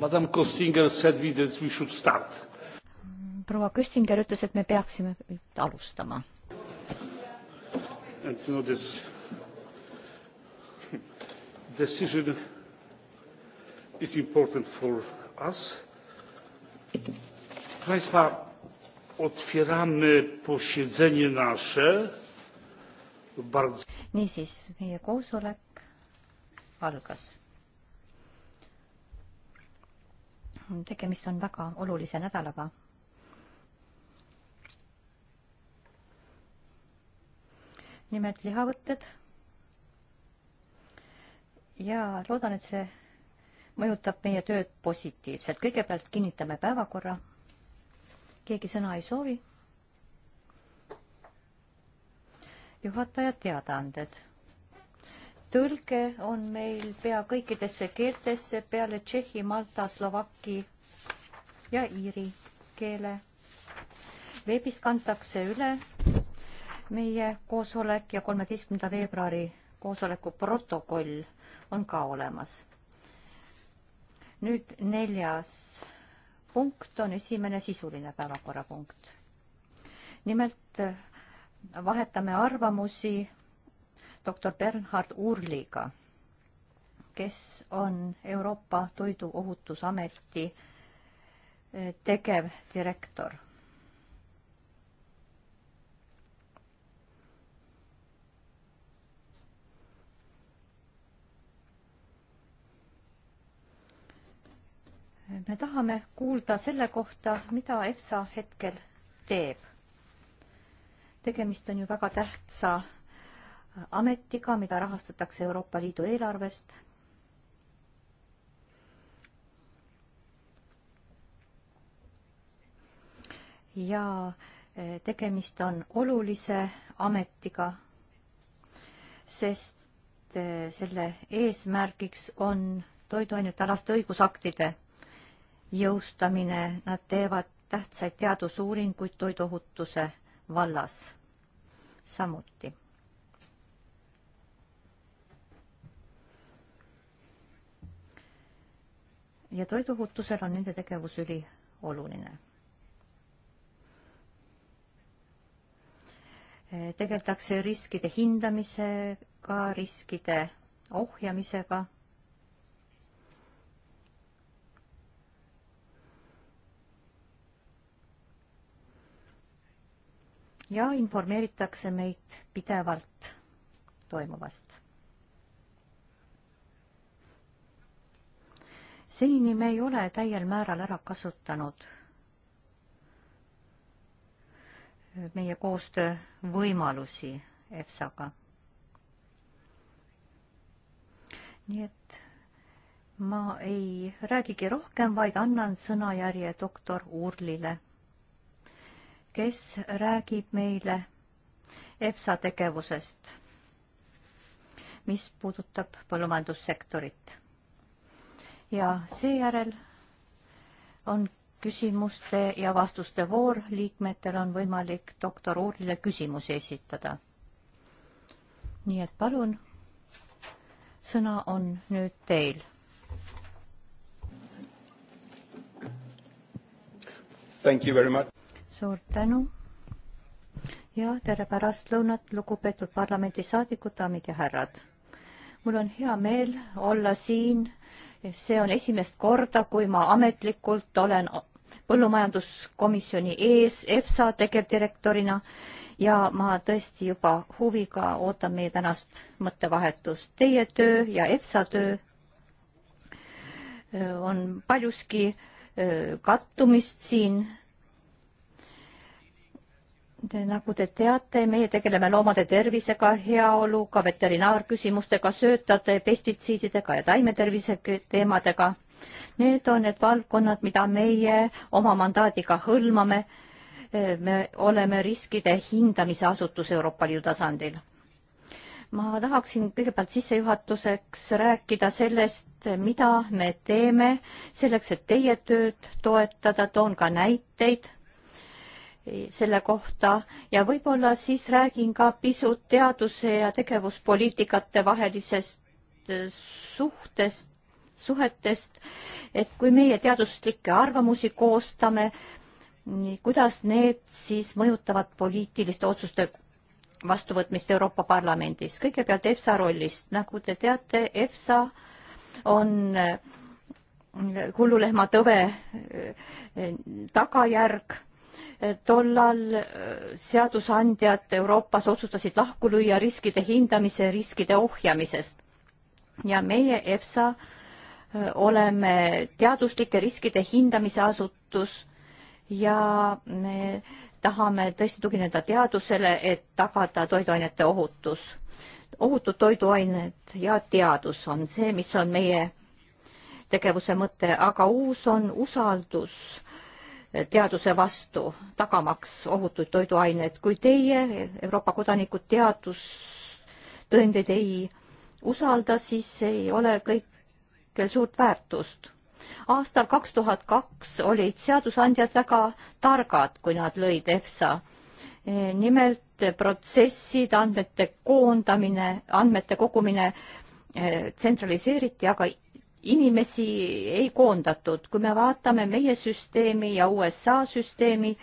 Madam Kostinger said we that we should start. proua Kostinger ütles, et me peaksime alustama. And you know this decision is important for us. Proszę Państwa, otwieramy posiedzenie nasze. Bardzo... Niisiis, meie koosolek algas tegemist on väga olulise nädalaga. nimelt lihavõtted. ja loodan, et see mõjutab meie tööd positiivselt. kõigepealt kinnitame päevakorra. keegi sõna ei soovi. juhataja teadaanded tõlge on meil pea kõikidesse keeltesse peale tšehhi, malta, slovaki ja iiri keele. veebis kantakse üle meie koosolek ja kolmeteistkümnenda veebruari koosoleku protokoll on ka olemas. nüüd neljas punkt on esimene sisuline päevakorrapunkt. nimelt vahetame arvamusi doktor Bernhard Urliga, kes on Euroopa Toiduohutusameti eh, tegevdirektor. me tahame kuulda selle kohta, mida EFSA hetkel teeb. tegemist on ju väga tähtsa ametiga, mida rahastatakse Euroopa Liidu eelarvest. ja eh, tegemist on olulise ametiga, sest eh, selle eesmärgiks on toiduainetealaste õigusaktide jõustamine, nad teevad tähtsaid teadusuuringuid toiduohutuse vallas samuti ja toiduohutusel on nende tegevus ülioluline. tegeldakse riskide hindamisega, riskide ohjamisega ja informeeritakse meid pidevalt toimuvast. senini me ei ole täiel määral ära kasutanud meie koostöövõimalusi EFSA-ga. nii et ma ei räägigi rohkem, vaid annan sõnajärje doktor Urlile, kes räägib meile EFSA tegevusest, mis puudutab põllumajandussektorit ja seejärel on küsimuste ja vastuste voor, liikmetel on võimalik doktor Uurile küsimusi esitada. nii et palun, sõna on nüüd teil. suur tänu ja tere pärastlõunat, lugupeetud parlamendisaadikud, daamid ja härrad. mul on hea meel olla siin äh, see on esimest korda, kui ma ametlikult olen põllumajanduskomisjoni ees EFSA tegevdirektorina ja ma tõesti juba huviga ootan meie tänast mõttevahetust. Teie töö ja EFSA töö äh, on paljuski äh, kattumist siin Te, nagu te teate, meie tegeleme loomade tervisega, heaoluga, veterinaarküsimustega, söötade, pestitsiididega ja taimetervise teemadega. Need on need valdkonnad, mida meie oma mandaadiga hõlmame. me oleme riskide hindamise asutus Euroopa Liidu tasandil. ma tahaksin kõigepealt sissejuhatuseks rääkida sellest, mida me teeme selleks, et teie tööd toetada, toon ka näiteid selle kohta ja võib-olla siis räägin ka pisut teaduse ja tegevuspoliitikate vahelisest äh, suhtest, suhetest, et kui meie teaduslikke arvamusi koostame, kuidas need siis mõjutavad poliitiliste otsuste vastuvõtmist Euroopa Parlamendis. kõigepealt EFSA rollist, nagu te teate, EFSA on hullulehmatõve äh, äh, tagajärg tollal äh, seadusandjad Euroopas otsustasid lahku lüüa riskide hindamise, riskide ohjamisest. ja meie EFSA äh, oleme teaduslike riskide hindamise asutus ja me tahame tõesti tugineda teadusele, et tagada toiduainete ohutus. ohutud toiduained ja teadus on see, mis on meie tegevuse mõte, aga uus on usaldus teaduse vastu, tagamaks ohutuid toiduaineid. kui teie, Euroopa kodanikud, teadustõendeid ei usalda, siis ei ole kõikjal suurt väärtust. aastal kaks tuhat kaks olid seadusandjad väga targad, kui nad lõid EFSA. E, nimelt protsessid, andmete koondamine, andmete kogumine e, tsentraliseeriti, aga inimesi ei koondatud. kui me vaatame meie süsteemi ja USA süsteemi,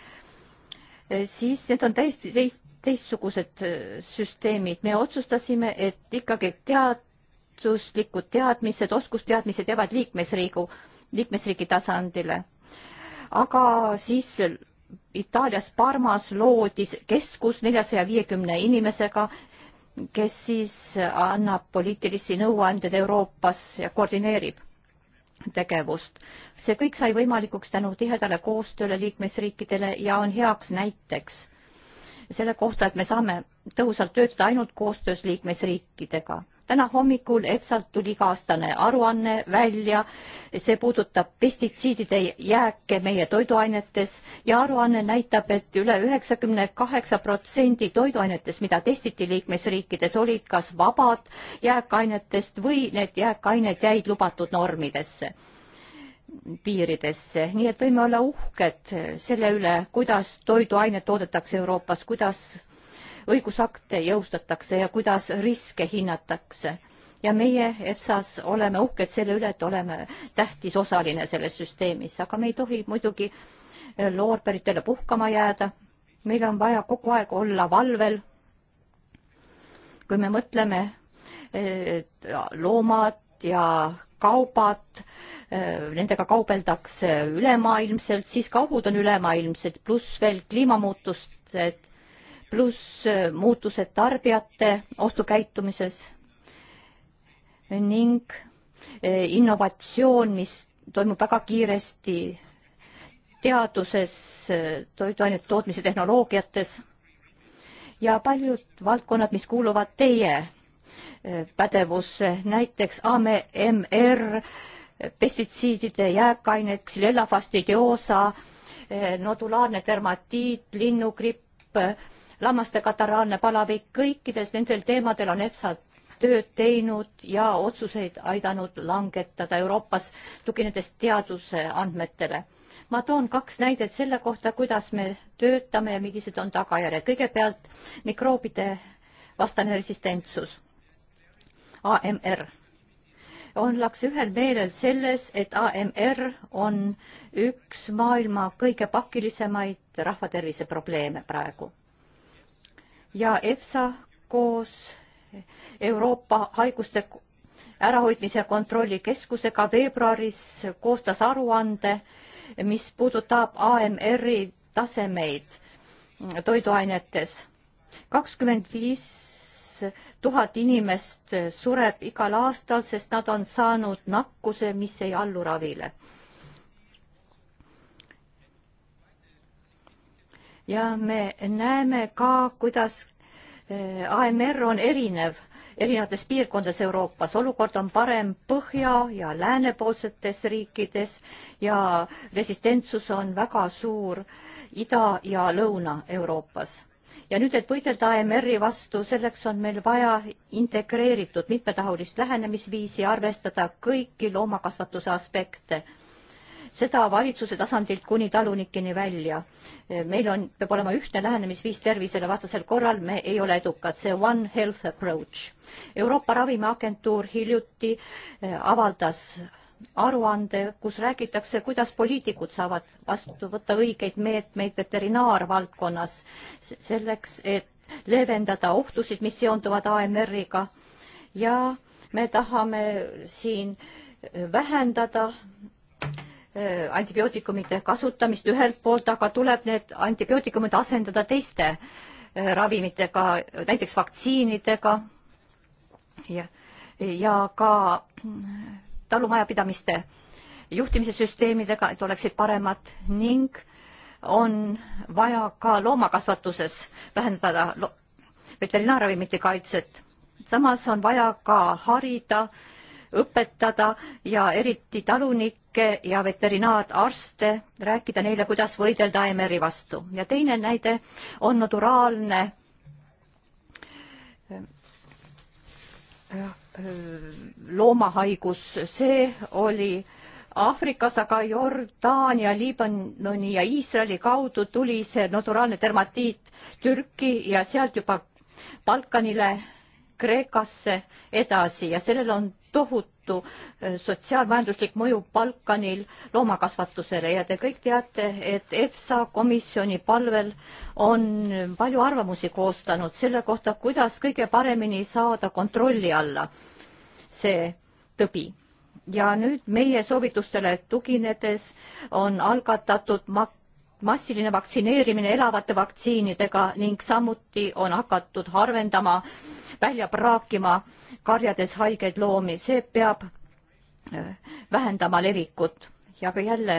eh, siis need on täiesti teist, teistsugused eh, süsteemid. me otsustasime, et ikkagi teaduslikud teadmised, oskusteadmised jäävad liikmesriigu, liikmesriigi tasandile. aga siis Itaalias Parmas loodi keskus neljasaja viiekümne inimesega, kes siis annab poliitilisi nõuandeid Euroopas ja koordineerib tegevust. see kõik sai võimalikuks tänu tihedale koostööle liikmesriikidele ja on heaks näiteks selle kohta, et me saame tõhusalt töötada ainult koostöös liikmesriikidega täna hommikul EFSA-lt tuli iga-aastane aruanne välja, see puudutab pestitsiidide jääke meie toiduainetes ja aruanne näitab, et üle üheksakümne kaheksa protsendi toiduainetest, mida testiti liikmesriikides, olid kas vabad jääkainetest või need jääkained jäid lubatud normidesse piiridesse, nii et võime olla uhked selle üle, kuidas toiduainet toodetakse Euroopas, kuidas õigusakte jõustatakse ja kuidas riske hinnatakse. ja meie EFSA-s oleme uhked selle üle, et oleme tähtis osaline selles süsteemis, aga me ei tohi muidugi loorberitele puhkama jääda. meil on vaja kogu aeg olla valvel. kui me mõtleme, loomad ja kaubad, eh, nendega kaubeldakse ülemaailmselt, siis ka ohud on ülemaailmsed, pluss veel kliimamuutused pluss äh, muutused tarbijate ostukäitumises ning äh, innovatsioon, mis toimub väga kiiresti teaduses, äh, toiduainete tootmise tehnoloogiates ja paljud valdkonnad, mis kuuluvad teie pädevusse, näiteks AMR, pestitsiidide jääkained, xylella fastidiosa, nodulaarne dermatiit, linnugripp, lammaste kataraalne palavik, kõikides nendel teemadel on EFSA tööd teinud ja otsuseid aidanud langetada Euroopas, tuginedes teaduse andmetele. ma toon kaks näidet selle kohta, kuidas me töötame ja millised on tagajärjed. kõigepealt mikroobide vastane resistentsus, AMR. ollakse ühel meelel selles, et AMR on üks maailma kõige pakilisemaid rahvatervise probleeme praegu ja EFSA koos Euroopa haiguste ärahoidmise kontrollikeskusega veebruaris koostas aruande, mis puudutab AMR-i tasemeid toiduainetes. kakskümmend viis tuhat inimest sureb igal aastal, sest nad on saanud nakkuse, mis ei allu ravile. ja me näeme ka, kuidas eh, AMR on erinev erinevates piirkondades Euroopas. olukord on parem põhja- ja läänepoolsetes riikides ja resistentsus on väga suur Ida- ja Lõuna-Euroopas. ja nüüd, et võidelda AMR-i vastu, selleks on meil vaja integreeritud mitmetahulist lähenemisviisi, arvestada kõiki loomakasvatuse aspekte seda valitsuse tasandilt kuni talunikeni välja. meil on, peab olema ühtne lähenemisviis tervisele, vastasel korral me ei ole edukad, see One Health Approach. Euroopa Ravimiagentuur hiljuti eh, avaldas aruande, kus räägitakse, kuidas poliitikud saavad vastu võtta õigeid meetmeid veterinaarvaldkonnas selleks, et leevendada ohtusid, mis seonduvad AMR-iga ja me tahame siin vähendada Äh, antibiootikumide kasutamist ühelt poolt, aga tuleb need antibiootikumid asendada teiste äh, ravimitega, näiteks vaktsiinidega ja, ja ka äh, talumajapidamiste juhtimise süsteemidega, et oleksid paremad ning on vaja ka loomakasvatuses vähendada lo veterinaarravimite kaitset. samas on vaja ka harida äh, õpetada ja eriti talunikke ja veterinaararste, rääkida neile, kuidas võidelda Aemeri vastu. ja teine näide on naturaalne loomahaigus, see oli Aafrikas, aga Jordaania, Liibanoni ja Iisraeli kaudu tuli see naturaalne dermatiit Türki ja sealt juba Balkanile Kreekasse edasi ja sellel on tohutu äh, sotsiaalmajanduslik mõju Balkanil loomakasvatusele ja te kõik teate, et EFSA komisjoni palvel on palju arvamusi koostanud selle kohta, kuidas kõige paremini saada kontrolli alla see tõbi ja nüüd meie soovitustele tuginedes on algatatud mak-, massiline vaktsineerimine elavate vaktsiinidega ning samuti on hakatud harvendama, välja praakima karjades haigeid loomi, see peab äh, vähendama levikut ja ka jälle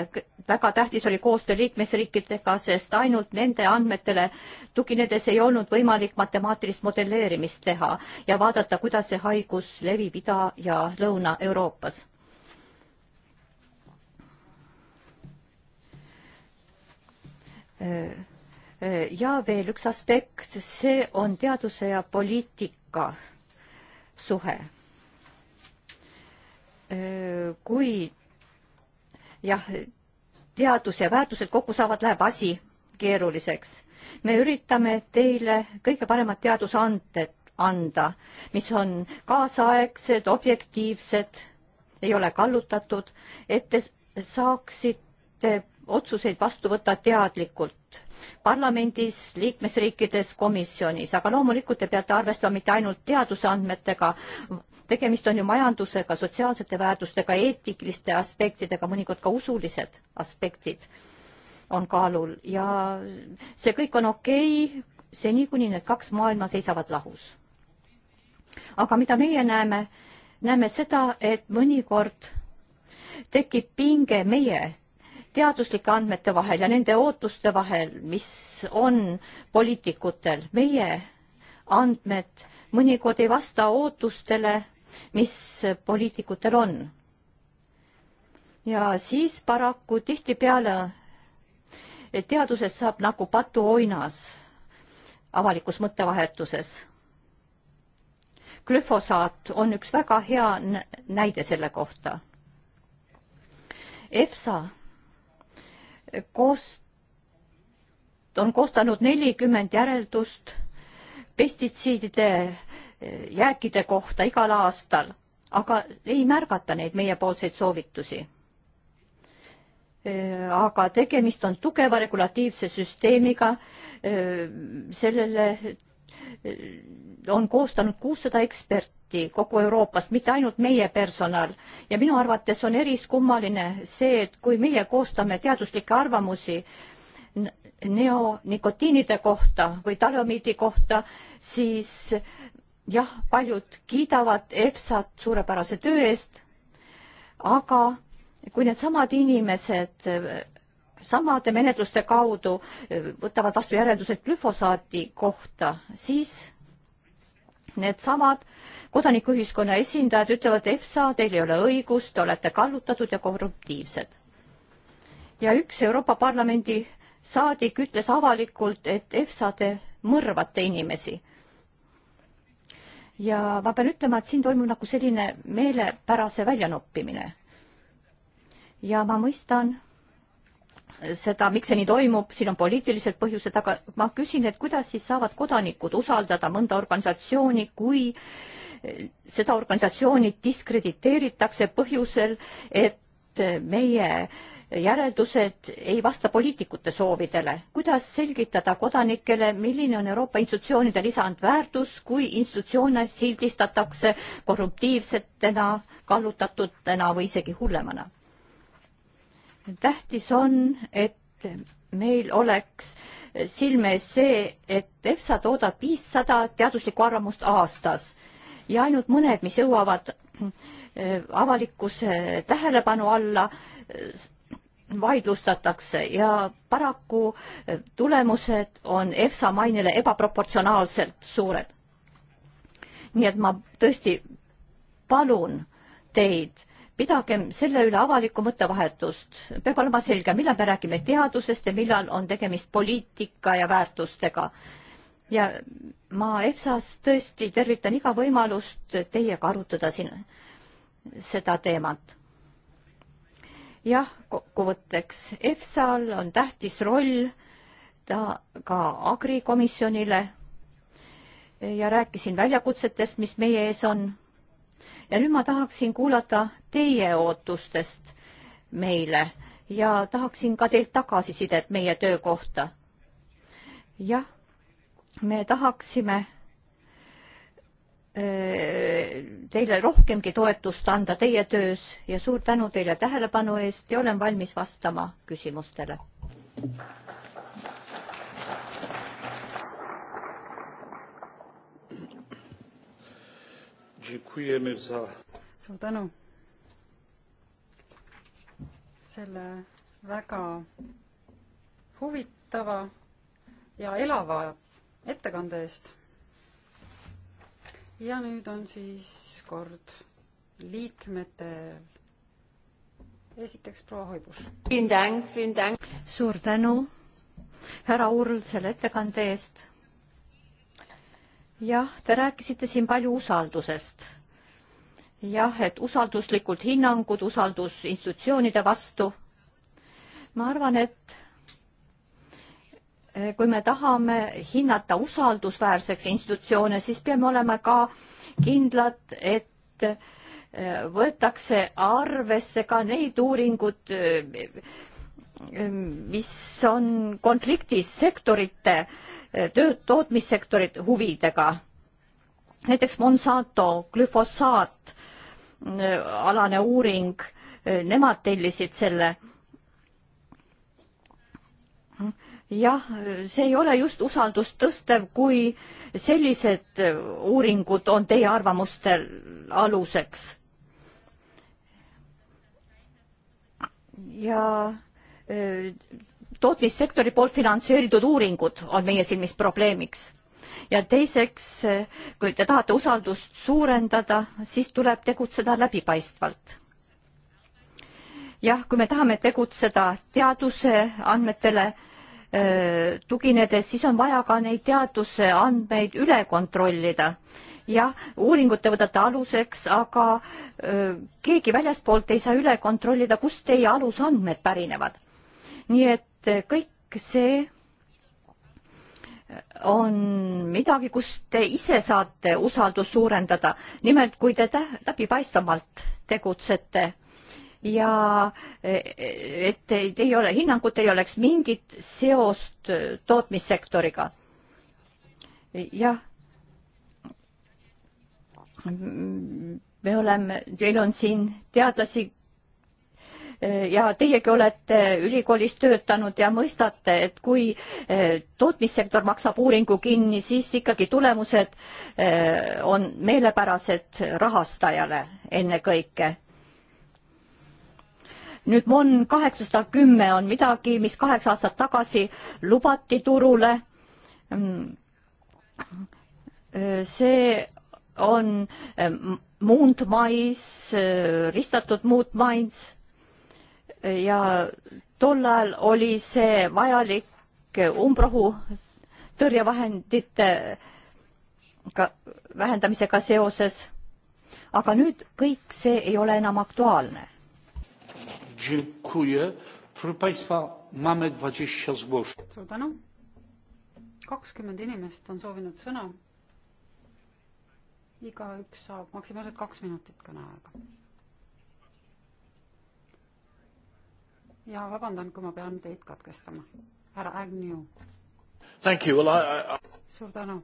väga tähtis oli koostöö liikmesriikidega, sest ainult nende andmetele tuginedes ei olnud võimalik matemaatilist modelleerimist teha ja vaadata, kuidas see haigus levib Ida- ja Lõuna-Euroopas Äh, äh, ja veel üks aspekt, see on teaduse ja poliitika suhe. Äh, kui jah, teadus ja väärtused kokku saavad, läheb asi keeruliseks. me üritame teile kõige paremad teadusanded anda, mis on kaasaegsed, objektiivsed, ei ole kallutatud, et te saaksite otsuseid vastu võtta teadlikult parlamendis, liikmesriikides, komisjonis, aga loomulikult te peate arvestama mitte ainult teaduse andmetega, tegemist on ju majandusega, sotsiaalsete väärtustega, eetiliste aspektidega, mõnikord ka usulised aspektid on kaalul ja see kõik on okei okay, seni, kuni need kaks maailma seisavad lahus. aga mida meie näeme, näeme seda, et mõnikord tekib pinge meie teaduslike andmete vahel ja nende ootuste vahel, mis on poliitikutel. meie andmed mõnikord ei vasta ootustele, mis poliitikutel on. ja siis paraku tihtipeale teaduses saab nagu patuoinas avalikus mõttevahetuses. glüfosaat on üks väga hea näide selle kohta. EFSA koos, on koostanud nelikümmend järeldust pestitsiidide eh, jääkide kohta igal aastal, aga ei märgata neid meiepoolseid soovitusi. Eh, aga tegemist on tugeva regulatiivse süsteemiga, eh, sellele on koostanud kuussada eksperti kogu Euroopast, mitte ainult meie personal. ja minu arvates on eriskummaline see, et kui meie koostame teaduslikke arvamusi neonikotiinide kohta või taliamiidi kohta, siis jah, paljud kiidavad EFSA-t suurepärase töö eest, aga kui needsamad inimesed samade menetluste kaudu e, võtavad vastu järeldused glüfosaati kohta, siis needsamad kodanikuühiskonna esindajad ütlevad, EFSA, teil ei ole õigust, te olete kallutatud ja korruptiivsed. ja üks Euroopa Parlamendi saadik ütles avalikult, et EFSA, te mõrvate inimesi. ja ma pean ütlema, et siin toimub nagu selline meelepärase väljanoppimine. ja ma mõistan seda, miks see nii toimub, siin on poliitilised põhjused, aga ma küsin, et kuidas siis saavad kodanikud usaldada mõnda organisatsiooni, kui seda organisatsiooni diskrediteeritakse põhjusel, et meie järeldused ei vasta poliitikute soovidele. kuidas selgitada kodanikele, milline on Euroopa institutsioonide lisandväärtus, kui institutsioone sildistatakse korruptiivsetena, kallutatutena või isegi hullemana? tähtis on, et meil oleks silme ees see, et EFSA toodab viissada teaduslikku arvamust aastas ja ainult mõned, mis jõuavad äh, avalikkuse tähelepanu alla, äh, vaidlustatakse ja paraku äh, tulemused on EFSA mainele ebaproportsionaalselt suured. nii et ma tõesti palun teid pidagem selle üle avalikku mõttevahetust. peab olema selge, millal me räägime teadusest ja millal on tegemist poliitika ja väärtustega. ja ma EFSA-s tõesti tervitan iga võimalust teiega arutada siin seda teemat. jah, kokkuvõtteks, EFSA-l on tähtis roll, ta ka agrikomisjonile ja rääkisin väljakutsetest, mis meie ees on ja nüüd ma tahaksin kuulata teie ootustest meile ja tahaksin ka teilt tagasisidet meie töö kohta. jah, me tahaksime äh, teile rohkemgi toetust anda teie töös ja suur tänu teile tähelepanu eest ja olen valmis vastama küsimustele. suur tänu selle väga huvitava ja elava ettekande eest. ja nüüd on siis kord liikmetel. esiteks proua Hoibus. suur tänu, härra Url, selle ettekande eest jah, te rääkisite siin palju usaldusest. jah, et usalduslikud hinnangud, usaldus institutsioonide vastu. ma arvan, et kui me tahame hinnata usaldusväärseks institutsioone, siis peame olema ka kindlad, et võetakse arvesse ka neid uuringud, Ehm, mis on konfliktis sektorite, eh, tööd, tootmissektorite huvidega. näiteks Monsanto glüfosaat eh, alane uuring, eh, nemad tellisid selle. jah, see ei ole just usaldust tõstev, kui sellised uuringud on teie arvamustel aluseks. ja tootmissektori poolt finantseeritud uuringud on meie silmis probleemiks. ja teiseks, kui te tahate usaldust suurendada, siis tuleb tegutseda läbipaistvalt. jah, kui me tahame tegutseda teaduse andmetele tuginedes, siis on vaja ka neid teaduse andmeid üle kontrollida jah, uuringut te võtate aluseks, aga öö, keegi väljaspoolt ei saa üle kontrollida, kust teie alusandmed pärinevad nii et eh, kõik see on midagi, kus te ise saate usaldust suurendada. nimelt, kui te läbipaistvamalt tegutsete ja eh, et teid ei ole, hinnangut ei oleks mingit seost eh, tootmissektoriga. jah. me oleme, teil on siin teadlasi, ja teiegi olete ülikoolis töötanud ja mõistate, et kui e, tootmissektor maksab uuringu kinni, siis ikkagi tulemused e, on meelepärased rahastajale ennekõike nüüd MON kaheksasada kümme on midagi, mis kaheksa aastat tagasi lubati turule. Mm, e, see on muundmais, ristatud muundmais ja tol ajal oli see vajalik umbrohu tõrjevahendite ka vähendamisega seoses. aga nüüd kõik see ei ole enam aktuaalne. suur tänu. kakskümmend inimest on soovinud sõna. igaüks saab maksimaalselt kaks minutit kõneaega ja vabandan, kui ma pean teid katkestama. härra Agnew. Well, I, I... suur tänu.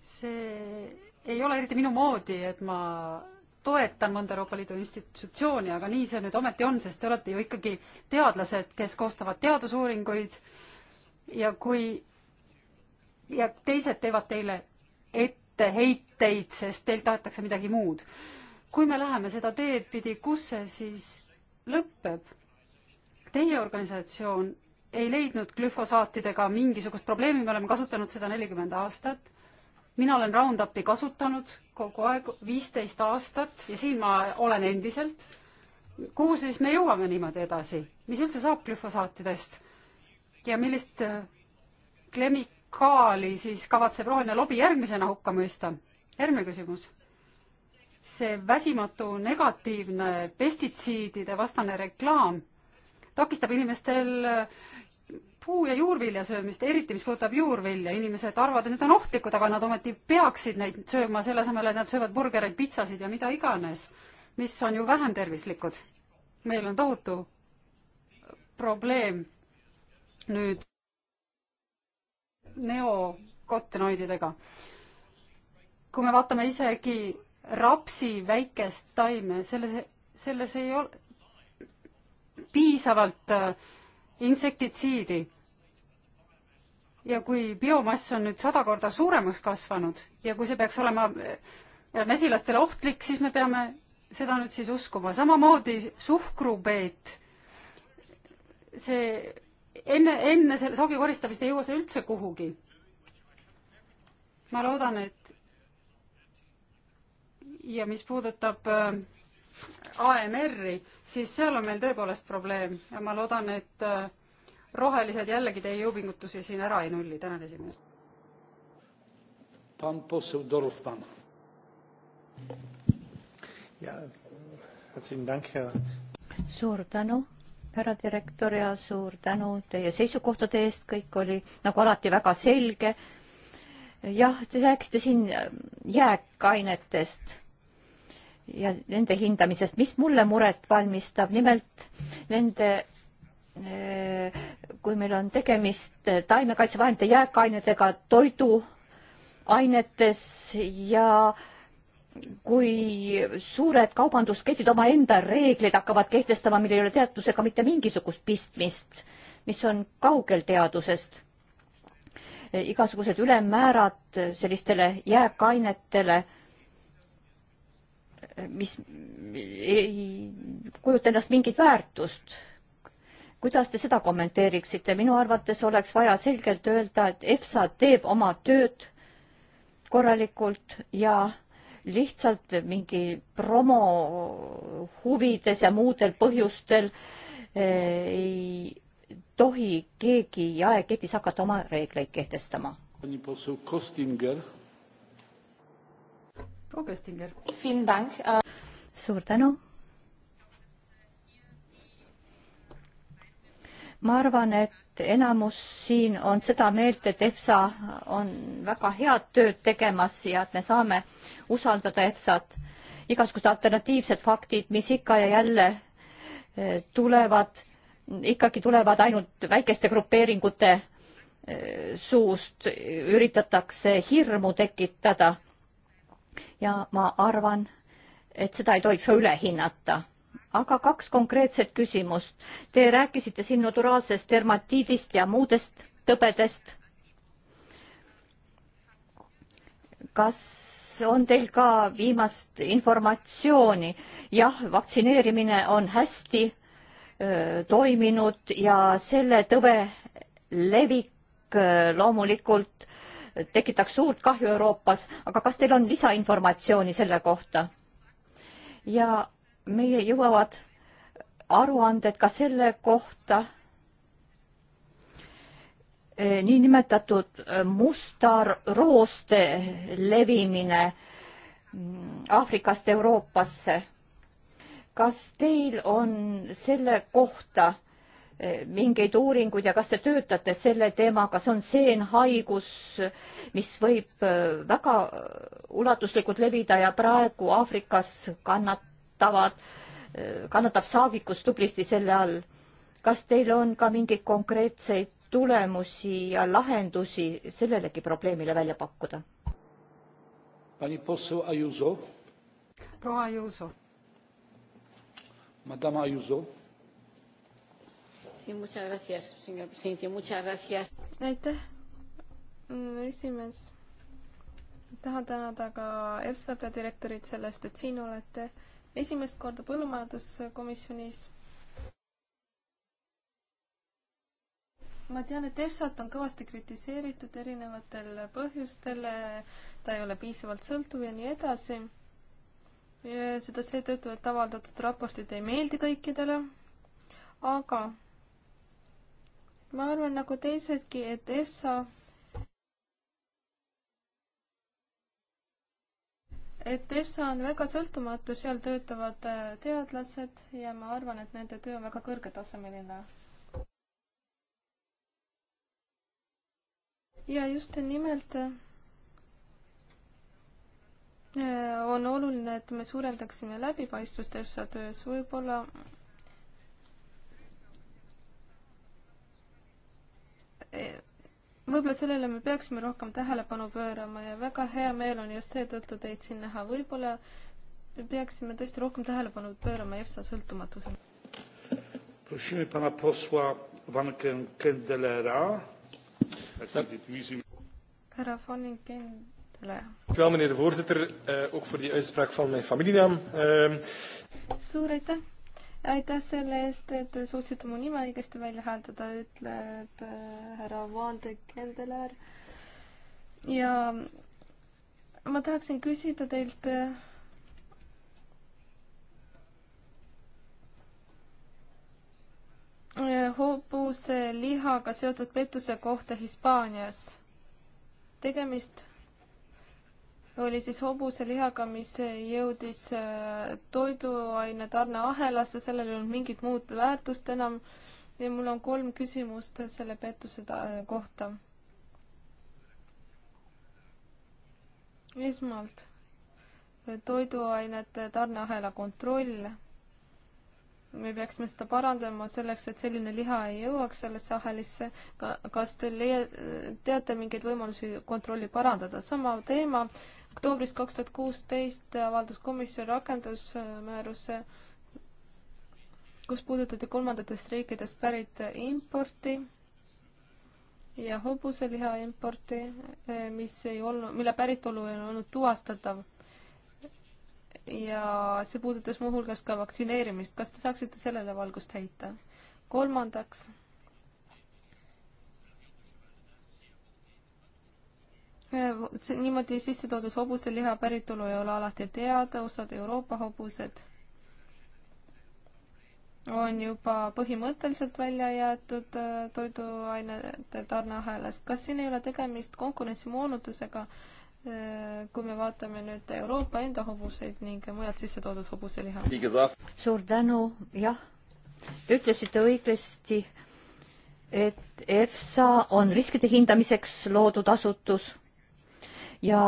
see ei ole eriti minu moodi, et ma toetan mõnda Euroopa Liidu institutsiooni, aga nii see nüüd ometi on, sest te olete ju ikkagi teadlased, kes koostavad teadusuuringuid ja kui ja teised teevad teile etteheiteid, sest teilt tahetakse midagi muud. kui me läheme seda teed pidi, kus see siis lõpeb. Teie organisatsioon ei leidnud glüfosaatidega mingisugust probleemi, me oleme kasutanud seda nelikümmend aastat. mina olen Roundupi kasutanud kogu aeg viisteist aastat ja siin ma olen endiselt. kuhu siis me jõuame niimoodi edasi, mis üldse saab glüfosaatidest ja millist äh, klemikaali siis kavatseb roheline lobi järgmisena hukka mõista? järgmine küsimus see väsimatu negatiivne pestitsiidide vastane reklaam takistab inimestel äh, puu- ja juurvilja söömist, eriti mis puudutab juurvilja, inimesed arvavad, et need on ohtlikud, aga nad ometi peaksid neid sööma, selle asemel, et nad söövad burgereid, pitsasid ja mida iganes, mis on ju vähem tervislikud. meil on tohutu probleem nüüd neokotinoididega. kui me vaatame isegi rapsi väikest taime, selles, selles ei ole piisavalt äh, insektitsiidi. ja kui biomass on nüüd sada korda suuremaks kasvanud ja kui see peaks olema äh, mesilastele ohtlik, siis me peame seda nüüd siis uskuma. samamoodi suhkrupeet, see enne, enne selle soogi koristamist ei jõua see üldse kuhugi. ma loodan, et ja mis puudutab äh, AMR-i, siis seal on meil tõepoolest probleem ja ma loodan, et äh, rohelised jällegi teie jõupingutusi siin ära ei nulli, tänan esimees. suur tänu, härra direktor ja suur tänu teie seisukohtade eest, kõik oli nagu alati väga selge. jah, te rääkisite siin äh, jääkainetest ja nende hindamisest, mis mulle muret valmistab, nimelt nende eh, kui meil on tegemist taimekaitsevahendite jääkainetega toiduainetes ja kui suured kaubandusketid omaenda reegleid hakkavad kehtestama, millel ei ole teadusega mitte mingisugust pistmist, mis on kaugel teadusest. Eh, igasugused ülemmäärad sellistele jääkainetele mis ei kujuta endast mingit väärtust. kuidas te seda kommenteeriksite? minu arvates oleks vaja selgelt öelda, et EFSA teeb oma tööd korralikult ja lihtsalt mingi promo huvides ja muudel põhjustel eh, ei tohi keegi jaeketis hakata oma reegleid kehtestama proua Köstinger. Äh, suur tänu. ma arvan, et enamus siin on seda meelt, et EFSA on väga head tööd tegemas ja et me saame usaldada EFSA-t. igasugused alternatiivsed faktid, mis ikka ja jälle äh, tulevad, ikkagi tulevad ainult väikeste grupeeringute äh, suust, üritatakse hirmu tekitada ja ma arvan, et seda ei tohiks ka üle hinnata. aga kaks konkreetset küsimust. Te rääkisite siin naturaalsest dermatiidist ja muudest tõbedest. kas on teil ka viimast informatsiooni? jah, vaktsineerimine on hästi öö, toiminud ja selle tõve levik öö, loomulikult tekitaks suurt kahju Euroopas, aga kas teil on lisainformatsiooni selle kohta? ja meie jõuavad aruanded ka selle kohta e, niinimetatud e, mustarooste levimine mm, Aafrikast Euroopasse. kas teil on selle kohta äh, mingeid uuringuid ja kas te töötate selle teemaga, see on seenhaigus, mis võib äh, väga ulatuslikult levida ja praegu Aafrikas kannatavad, äh, kannatab saagikus tublisti selle all. kas teil on ka mingeid konkreetseid tulemusi ja lahendusi sellelegi probleemile välja pakkuda? proua Ajuso. Madame Ajuso aitäh, esimees. tahan tänada ka EFSA peadirektorit sellest, et siin olete esimest korda põllumajanduskomisjonis ma tean, et EFSA-t on kõvasti kritiseeritud erinevatel põhjustel, ta ei ole piisavalt sõltuv ja nii edasi. seda seetõttu, et avaldatud raportid ei meeldi kõikidele, aga ma arvan nagu teisedki, et EFSA et EFSA on väga sõltumatu, seal töötavad äh, teadlased ja ma arvan, et nende töö on väga kõrgetasemeline. ja just nimelt äh, on oluline, et me suurendaksime läbipaistvust EFSA töös, võib-olla võib-olla sellele me peaksime rohkem tähelepanu pöörama ja väga hea meel on just seetõttu teid siin näha. võib-olla me peaksime tõesti rohkem tähelepanu pöörama EFSA sõltumatusele. Prosimy pana posła Vanke Kendelera. Härra Vanke Kendelera. Tänan, meneer de voorzitter, eh, ook voor die uitspraak van mijn familienaam. Ehm, Suur aitäh aitäh selle eest, et suutsite mu nime õigesti välja hääldada, ütleb äh, härra Van de Kendeler. ja ma tahaksin küsida teilt äh, hobuse lihaga seotud pettuse kohta Hispaanias. tegemist oli siis hobuselihaga, mis jõudis äh, toiduaine tarneahelasse, sellel ei olnud mingit muud väärtust enam. ja mul on kolm küsimust selle pettuse kohta. esmalt toiduainete tarneahela kontroll me peaksime seda parandama selleks, et selline liha ei jõuaks sellesse ahelisse. kas te leia-, teate mingeid võimalusi kontrolli parandada? sama teema, oktoobrist kaks tuhat kuusteist avaldas komisjon rakendusmääruse, kus puudutati kolmandatest riikidest pärit importi ja hobuseliha importi, mis ei olnud, mille päritolu ei olnud tuvastatav ja see puudutas muuhulgas ka vaktsineerimist. kas te saaksite sellele valgust heita? kolmandaks, niimoodi sisse toodud hobuseliha päritolu ei ole alati teada, osad Euroopa hobused on juba põhimõtteliselt välja jäetud äh, toiduainete tarneahelast. kas siin ei ole tegemist konkurentsimoonutusega äh, Äh, kui me vaatame nüüd Euroopa enda hobuseid ning mujalt sisse toodud hobuseliha. suur tänu, jah. Te ütlesite õigesti, et EFSA on riskide hindamiseks loodud asutus ja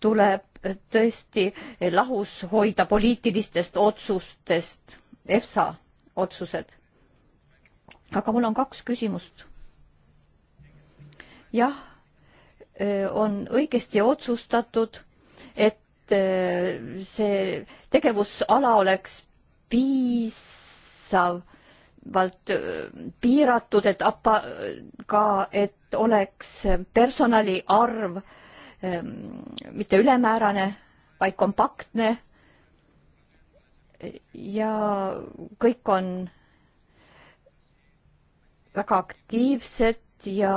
tuleb tõesti lahus hoida poliitilistest otsustest, EFSA otsused. aga mul on kaks küsimust. jah on õigesti otsustatud, et see tegevusala oleks piisavalt piiratud, et appa-, ka et oleks personali arv mitte ülemäärane, vaid kompaktne ja kõik on väga aktiivsed ja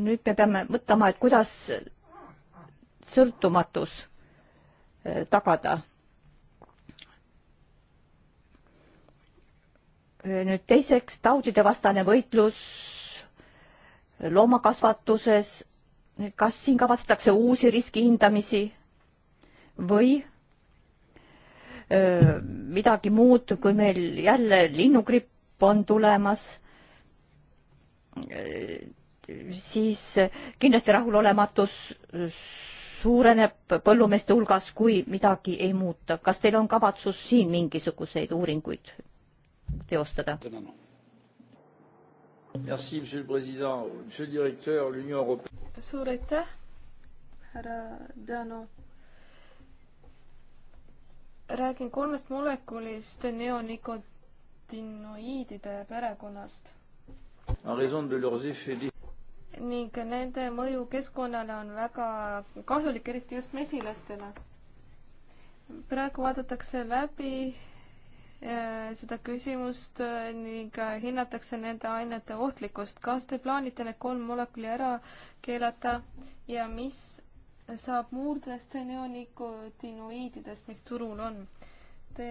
nüüd me peame mõtlema, et kuidas sõltumatus äh, tagada. Äh, nüüd teiseks, taudide vastane võitlus loomakasvatuses. kas siin kavatsetakse uusi riskihindamisi või öö, äh, midagi muud, kui meil jälle linnugripp on tulemas? siis kindlasti rahulolematus suureneb põllumeeste hulgas, kui midagi ei muuta. kas teil on kavatsus siin mingisuguseid uuringuid teostada? suur aitäh, härra Dano. räägin kolmest molekulist neonikotinoiidide perekonnast. En raison de leurs effets ning nende mõju keskkonnale on väga kahjulik, eriti just mesilastele. praegu vaadatakse läbi äh, seda küsimust äh, ning äh, hinnatakse nende ainete ohtlikkust. kas te plaanite need kolm molekuli ära keelata ja mis saab muudest neonikotinoiididest, mis turul on? Te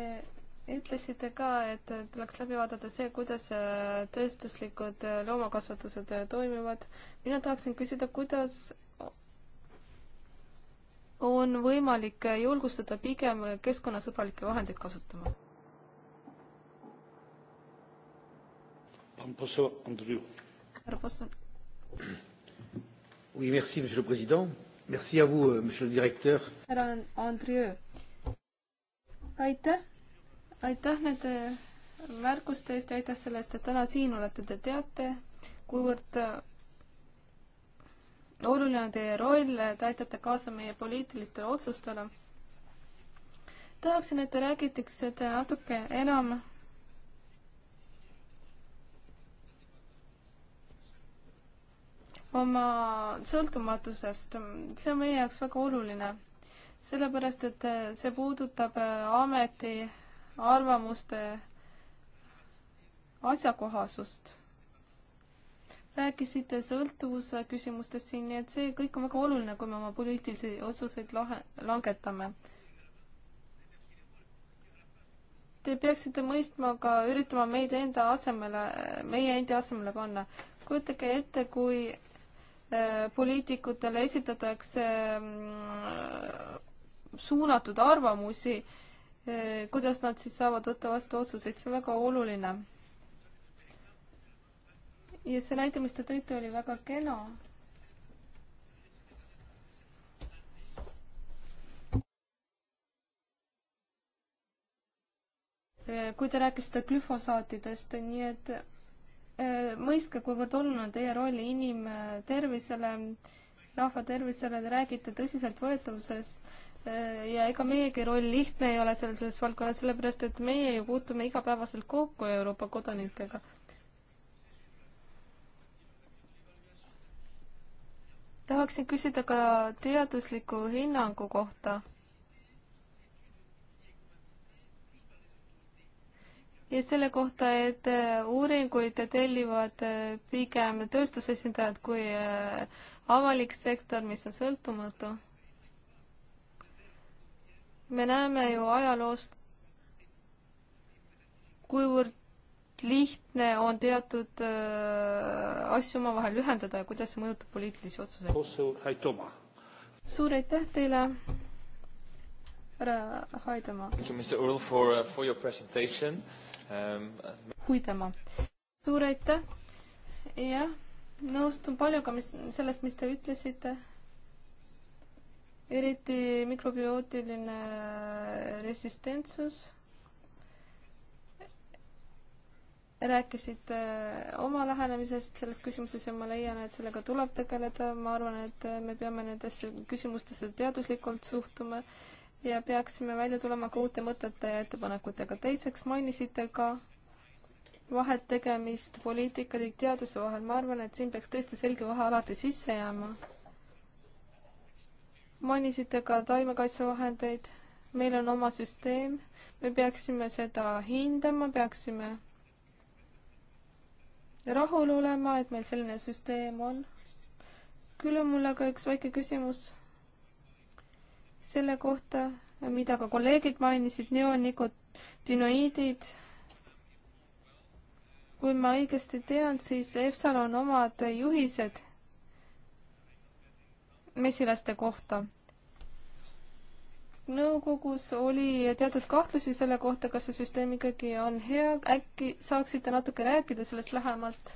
ütlesite ka, et tuleks läbi vaadata see, kuidas äh, tööstuslikud äh, loomakasvatused äh, toimivad. mina tahaksin küsida, kuidas on võimalik julgustada pigem keskkonnasõbralikke vahendeid kasutama? Oui, merci, monsieur le président. Merci à vous, euh, monsieur le directeur. Härra Andrieu. aitäh aitäh nende märkuste eest ja aitäh selle eest, et täna siin olete, te teate, kuivõrd äh, oluline on teie roll, te aitate kaasa meie poliitilistele otsustele. tahaksin, et te räägitaksite natuke enam oma sõltumatusest, see on meie jaoks väga oluline, sellepärast et see puudutab äh, ameti arvamuste asjakohasust. rääkisite sõltuvuse küsimustest siin, nii et see kõik on väga oluline, kui me oma poliitilisi otsuseid lahe, langetame. Te peaksite mõistma ka, üritama meid enda asemele, meie endi asemele panna. kujutage ette, kui äh, poliitikutele esitatakse mm, suunatud arvamusi Eh, kuidas nad siis saavad võtta vastu otsuseid, see on väga oluline. ja see näide, mis te tõite, oli väga kena. Eh, kui te rääkisite glüfosaatidest, nii et eh, mõistke, kuivõrd oluline on teie roll inimtervisele, rahva tervisele, te räägite tõsiseltvõetavusest Äh, ja ega meiegi roll lihtne ei ole seal selles valdkonnas, sellepärast et meie ju puutume igapäevaselt kokku Euroopa kodanikega. tahaksin küsida ka teadusliku hinnangu kohta. ja selle kohta, et äh, uuringuid tellivad äh, pigem tööstusesindajad kui avalik sektor, mis on sõltumatu me näeme ju ajaloost, kuivõrd lihtne on teatud äh, asju omavahel ühendada ja kuidas see mõjutab poliitilisi otsuseid. suur aitäh teile, härra Haidemaa. Uh, um, Huidemaa. suur aitäh, jah, nõustun paljuga, mis, sellest, mis te ütlesite eriti mikrobiotiline resistentsus. rääkisite äh, oma lähenemisest selles küsimuses ja ma leian, et sellega tuleb tegeleda, ma arvan, et äh, me peame nendesse küsimustesse teaduslikult suhtuma ja peaksime välja tulema ka uute mõtete ja ettepanekutega. teiseks mainisite ka vahet tegemist poliitika ning teaduse vahel, ma arvan, et siin peaks tõesti selge vahe alati sisse jääma mainisite ka taimekaitsevahendeid. meil on oma süsteem, me peaksime seda hindama, peaksime rahul olema, et meil selline süsteem on. küll on mul aga üks väike küsimus selle kohta, mida ka kolleegid mainisid, neonikotinoiidid. kui ma õigesti tean, siis EFSA-l on omad juhised mesilaste kohta. nõukogus oli teatud kahtlusi selle kohta, kas see süsteem ikkagi on hea, äkki saaksite natuke rääkida sellest lähemalt?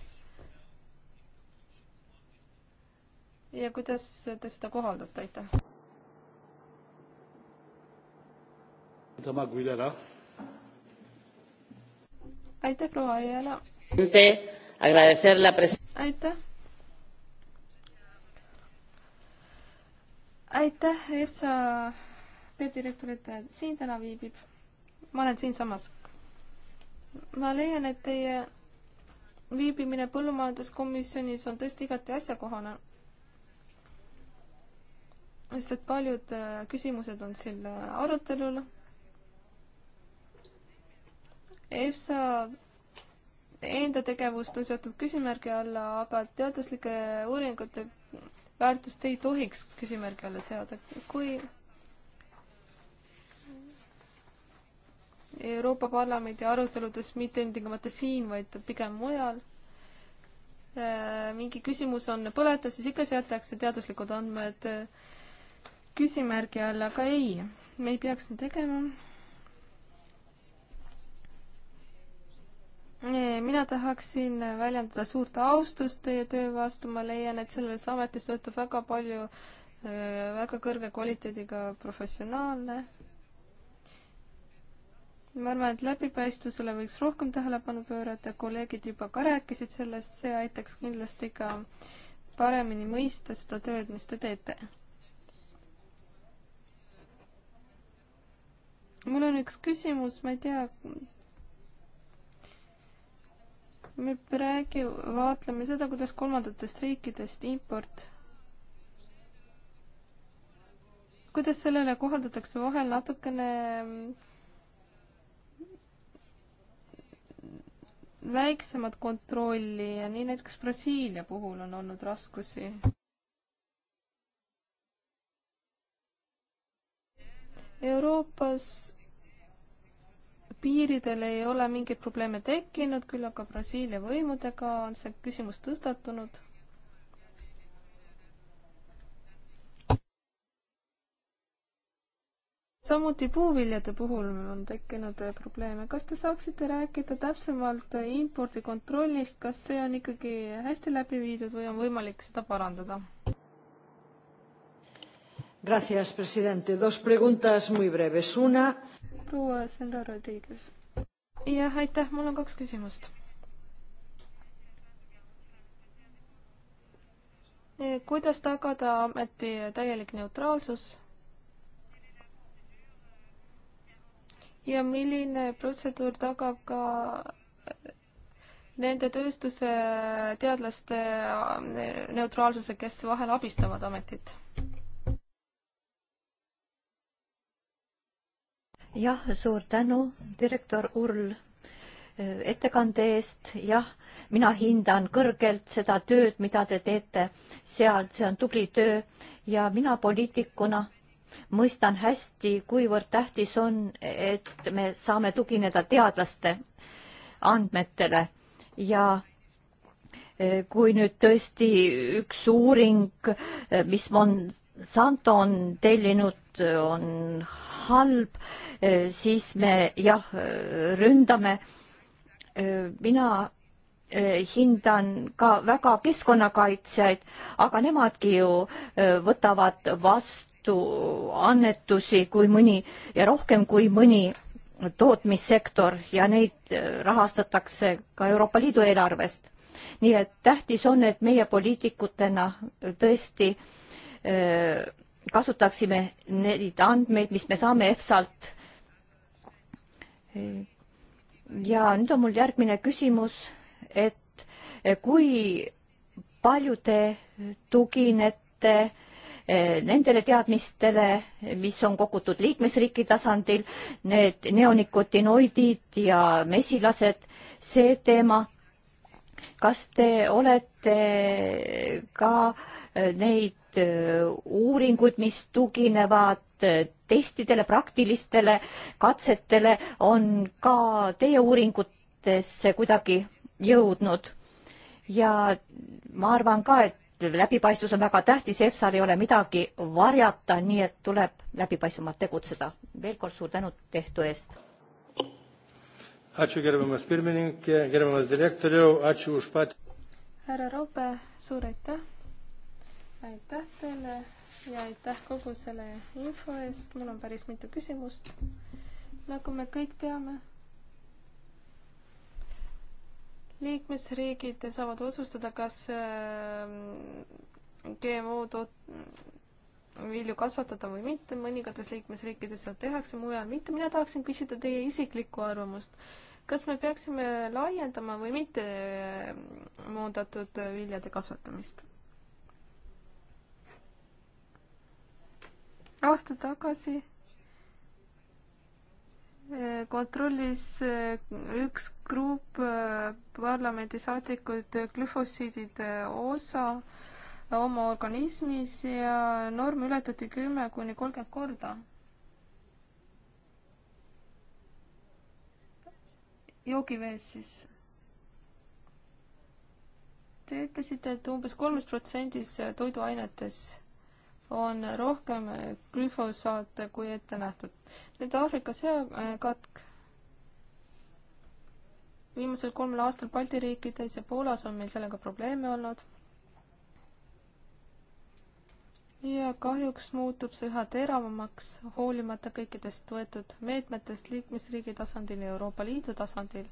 ja kuidas te seda kohaldate, aitäh? Toma Aguilera. Aitäh, proua Aiala. aitäh aitäh, EFSA peadirektoritele, siin täna viibib. ma olen siinsamas. ma leian, et teie viibimine põllumajanduskomisjonis on tõesti igati asjakohane. sest et paljud äh, küsimused on siin äh, arutelul. EFSA enda tegevust on seotud küsimärgi alla, aga teaduslike uuringute väärtust ei tohiks küsimärgi alla seada, kui Euroopa Parlamendi aruteludes, mitte ilmtingimata siin, vaid pigem mujal, äh, mingi küsimus on põletav, siis ikka seatakse teaduslikud andmed küsimärgi alla, aga ei, me ei peaks nii tegema mina tahaksin väljendada suurt austust teie töö vastu, ma leian, et selles ametis töötab väga palju äh, väga kõrge kvaliteediga professionaalne. ma arvan, et läbipaistvusele võiks rohkem tähelepanu pöörata, kolleegid juba ka rääkisid sellest, see aitaks kindlasti ka paremini mõista seda tööd, mis te teete. mul on üks küsimus, ma ei tea, me praegu vaatleme seda, kuidas kolmandatest riikidest import, kuidas sellele kohaldatakse vahel natukene mm, väiksemat kontrolli ja nii näiteks Brasiilia puhul on olnud raskusi. Euroopas piiridel ei ole mingeid probleeme tekkinud, küll aga Brasiilia võimudega on see küsimus tõstatunud. samuti puuviljade puhul on tekkinud äh, probleeme. kas te saaksite rääkida täpsemalt äh, impordikontrollist, kas see on ikkagi hästi läbi viidud või on võimalik seda parandada? Gracias, presidente. Dos preguntas muy breves. Una proua Senra Rodriguez. jah, aitäh, mul on kaks küsimust. E, kuidas tagada ameti täielik neutraalsus? ja milline protseduur tagab ka nende tööstuse teadlaste neutraalsuse, kes vahel abistavad ametit? jah, suur tänu, direktor Url, e, ettekande eest, jah, mina hindan kõrgelt seda tööd, mida te teete seal, see on tubli töö ja mina poliitikuna mõistan hästi, kuivõrd tähtis on, et me saame tugineda teadlaste andmetele ja e, kui nüüd tõesti üks uuring, e, mis on Santo on tellinud, on halb, siis me jah, ründame. mina eh, hindan ka väga keskkonnakaitsjaid, aga nemadki ju eh, võtavad vastu annetusi, kui mõni ja rohkem kui mõni tootmissektor ja neid eh, rahastatakse ka Euroopa Liidu eelarvest. nii et tähtis on, et meie poliitikutena tõesti äh, Äh, kasutaksime neid andmeid, mis me saame EFSA-lt. ja nüüd on mul järgmine küsimus, et äh, kui palju te tuginete äh, nendele teadmistele, mis on kogutud liikmesriigi tasandil, need neonikotinoidid ja mesilased, see teema. kas te olete ka äh, neid äh, uuringuid, mis tuginevad äh, testidele, praktilistele katsetele, on ka teie uuringutesse kuidagi jõudnud. ja ma arvan ka, et läbipaistvus on väga tähtis, EFSA-l ei ole midagi varjata, nii et tuleb läbipaistvamalt tegutseda. veel kord suur tänu tehtu eest. Ačiū gerbiamas pirmininkė, gerbiamas direktoriau, ačiū už patį. härra Roope, suur aitäh aitäh teile ja aitäh kogu selle info eest, mul on päris mitu küsimust. nagu me kõik teame, liikmesriigid saavad otsustada, kas ähm, GMO toot-, vilju kasvatada või mitte, mõningates liikmesriikides seda tehakse, mujal mitte. mina tahaksin küsida teie isiklikku arvamust. kas me peaksime laiendama või mitte äh, muundatud äh, viljade kasvatamist? aasta tagasi eh, kontrollis eh, üks grupp eh, parlamendisaadikuid glüfosiidide osa oma organismis ja norm ületati kümme kuni kolmkümmend korda. joogivees siis. Te ütlesite, et umbes kolmes protsendis toiduainetes on rohkem glüfosaate kui ette nähtud. nüüd Aafrika seakatk. viimasel kolmel aastal Balti riikides ja Poolas on meil sellega probleeme olnud. ja kahjuks muutub see üha teravamaks, hoolimata kõikidest võetud meetmetest liikmesriigi tasandil ja Euroopa Liidu tasandil.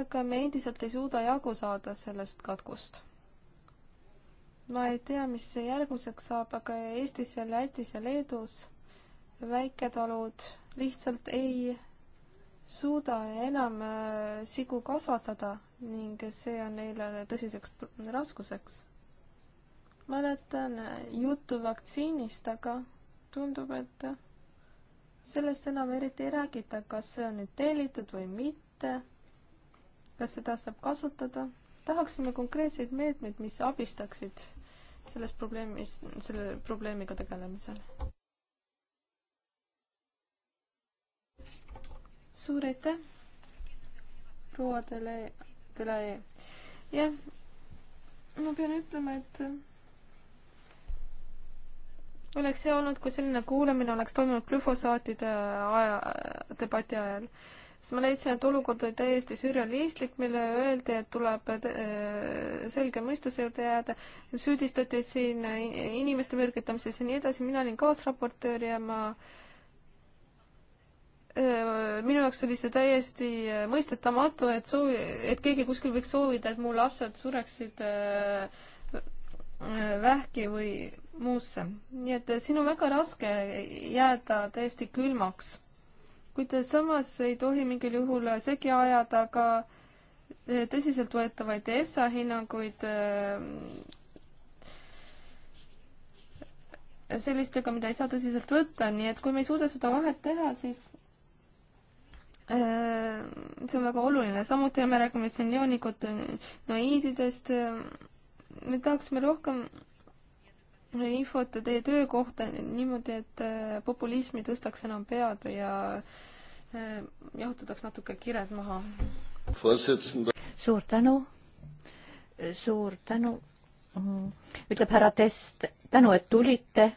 aga me endiselt ei suuda jagu saada sellest katkust ma ei tea, mis järgmiseks saab, aga Eestis ja Lätis ja Leedus väiketalud lihtsalt ei suuda enam äh, sigu kasvatada ning see on neile tõsiseks raskuseks. mäletan äh, juttu vaktsiinist, aga tundub, et sellest enam eriti ei räägita, kas see on nüüd tellitud või mitte, kas seda saab kasutada. tahaksime konkreetseid meetmeid, mis abistaksid selles probleemis, selle probleemiga tegelemisel. suur aitäh, proua Tele, Tele. jah, ma pean ütlema, et oleks hea olnud, kui selline kuulamine oleks toimunud glüfosaatide aja, debati ajal siis ma leidsin, et olukord oli täiesti sürrealistlik, mille öeldi, et tuleb äh, selge mõistuse juurde jääda. süüdistati siin inimeste mürgitamises ja nii edasi, mina olin kaasraportöör ja ma äh, minu jaoks oli see täiesti äh, mõistetamatu, et soovi, et keegi kuskil võiks soovida, et mu lapsed sureksid vähki või muusse. nii et siin on väga raske jääda täiesti külmaks kuid samas ei tohi mingil juhul segi ajada ka eh, tõsiseltvõetavaid EFSA hinnanguid eh, sellistega, mida ei saa tõsiselt võtta, nii et kui me ei suuda seda vahet teha, siis eh, see on väga oluline, samuti me räägime siin neonikotinoididest, me tahaksime rohkem infot teie töö kohta niimoodi, et äh, populism ei tõstaks enam pead ja äh, jahutataks natuke kired maha. suur tänu, suur tänu, mm, ütleb härra Test, tänu, et tulite.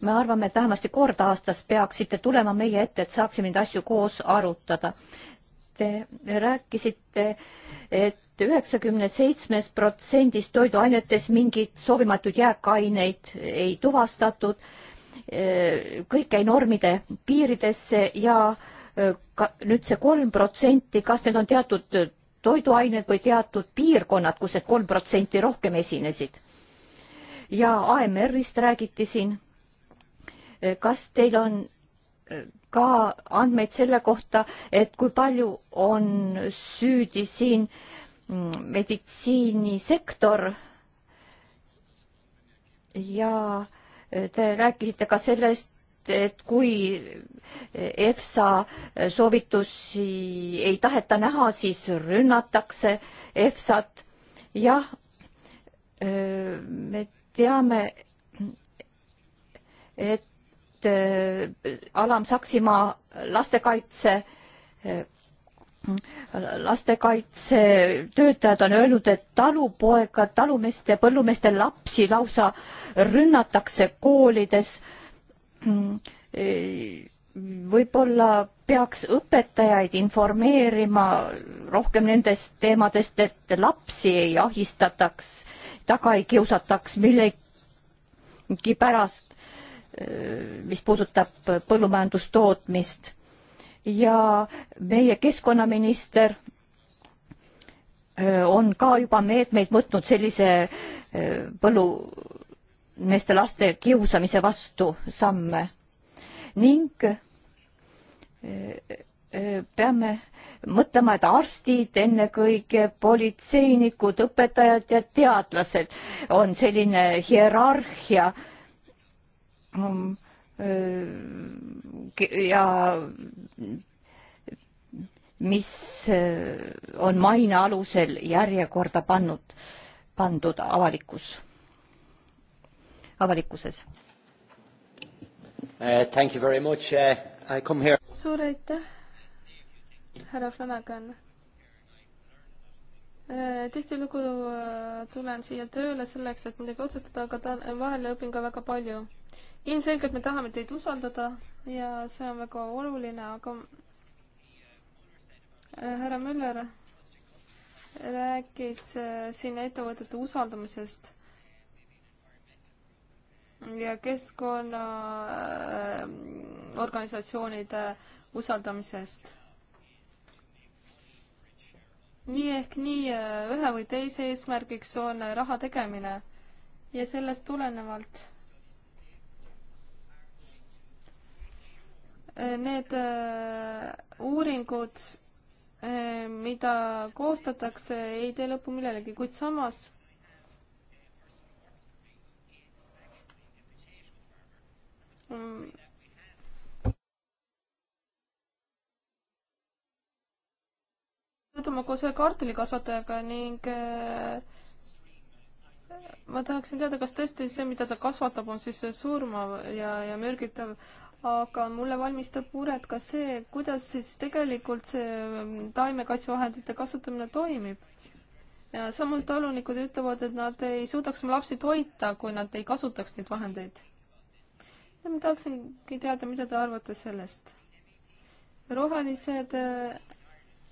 me arvame, et vähemasti kord aastas peaksite tulema meie ette, et saaksime neid asju koos arutada. Te rääkisite, et et üheksakümne seitsmes protsendis toiduainetes mingeid soovimatuid jääkaineid ei tuvastatud. kõik jäi normide piiridesse ja e, ka nüüd see kolm protsenti, kas need on teatud toiduained või teatud piirkonnad, kus need kolm protsenti rohkem esinesid? ja AMR-ist räägiti siin. E, kas teil on e, ka andmeid selle kohta, et kui palju on süüdi siin äh, meditsiinisektor ja eh, te rääkisite ka sellest, et kui eh, EFSA eh, soovitusi ei taheta näha, siis rünnatakse EFSA-t. jah, me teame, et Alam Saksimaa lastekaitse lastekaitsetöötajad on öelnud, et talupoega, talumeeste, põllumeeste lapsi lausa rünnatakse koolides. võib-olla peaks õpetajaid informeerima rohkem nendest teemadest, et lapsi ei ahistataks, taga ei kiusataks millegi pärast, mis puudutab põllumajandustootmist ja meie keskkonnaminister äh, on ka juba meetmeid võtnud sellise äh, põllumeeste laste kiusamise vastu samme ning äh, peame mõtlema, et arstid ennekõike, politseinikud, õpetajad ja teadlased on selline hierarhia mm, Äh, ja mis äh, on maine alusel järjekorda pannud, pandud avalikus, avalikkuses uh,. Thank you very much uh,, I come here. suur aitäh, härra Flanagan uh, tihtilugu uh, tulen siia tööle selleks, et midagi otsustada, aga ta, vahel õpin ka väga palju ilmselgelt me tahame teid usaldada ja see on väga oluline, aga äh, härra Müller rääkis äh, siin ettevõtete usaldamisest ja keskkonnaorganisatsioonide äh, usaldamisest. nii ehk nii, ühe või teise eesmärgiks on raha tegemine ja sellest tulenevalt Need äh, uuringud, äh, mida koostatakse, ei tee lõppu millelegi, kuid samas töötama mm. koos ühe kartulikasvatajaga ning äh, ma tahaksin teada, kas tõesti see, mida ta kasvatab, on siis surmav ja, ja mürgitav, aga mulle valmistab muret ka see, kuidas siis tegelikult see ähm, taimekaitsevahendite kasutamine toimib. ja samas talunikud ütlevad, et nad ei suudaks oma lapsi toita, kui nad ei kasutaks neid vahendeid. ja ma tahaksingi teada, mida te arvate sellest. rohelised äh,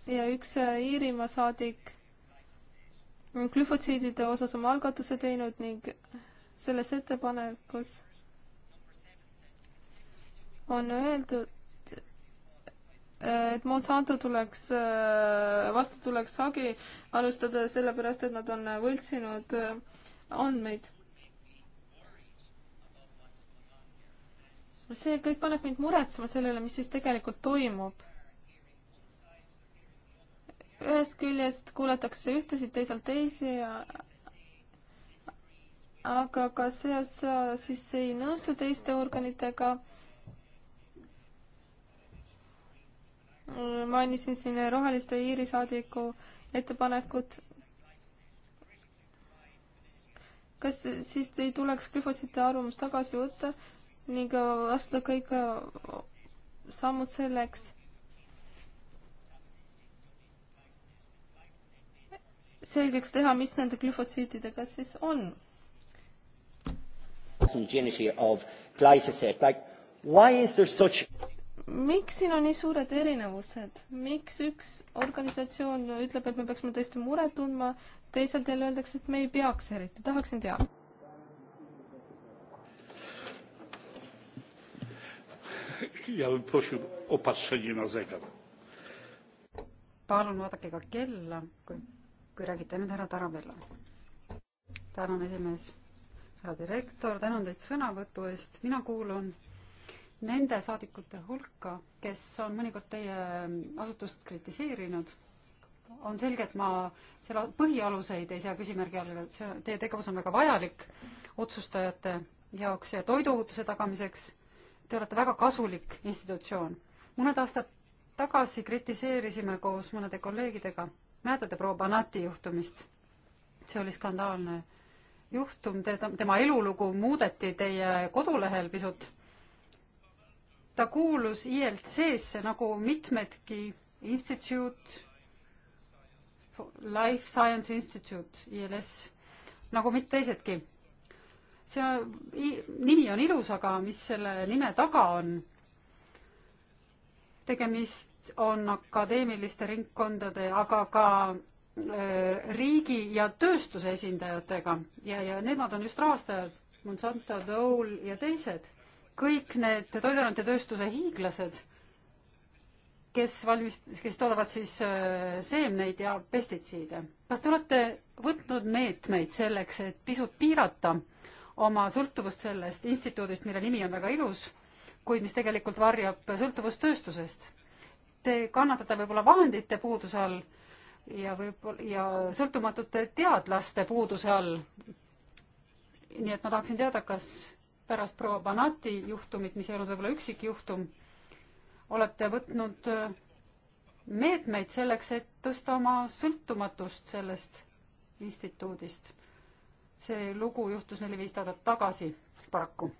ja üks äh, Iirimaa saadik glüfotsiidide osas oma algatuse teinud ning selles ettepanekus on öeldud, et Monsanto tuleks, vastu tuleks hagi alustada sellepärast, et nad on võltsinud andmeid. see kõik paneb mind muretsema selle üle, mis siis tegelikult toimub. ühest küljest kuulatakse ühtesid, teisalt teisi ja aga kas seal sa siis ei nõustu teiste organitega äh, mainisin siin Roheliste Iiri saadiku ettepanekut. kas siis ei tuleks glüfotsite arvamus tagasi võtta ning astuda kõik sammud selleks selgeks teha, mis nende glüfotsiitidega siis on. Of glyphosate, like why is there such miks siin on nii suured erinevused, miks üks organisatsioon ütleb, et me peaksime tõesti muret tundma, teisalt jälle öeldakse, et me ei peaks eriti, tahaksin teada. palun vaadake ka kella, kui, kui räägite nüüd härra Tarabella. tänan, esimees, härra direktor, tänan teid sõnavõtu eest, mina kuulun nende saadikute hulka, kes on mõnikord teie asutust kritiseerinud, on selge, et ma selle põhialuseid ei sea küsimärgi alla, et see, teie tegevus on väga vajalik otsustajate jaoks ja toiduohutuse tagamiseks. Te olete väga kasulik institutsioon. mõned aastad tagasi kritiseerisime koos mõnede kolleegidega mäletate proua Banati juhtumist? see oli skandaalne juhtum, teda, tema elulugu muudeti teie kodulehel pisut ta kuulus ILC-sse nagu mitmedki instituut, Life Science Institute, ILS, nagu mitte teisedki. see i, nimi on ilus, aga mis selle nime taga on? tegemist on akadeemiliste ringkondade, aga ka äh, riigi ja tööstuse esindajatega ja, ja nemad on just rahastajad, Monsanto, Dole ja teised kõik need toiduainetööstuse hiiglased, kes valmis, kes toodavad siis äh, seemneid ja pestitsiide. kas te olete võtnud meetmeid selleks, et pisut piirata oma sõltuvust sellest instituudist, mille nimi on väga ilus, kuid mis tegelikult varjab sõltuvust tööstusest? Te kannatate võib-olla vahendite puuduse all ja võib-olla, ja sõltumatute teadlaste puuduse all. nii et ma tahaksin teada, kas pärast proua Banati juhtumit, mis ei olnud võib-olla üksikjuhtum, olete võtnud äh, meetmeid selleks, et tõsta oma sõltumatust sellest instituudist. see lugu juhtus neli-viis aastat tagasi paraku.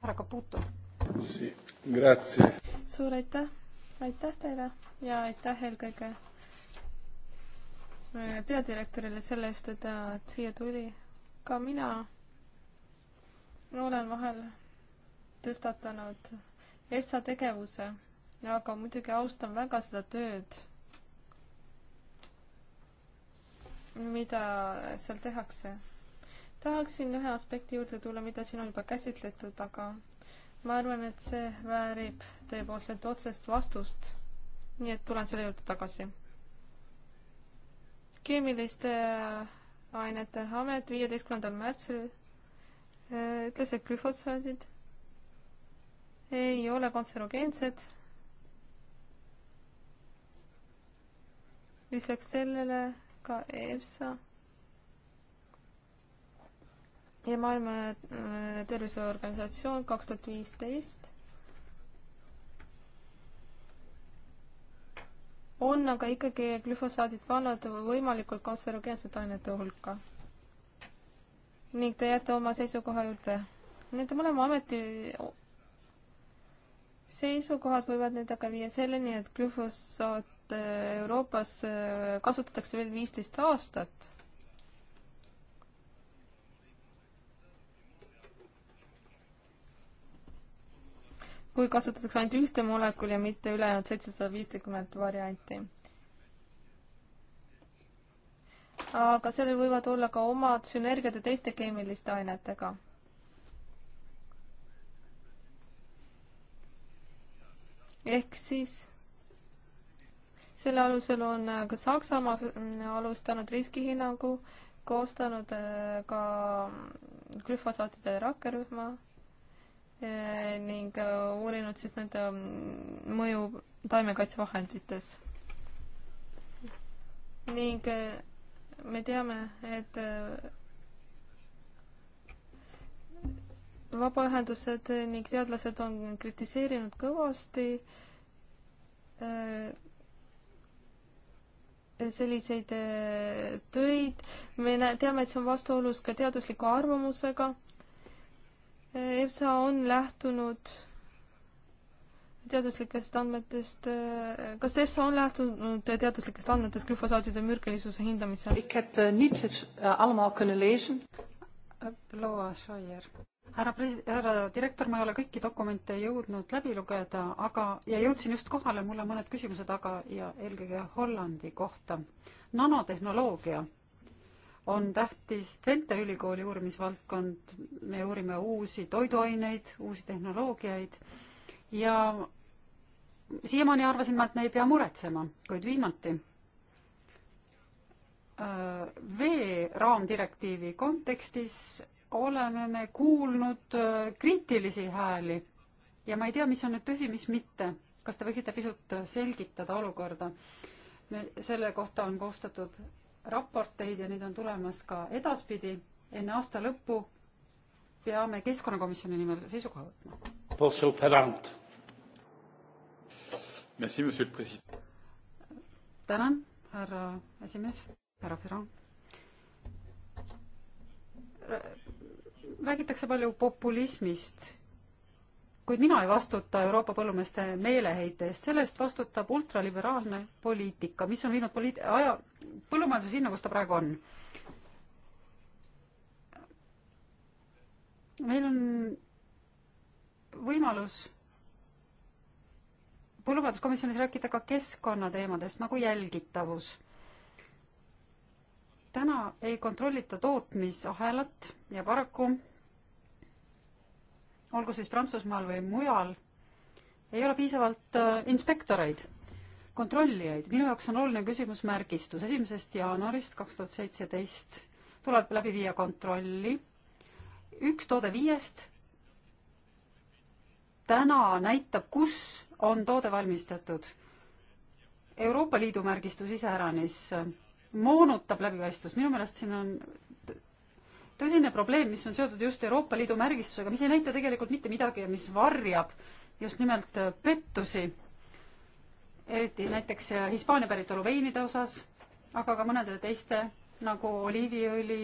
härra Caputo. suur aitäh, aitäh teile ja aitäh eelkõige Äh, peadirektorile selle eest, et ta siia tuli. ka mina olen vahel tõstatanud ESA tegevuse, aga muidugi austan väga seda tööd, mida seal tehakse. tahaksin ühe aspekti juurde tulla, mida siin on juba käsitletud, aga ma arvan, et see väärib teiepoolset otsest vastust. nii et tulen selle juurde tagasi keemiliste äh, ainete amet viieteistkümnendal märtsil äh, ütles, et glüfotsaadid ei ole kantserogeensed. lisaks sellele ka EFSA ja Maailma äh, Terviseorganisatsioon kaks tuhat viisteist on aga ikkagi glüfosaadid pannud võimalikult kantserogeensete ainete hulka. ning te jääte oma seisukoha juurde. Nende mõlema ameti seisukohad võivad nüüd aga viia selleni, et glüfosaat äh, Euroopas äh, kasutatakse veel viisteist aastat kui kasutatakse ainult ühte molekuli ja mitte ülejäänud seitsesada viitekümmet varianti. aga sellel võivad olla ka omad sünergiad teiste keemiliste ainetega. ehk siis selle alusel on äh, ka Saksamaa mm, alustanud riskihinnangu, koostanud äh, ka mm, glüfosaatide rakkerühma Äh, ning äh, uurinud siis nende mm, mõju taimekaitsevahendites. ning äh, me teame, et vabaühendused ning teadlased on kritiseerinud kõvasti selliseid töid. me teame, et see on vastuolus ka teadusliku arvamusega EFSA on lähtunud teaduslikest andmetest, kas EFSA on lähtunud teaduslikest andmetest glüfosaatide mürgilisuse hindamisel? Eh, eh, proua Schreier, härra pres-, härra direktor, ma ei ole kõiki dokumente jõudnud läbi lugeda, aga, ja jõudsin just kohale, mul on mõned küsimused, aga, ja eelkõige Hollandi kohta. nanotehnoloogia on tähtis Twente ülikooli uurimisvaldkond, me uurime uusi toiduaineid, uusi tehnoloogiaid ja siiamaani arvasin ma, et me ei pea muretsema, kuid viimati äh, vee raamdirektiivi kontekstis oleme me kuulnud äh, kriitilisi hääli ja ma ei tea, mis on nüüd tõsi, mis mitte. kas te võiksite pisut selgitada olukorda? me, selle kohta on koostatud raporteid ja neid on tulemas ka edaspidi. enne aasta lõppu peame Keskkonnakomisjoni nimel seisukoha võtma. tänan, härra esimees, härra Ferrand. räägitakse palju populismist kuid mina ei vastuta Euroopa põllumeeste meeleheite eest, selle eest vastutab ultraliberaalne poliitika, mis on viinud poliit-, aja, põllumajanduse sinna, kus ta praegu on. meil on võimalus põllumajanduskomisjonis rääkida ka keskkonnateemadest nagu jälgitavus. täna ei kontrollita tootmisahelat ja paraku olgu siis Prantsusmaal või mujal, ei ole piisavalt äh, inspektoreid, kontrollijaid. minu jaoks on oluline küsimus märgistus. esimesest jaanuarist kaks tuhat seitseteist tuleb läbi viia kontrolli. üks toode viiest täna näitab, kus on toode valmistatud. Euroopa Liidu märgistus iseäranis moonutab läbipaistvust, minu meelest siin on tõsine probleem, mis on seotud just Euroopa Liidu märgistusega, mis ei näita tegelikult mitte midagi ja mis varjab just nimelt äh, pettusi, eriti näiteks äh, Hispaania päritolu veinide osas, aga ka mõnede teiste nagu oliiviõli,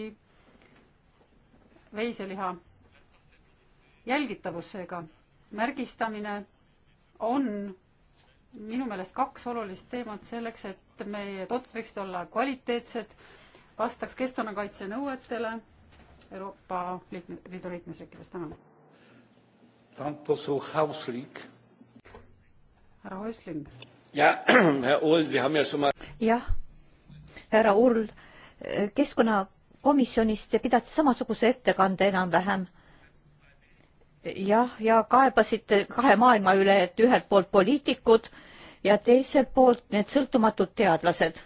veiseliha jälgitavusega. märgistamine on minu meelest kaks olulist teemat selleks, et meie tooted võiksid olla kvaliteetsed, vastaks keskkonnakaitse nõuetele Euroopa liikme, Liidu liikmesriikides, tänan. härra Häusling. jah, härra Url, keskkonnakomisjonis te pidate samasuguse ettekande enam-vähem jah, ja kaebasite kahe maailma üle, et ühelt poolt poliitikud ja teiselt poolt need sõltumatud teadlased,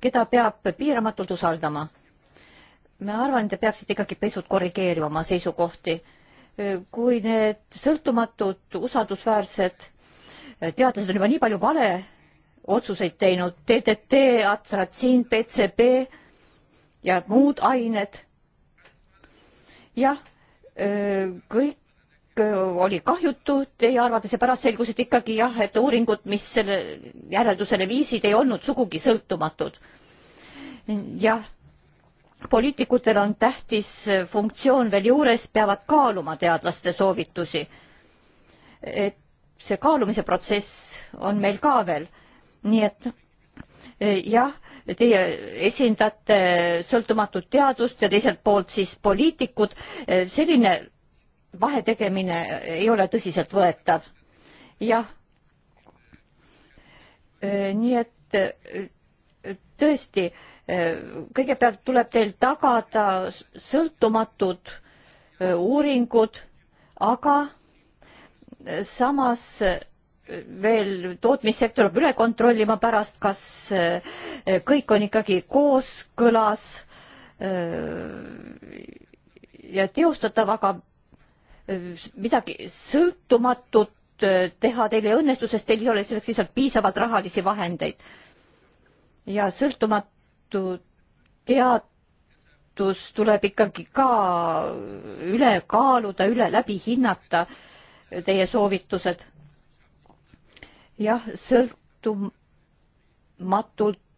keda peab piiramatult usaldama ma arvan, te peaksite ikkagi pisut korrigeerima oma seisukohti. kui need sõltumatud usaldusväärsed teadlased on juba nii palju vale otsuseid teinud, DDT, atsatsiin, PCB ja muud ained. jah, kõik oli kahjutu teie arvates ja pärast selgus, et ikkagi jah, et uuringud, mis selle järeldusele viisid, ei olnud sugugi sõltumatud. jah poliitikutel on tähtis funktsioon veel juures, peavad kaaluma teadlaste soovitusi. et see kaalumise protsess on meil ka veel, nii et eh, jah, teie esindate sõltumatut teadust ja teiselt poolt siis poliitikud, eh, selline vahetegemine ei ole tõsiseltvõetav. jah. Eh, nii et tõesti kõigepealt tuleb teil tagada sõltumatud e, uuringud, aga samas e, veel tootmissektor peab üle kontrollima pärast, kas e, kõik on ikkagi kooskõlas ja teostatav, aga midagi sõltumatut teha teil ei õnnestu, sest teil ei ole selleks lihtsalt piisavalt rahalisi vahendeid. ja sõltumat-, ohuteatus tuleb ikkagi ka üle kaaluda, üle läbi hinnata, teie soovitused. jah, sõltumatult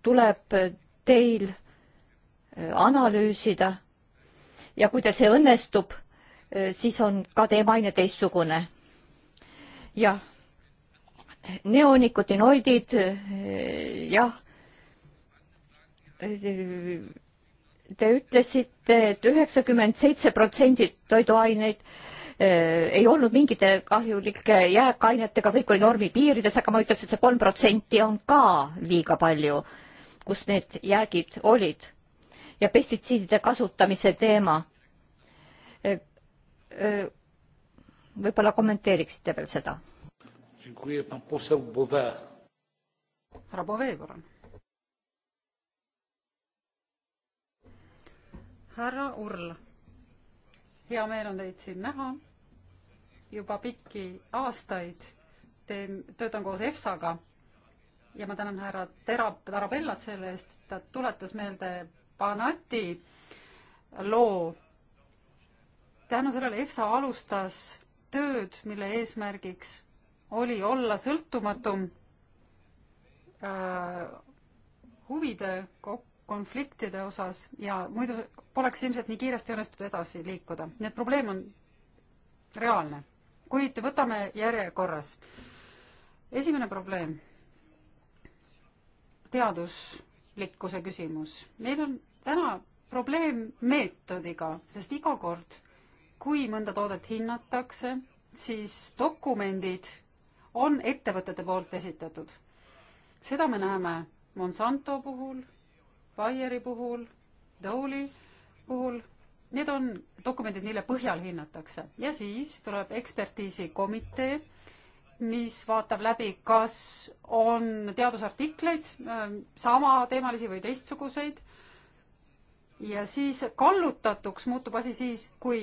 tuleb teil äh, analüüsida ja kui teil see õnnestub, äh, siis on ka teie maine teistsugune. Äh, jah neonikotinoidid, jah, Te ütlesite et, et üheksakümmend seitse protsendi toiduaineid eh, ei olnud mingite kahjulike jääkainetega, kõik oli normi piirides, aga ma ütleks, et see kolm protsenti on ka liiga palju, kus need jäägid olid. ja pestitsiidide kasutamise teema. Eh, eh, võib-olla kommenteeriksite veel seda? härra Bovee, palun härra Url, hea meel on teid siin näha. juba pikki aastaid teen, töötan koos EFSA-ga ja ma tänan härra Tera-, Tarabellat selle eest, ta tuletas meelde Banati loo. tänu sellele EFSA alustas tööd, mille eesmärgiks oli olla sõltumatum äh, huvide kok-, konfliktide osas ja muidu poleks ilmselt nii kiiresti õnnestunud edasi liikuda. nii et probleem on reaalne, kuid võtame järjekorras. esimene probleem, teaduslikkuse küsimus. meil on täna probleem meetodiga, sest iga kord, kui mõnda toodet hinnatakse, siis dokumendid on ettevõtete poolt esitatud. seda me näeme Monsanto puhul, Bayeri puhul, Dowli puhul, need on dokumendid, mille põhjal hinnatakse. ja siis tuleb ekspertiisikomitee, mis vaatab läbi, kas on teadusartikleid, äh, samateemalisi või teistsuguseid, ja siis kallutatuks muutub asi siis, kui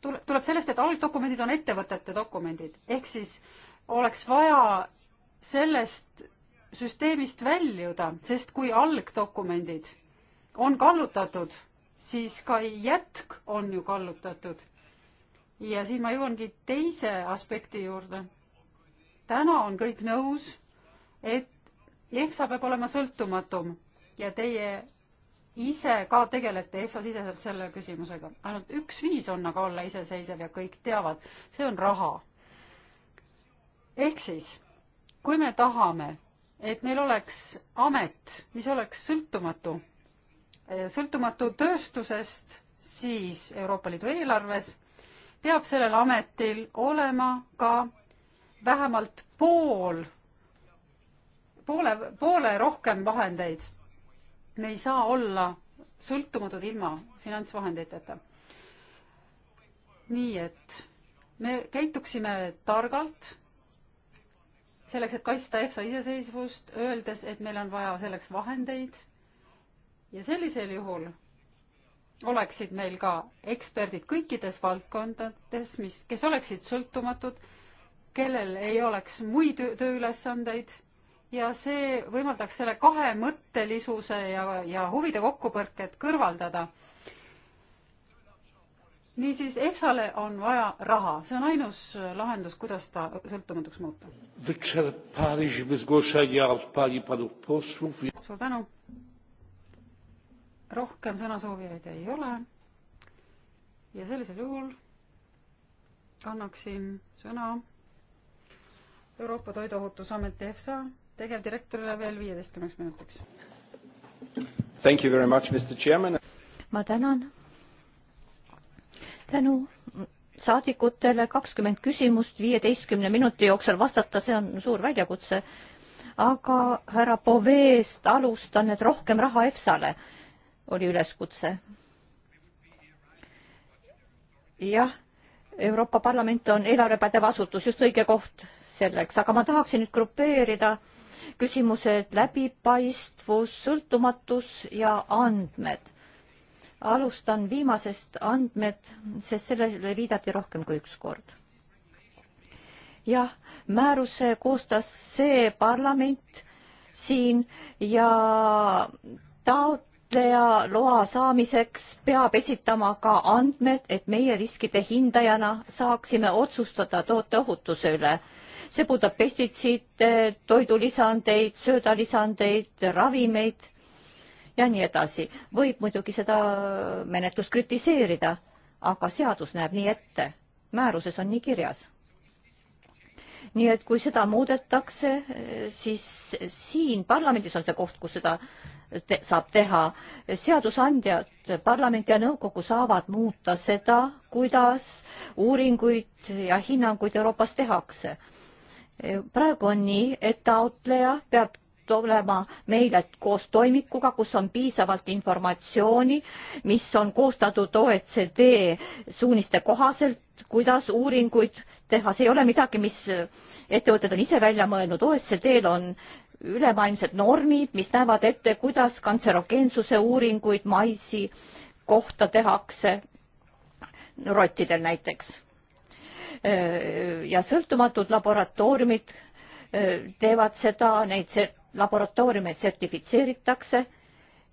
tule, tuleb sellest, et algdokumendid on ettevõtete dokumendid, ehk siis oleks vaja sellest süsteemist väljuda, sest kui algdokumendid on kallutatud, siis ka jätk on ju kallutatud. ja siin ma jõuangi teise aspekti juurde. täna on kõik nõus, et EFSA peab olema sõltumatum ja teie ise ka tegelete EFSA-siseselt selle küsimusega. ainult üks viis on aga olla iseseisev ja kõik teavad, see on raha. ehk siis, kui me tahame et meil oleks amet, mis oleks sõltumatu, sõltumatu tööstusest, siis Euroopa Liidu eelarves peab sellel ametil olema ka vähemalt pool, poole, poole rohkem vahendeid. me ei saa olla sõltumatud ilma finantsvahenditeta. nii et me käituksime targalt selleks, et kaitsta EFSA iseseisvust, öeldes, et meil on vaja selleks vahendeid. ja sellisel juhul oleksid meil ka eksperdid kõikides valdkondades, mis, kes oleksid sõltumatud, kellel ei oleks muid tööülesandeid ja see võimaldaks selle kahemõttelisuse ja, ja huvide kokkupõrked kõrvaldada niisiis, EFSA-le on vaja raha, see on ainus lahendus, kuidas ta sõltumatuks muuta. suur tänu. rohkem sõnasoovijaid ei ole. ja sellisel juhul annaksin sõna Euroopa Toiduohutusameti EFSA tegevdirektorile veel viieteistkümneks minutiks. ma tänan tänu saadikutele kakskümmend küsimust viieteistkümne minuti jooksul vastata, see on suur väljakutse. aga härra Poveest alustan, et rohkem raha EFSA-le oli üleskutse. jah, Euroopa Parlament on eelarvepädev asutus, just õige koht selleks, aga ma tahaksin nüüd grupeerida küsimused läbipaistvus, sõltumatus ja andmed alustan viimasest andmed, sest sellele viidati rohkem kui üks kord. jah, määruse koostas see parlament siin ja taotleja loa saamiseks peab esitama ka andmed, et meie riskide hindajana saaksime otsustada toote ohutuse üle. see puudutab pestitsiide, toidulisandeid, söödalisandeid, ravimeid ja nii edasi. võib muidugi seda menetlust kritiseerida, aga seadus näeb nii ette, määruses on nii kirjas. nii et kui seda muudetakse, siis siin parlamendis on see koht, kus seda te saab teha. seadusandjad, parlament ja nõukogu saavad muuta seda, kuidas uuringuid ja hinnanguid Euroopas tehakse praegu on nii, et taotleja peab tulema meile koos toimikuga, kus on piisavalt informatsiooni, mis on koostatud OECD suuniste kohaselt, kuidas uuringuid teha, see ei ole midagi, mis ettevõtted on ise välja mõelnud, OECD-l on ülemaailmsed normid, mis näevad ette, kuidas kantserogeensuse uuringuid maisi kohta tehakse, rottidel näiteks. Äh, ja sõltumatud laboratooriumid äh, teevad seda, neid laboratooriume sertifitseeritakse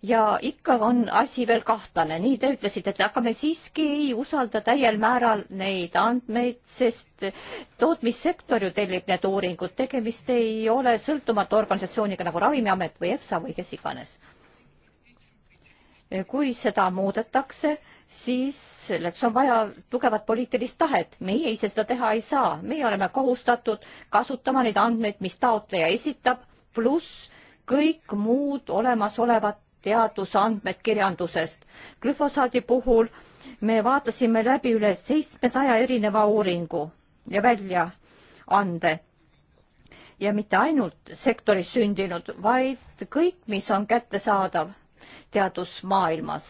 ja ikka on asi veel kahtlane, nii te ütlesite, et aga me siiski ei usalda täiel määral neid andmeid, sest tootmissektor ju tellib need uuringud, tegemist ei ole sõltumatu organisatsiooniga nagu Ravimiamet või EFSA või kes iganes. kui seda muudetakse, siis selleks on vaja tugevat poliitilist tahet, meie ise seda teha ei saa, meie oleme kohustatud kasutama neid andmeid, mis taotleja esitab pluss kõik muud olemasolevad teadusandmed kirjandusest. glüfosaadi puhul me vaatasime läbi üle seitsmesaja erineva uuringu ja väljaande ja mitte ainult sektoris sündinud, vaid kõik, mis on kättesaadav teadusmaailmas.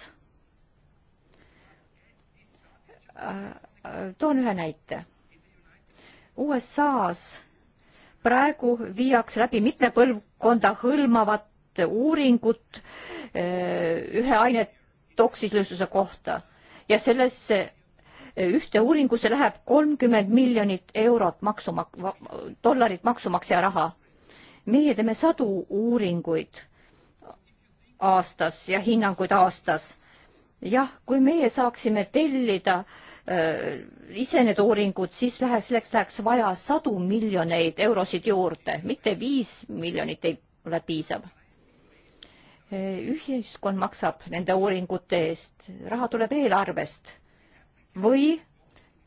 Äh, äh, toon ühe näite. USA-s praegu viiakse läbi mitme põlvkonda hõlmavat uuringut eh, ühe aine toksilisuse kohta ja sellesse eh, ühte uuringusse läheb kolmkümmend miljonit eurot maksumak-, dollarit maksumaksja raha. meie teeme sadu uuringuid aastas ja hinnanguid aastas. jah, kui meie saaksime tellida äh, Äh, ise need uuringud, siis lähe, selleks läheks vaja sadu miljoneid eurosid juurde, mitte viis miljonit ei ole piisav. Äh, ühiskond maksab nende uuringute eest, raha tuleb eelarvest või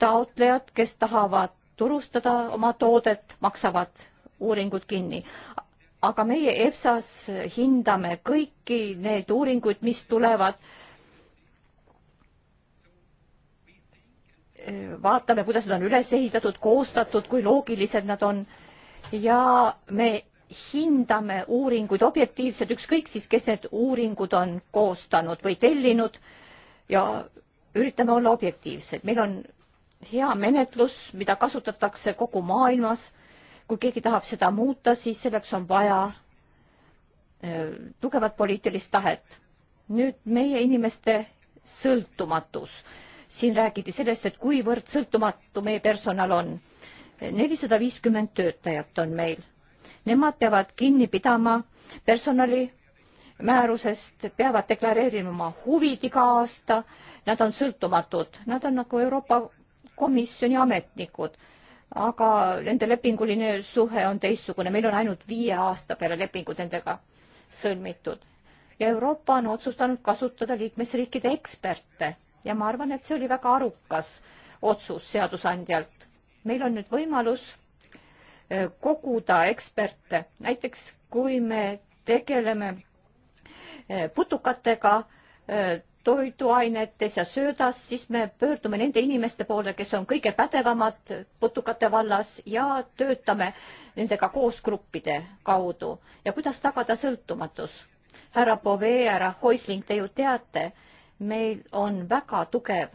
taotlejad, kes tahavad turustada oma toodet, maksavad uuringud kinni aga meie EFSA-s hindame kõiki neid uuringuid, mis tulevad äh, vaatame, kuidas nad on üles ehitatud, koostatud, kui loogilised nad on ja me hindame uuringuid objektiivselt, ükskõik siis, kes need uuringud on koostanud või tellinud ja üritame olla objektiivsed. meil on hea menetlus, mida kasutatakse kogu maailmas. kui keegi tahab seda muuta, siis selleks on vaja äh, tugevat poliitilist tahet. nüüd meie inimeste sõltumatus siin räägiti sellest, et kuivõrd sõltumatu meie personal on. nelisada viiskümmend töötajat on meil. Nemad peavad kinni pidama personali määrusest, peavad deklareerima oma huvid iga aasta, nad on sõltumatud, nad on nagu Euroopa Komisjoni ametnikud aga nende lepinguline suhe on teistsugune, meil on ainult viie aasta peale lepingud nendega sõlmitud. ja Euroopa on otsustanud kasutada liikmesriikide eksperte ja ma arvan, et see oli väga arukas otsus seadusandjalt. meil on nüüd võimalus eh, koguda eksperte, näiteks kui me tegeleme eh, putukatega eh, toiduainetes ja söödas, siis me pöördume nende inimeste poole, kes on kõige pädevamad putukate vallas ja töötame nendega koos gruppide kaudu ja kuidas tagada sõltumatus. härra Bovee, härra Hoisling, te ju teate, meil on väga tugev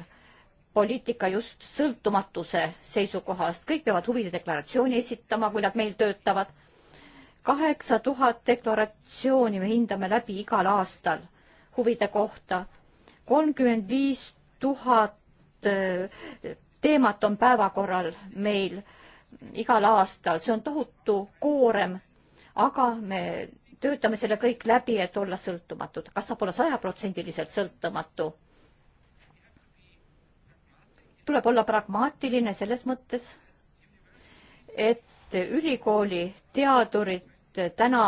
poliitika just sõltumatuse seisukohast, kõik peavad huvide deklaratsiooni esitama, kui nad meil töötavad. kaheksa tuhat deklaratsiooni me hindame läbi igal aastal huvide kohta. kolmkümmend viis tuhat eh, teemat on päevakorral meil igal aastal, see on tohutu koorem, aga me töötame selle kõik läbi, et olla sõltumatud. kas saab olla sajaprotsendiliselt sõltumatu? tuleb olla pragmaatiline selles mõttes, et ülikooli teadurid täna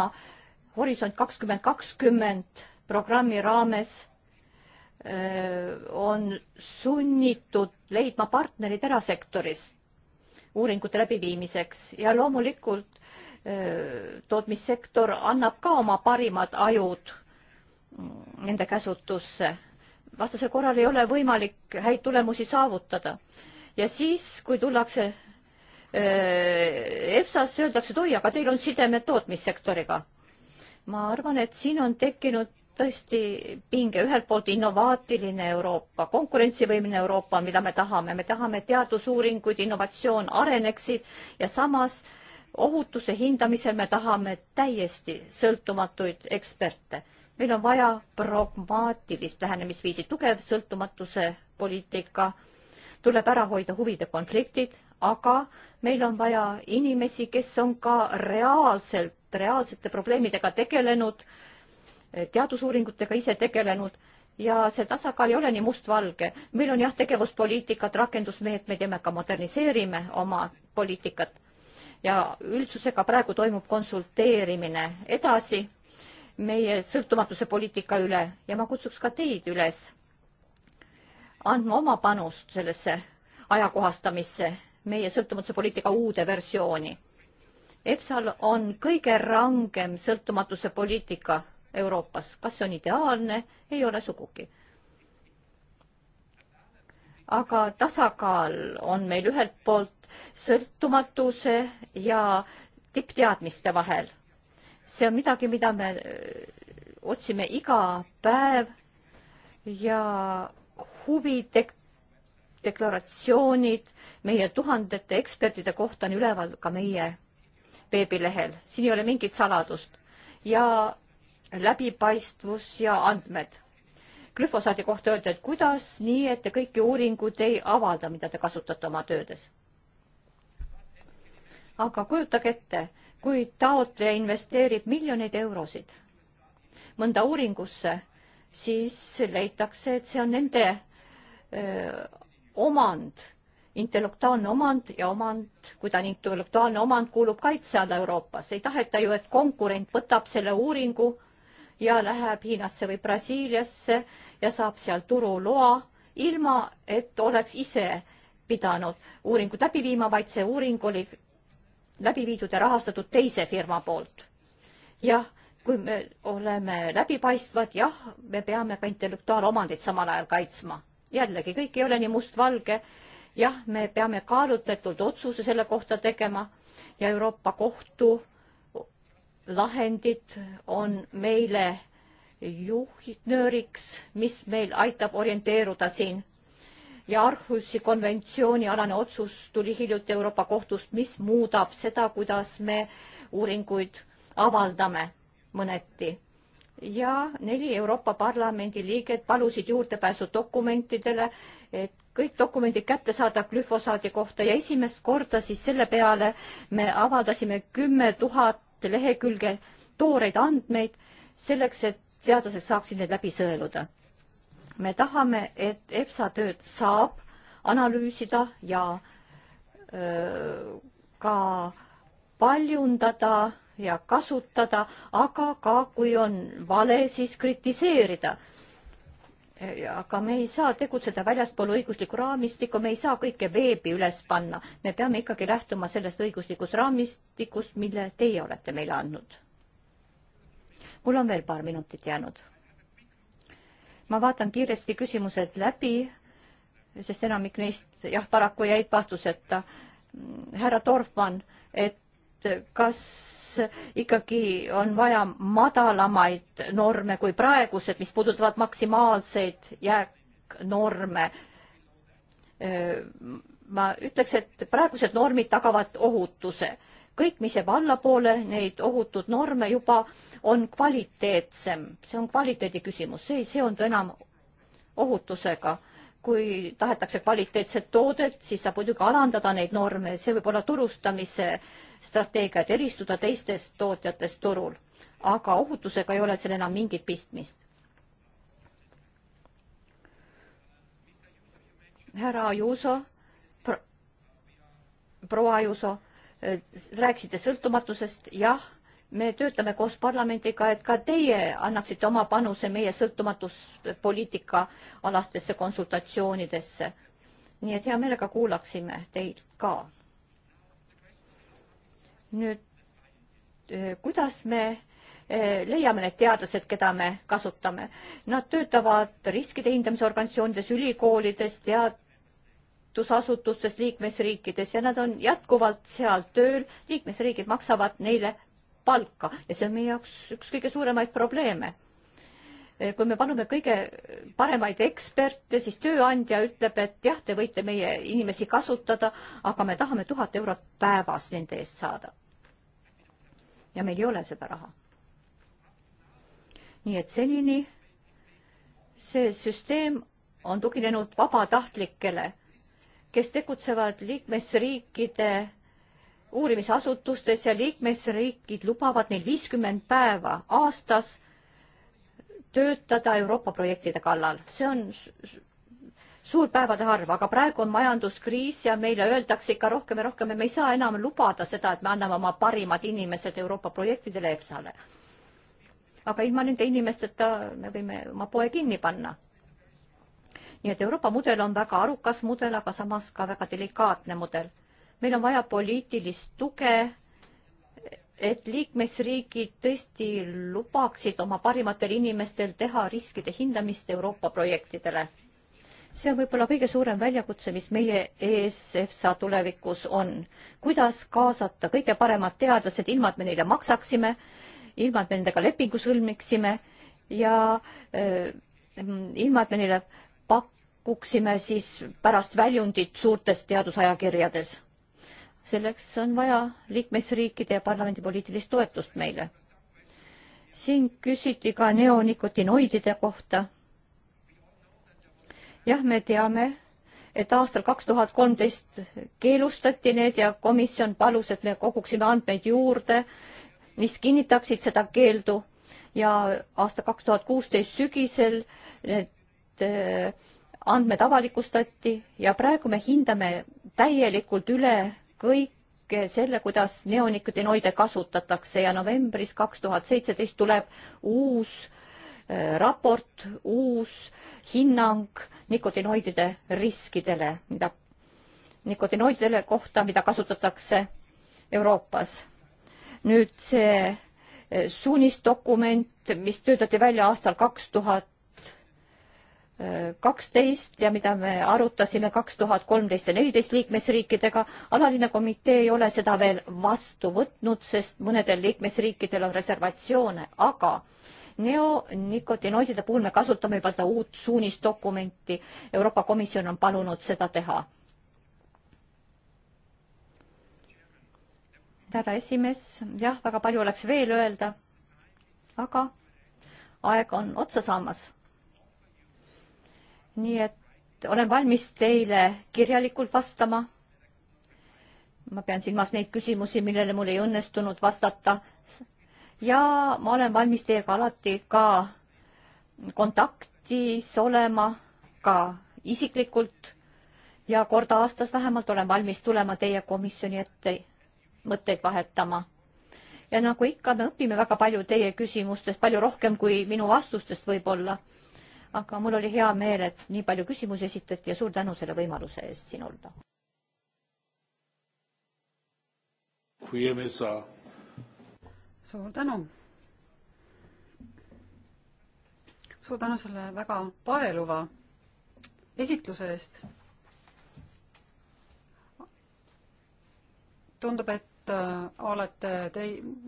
Horisont kakskümmend kakskümmend programmi raames öö, äh, on sunnitud leidma partnerid erasektoris uuringute läbiviimiseks ja loomulikult öö, tootmissektor annab ka oma parimad ajud nende käsutusse. vastasel korral ei ole võimalik häid tulemusi saavutada. ja siis, kui tullakse EFSA-sse, öeldakse, et oi, aga teil on sidemed tootmissektoriga. ma arvan, et siin on tekkinud tõesti pinge, ühelt poolt innovaatiline Euroopa, konkurentsivõimeline Euroopa, mida me tahame, me tahame, et teadusuuringuid, innovatsioon areneksid ja samas äh, ohutuse hindamisel me tahame täiesti sõltumatuid eksperte. meil on vaja pragmaatilist lähenemisviisi, tugev sõltumatuse poliitika, tuleb ära hoida huvide konfliktid, aga meil on vaja inimesi, kes on ka reaalselt, reaalsete probleemidega tegelenud, teadusuuringutega ise tegelenud ja see tasakaal ei ole nii mustvalge. meil on jah, tegevuspoliitikat, rakendusmeetmed ja me ka moderniseerime oma poliitikat ja üldsusega praegu toimub konsulteerimine edasi meie sõltumatuse poliitika üle ja ma kutsuks ka teid üles andma oma panust sellesse ajakohastamisse, meie sõltumatuse poliitika uude versiooni. EFSA-l on kõige rangem sõltumatuse poliitika Euroopas, kas see on ideaalne, ei ole sugugi aga tasakaal on meil ühelt poolt sõltumatuse ja tippteadmiste vahel. see on midagi, mida me äh, otsime iga päev ja huvidek-, deklaratsioonid meie tuhandete ekspertide kohta on üleval ka meie veebilehel, siin ei ole mingit saladust ja läbipaistvus ja andmed. glüfosaadi kohta öelda, et kuidas nii, et te kõiki uuringuid ei avalda, mida te kasutate oma töödes? aga kujutage ette, kui taotleja investeerib miljoneid eurosid mõnda uuringusse, siis leitakse, et see on nende öö, omand, intellektuaalne omand ja omand, kui ta on intellektuaalne omand, kuulub kaitse alla Euroopas. ei taheta ju, et konkurent võtab selle uuringu ja läheb Hiinasse või Brasiiliasse ja saab seal turuloa, ilma et oleks ise pidanud uuringut läbi viima, vaid see uuring oli läbi viidud ja rahastatud teise firma poolt. jah, kui me oleme läbipaistvad, jah, me peame ka intellektuaalomandit samal ajal kaitsma. jällegi, kõik ei ole nii mustvalge. jah, me peame kaalutletult otsuse selle kohta tegema ja Euroopa Kohtu lahendid on meile juhtnööriks, mis meil aitab orienteeruda siin ja Arhusi konventsiooni alane otsus tuli hiljuti Euroopa Kohtust, mis muudab seda, kuidas me uuringuid avaldame mõneti. ja neli Euroopa Parlamendi liiget palusid juurdepääsu dokumentidele, et kõik dokumendid kätte saada glüfosaadi kohta ja esimest korda siis selle peale me avaldasime kümme tuhat lehekülge tooreid andmeid selleks, et teadlased saaksid need läbi sõeluda me tahame, et EFSA tööd saab analüüsida ja öö, ka paljundada ja kasutada, aga ka kui on vale, siis kritiseerida. aga me ei saa tegutseda väljaspool õiguslikku raamistikku, me ei saa kõike veebi üles panna. me peame ikkagi lähtuma sellest õiguslikust raamistikust, mille teie olete meile andnud. mul on veel paar minutit jäänud ma vaatan kiiresti küsimused läbi, sest enamik neist jah, paraku jäid vastuseta. härra Dorfmann, et kas ikkagi on vaja madalamaid norme kui praegused, mis puudutavad maksimaalseid jääknorme. Äh, ma ütleks, et praegused normid tagavad ohutuse kõik, mis jääb allapoole neid ohutud norme juba, on kvaliteetsem, see on kvaliteedi küsimus, see ei seondu enam ohutusega. kui tahetakse kvaliteetset toodet, siis saab muidugi alandada neid norme, see võib olla turustamise strateegia, et eristuda teistest tootjatest turul. aga ohutusega ei ole seal enam mingit pistmist. härra Ajuso proua Ajuso Äh, rääkisite sõltumatusest, jah, me töötame koos parlamendiga, et ka teie annaksite oma panuse meie sõltumatuspoliitika alastesse konsultatsioonidesse. nii et hea meelega kuulaksime teid ka. nüüd, äh, kuidas me äh, leiame need teadlased, keda me kasutame. Nad töötavad riskide hindamise organisatsioonides, ülikoolides, tead-, haridusasutustes liikmesriikides ja nad on jätkuvalt seal tööl, liikmesriigid maksavad neile palka ja see on meie jaoks üks kõige suuremaid probleeme. Eh, kui me palume kõige paremaid eksperte, siis tööandja ütleb, et jah, te võite meie inimesi kasutada, aga me tahame tuhat eurot päevas nende eest saada. ja meil ei ole seda raha. nii et senini see süsteem on tuginenud vabatahtlikele kes tegutsevad liikmesriikide uurimisasutustes ja liikmesriigid lubavad neil viiskümmend päeva aastas töötada Euroopa projektide kallal. see on suur päevade arv, aga praegu on majanduskriis ja meile öeldakse ikka rohkem ja rohkem ja me ei saa enam lubada seda, et me anname oma parimad inimesed Euroopa projektidele EFSA-le. aga ilma nende inimesteta me võime oma poe kinni panna nii et Euroopa mudel on väga arukas mudel, aga samas ka väga delikaatne mudel. meil on vaja poliitilist tuge, et liikmesriigid tõesti lubaksid oma parimatel inimestel teha riskide hindamist Euroopa projektidele. see on võib-olla kõige suurem väljakutse, mis meie ESFSA tulevikus on. kuidas kaasata kõige paremad teadlased, ilma et me neile maksaksime, ilma et me nendega lepingu sõlmiksime ja öö, äh, ilma, et me neile pak-, pakuksime siis pärast väljundit suurtes teadusajakirjades. selleks on vaja liikmesriikide ja parlamendi poliitilist toetust meile. siin küsiti ka neonikotinoidide kohta. jah, me teame, et aastal kaks tuhat kolmteist keelustati need ja komisjon palus, et me koguksime andmeid juurde, mis kinnitaksid seda keeldu ja aasta kaks tuhat kuusteist sügisel need äh, andmed avalikustati ja praegu me hindame täielikult üle kõike selle, kuidas neonikotinoide kasutatakse ja novembris kaks tuhat seitseteist tuleb uus äh, raport, uus hinnang nikotinoidide riskidele, mida, nikotinoididele kohta, mida kasutatakse Euroopas. nüüd see äh, suunisdokument, mis töötati välja aastal kaks tuhat kaksteist ja mida me arutasime kaks tuhat kolmteist ja neliteist liikmesriikidega. alaline komitee ei ole seda veel vastu võtnud, sest mõnedel liikmesriikidel on reservatsioone, aga neonikotinoidide puhul me kasutame juba seda uut suunisdokumenti. Euroopa Komisjon on palunud seda teha. härra esimees, jah, väga palju oleks veel öelda, aga aeg on otsa saamas nii et olen valmis teile kirjalikult vastama. ma pean silmas neid küsimusi, millele mul ei õnnestunud vastata. ja ma olen valmis teiega alati ka kontaktis olema, ka isiklikult ja kord aastas vähemalt olen valmis tulema teie komisjoni ette mõtteid vahetama. ja nagu ikka, me õpime väga palju teie küsimustest, palju rohkem kui minu vastustest võib-olla aga mul oli hea meel, et nii palju küsimusi esitati ja suur tänu selle võimaluse eest siin olla. suur tänu. suur tänu selle väga paeluva esitluse eest. tundub, et äh, olete te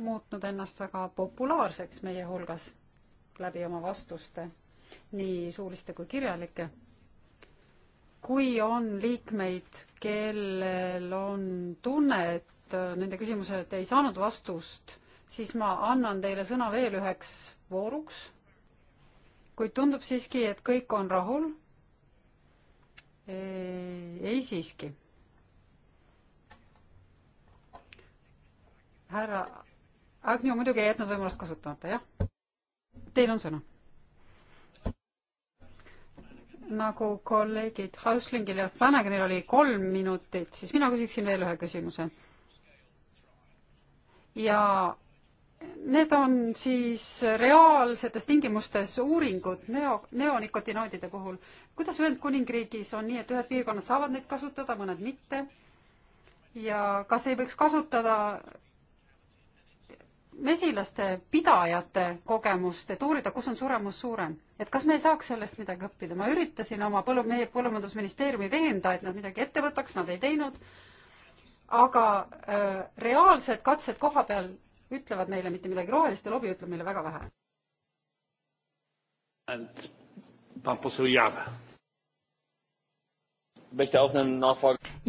muutnud ennast väga populaarseks meie hulgas läbi oma vastuste nii suuliste kui kirjalikke. kui on liikmeid, kellel on tunne, et äh, nende küsimused ei saanud vastust, siis ma annan teile sõna veel üheks vooruks. kuid tundub siiski, et kõik on rahul. ei siiski. härra Agnew muidugi ei jätnud võimalust kasutamata, jah? Teil on sõna nagu kolleegid Hauslingil ja Flanaganil oli kolm minutit, siis mina küsiksin veel ühe küsimuse. ja need on siis reaalsetes tingimustes uuringud neo, neonikotinoidide puhul. kuidas Ühendkuningriigis on nii, et ühed piirkonnad saavad neid kasutada, mõned mitte? ja kas ei võiks kasutada mesilaste pidajate kogemust, et uurida, kus on suremus suurem. et kas me saaks sellest midagi õppida, ma üritasin oma põllu, meie põllumajandusministeeriumi veenda, et nad midagi ette võtaks, nad ei teinud, aga äh, reaalsed katsed koha peal ütlevad meile mitte midagi, roheliste lobi ütleb meile väga vähe.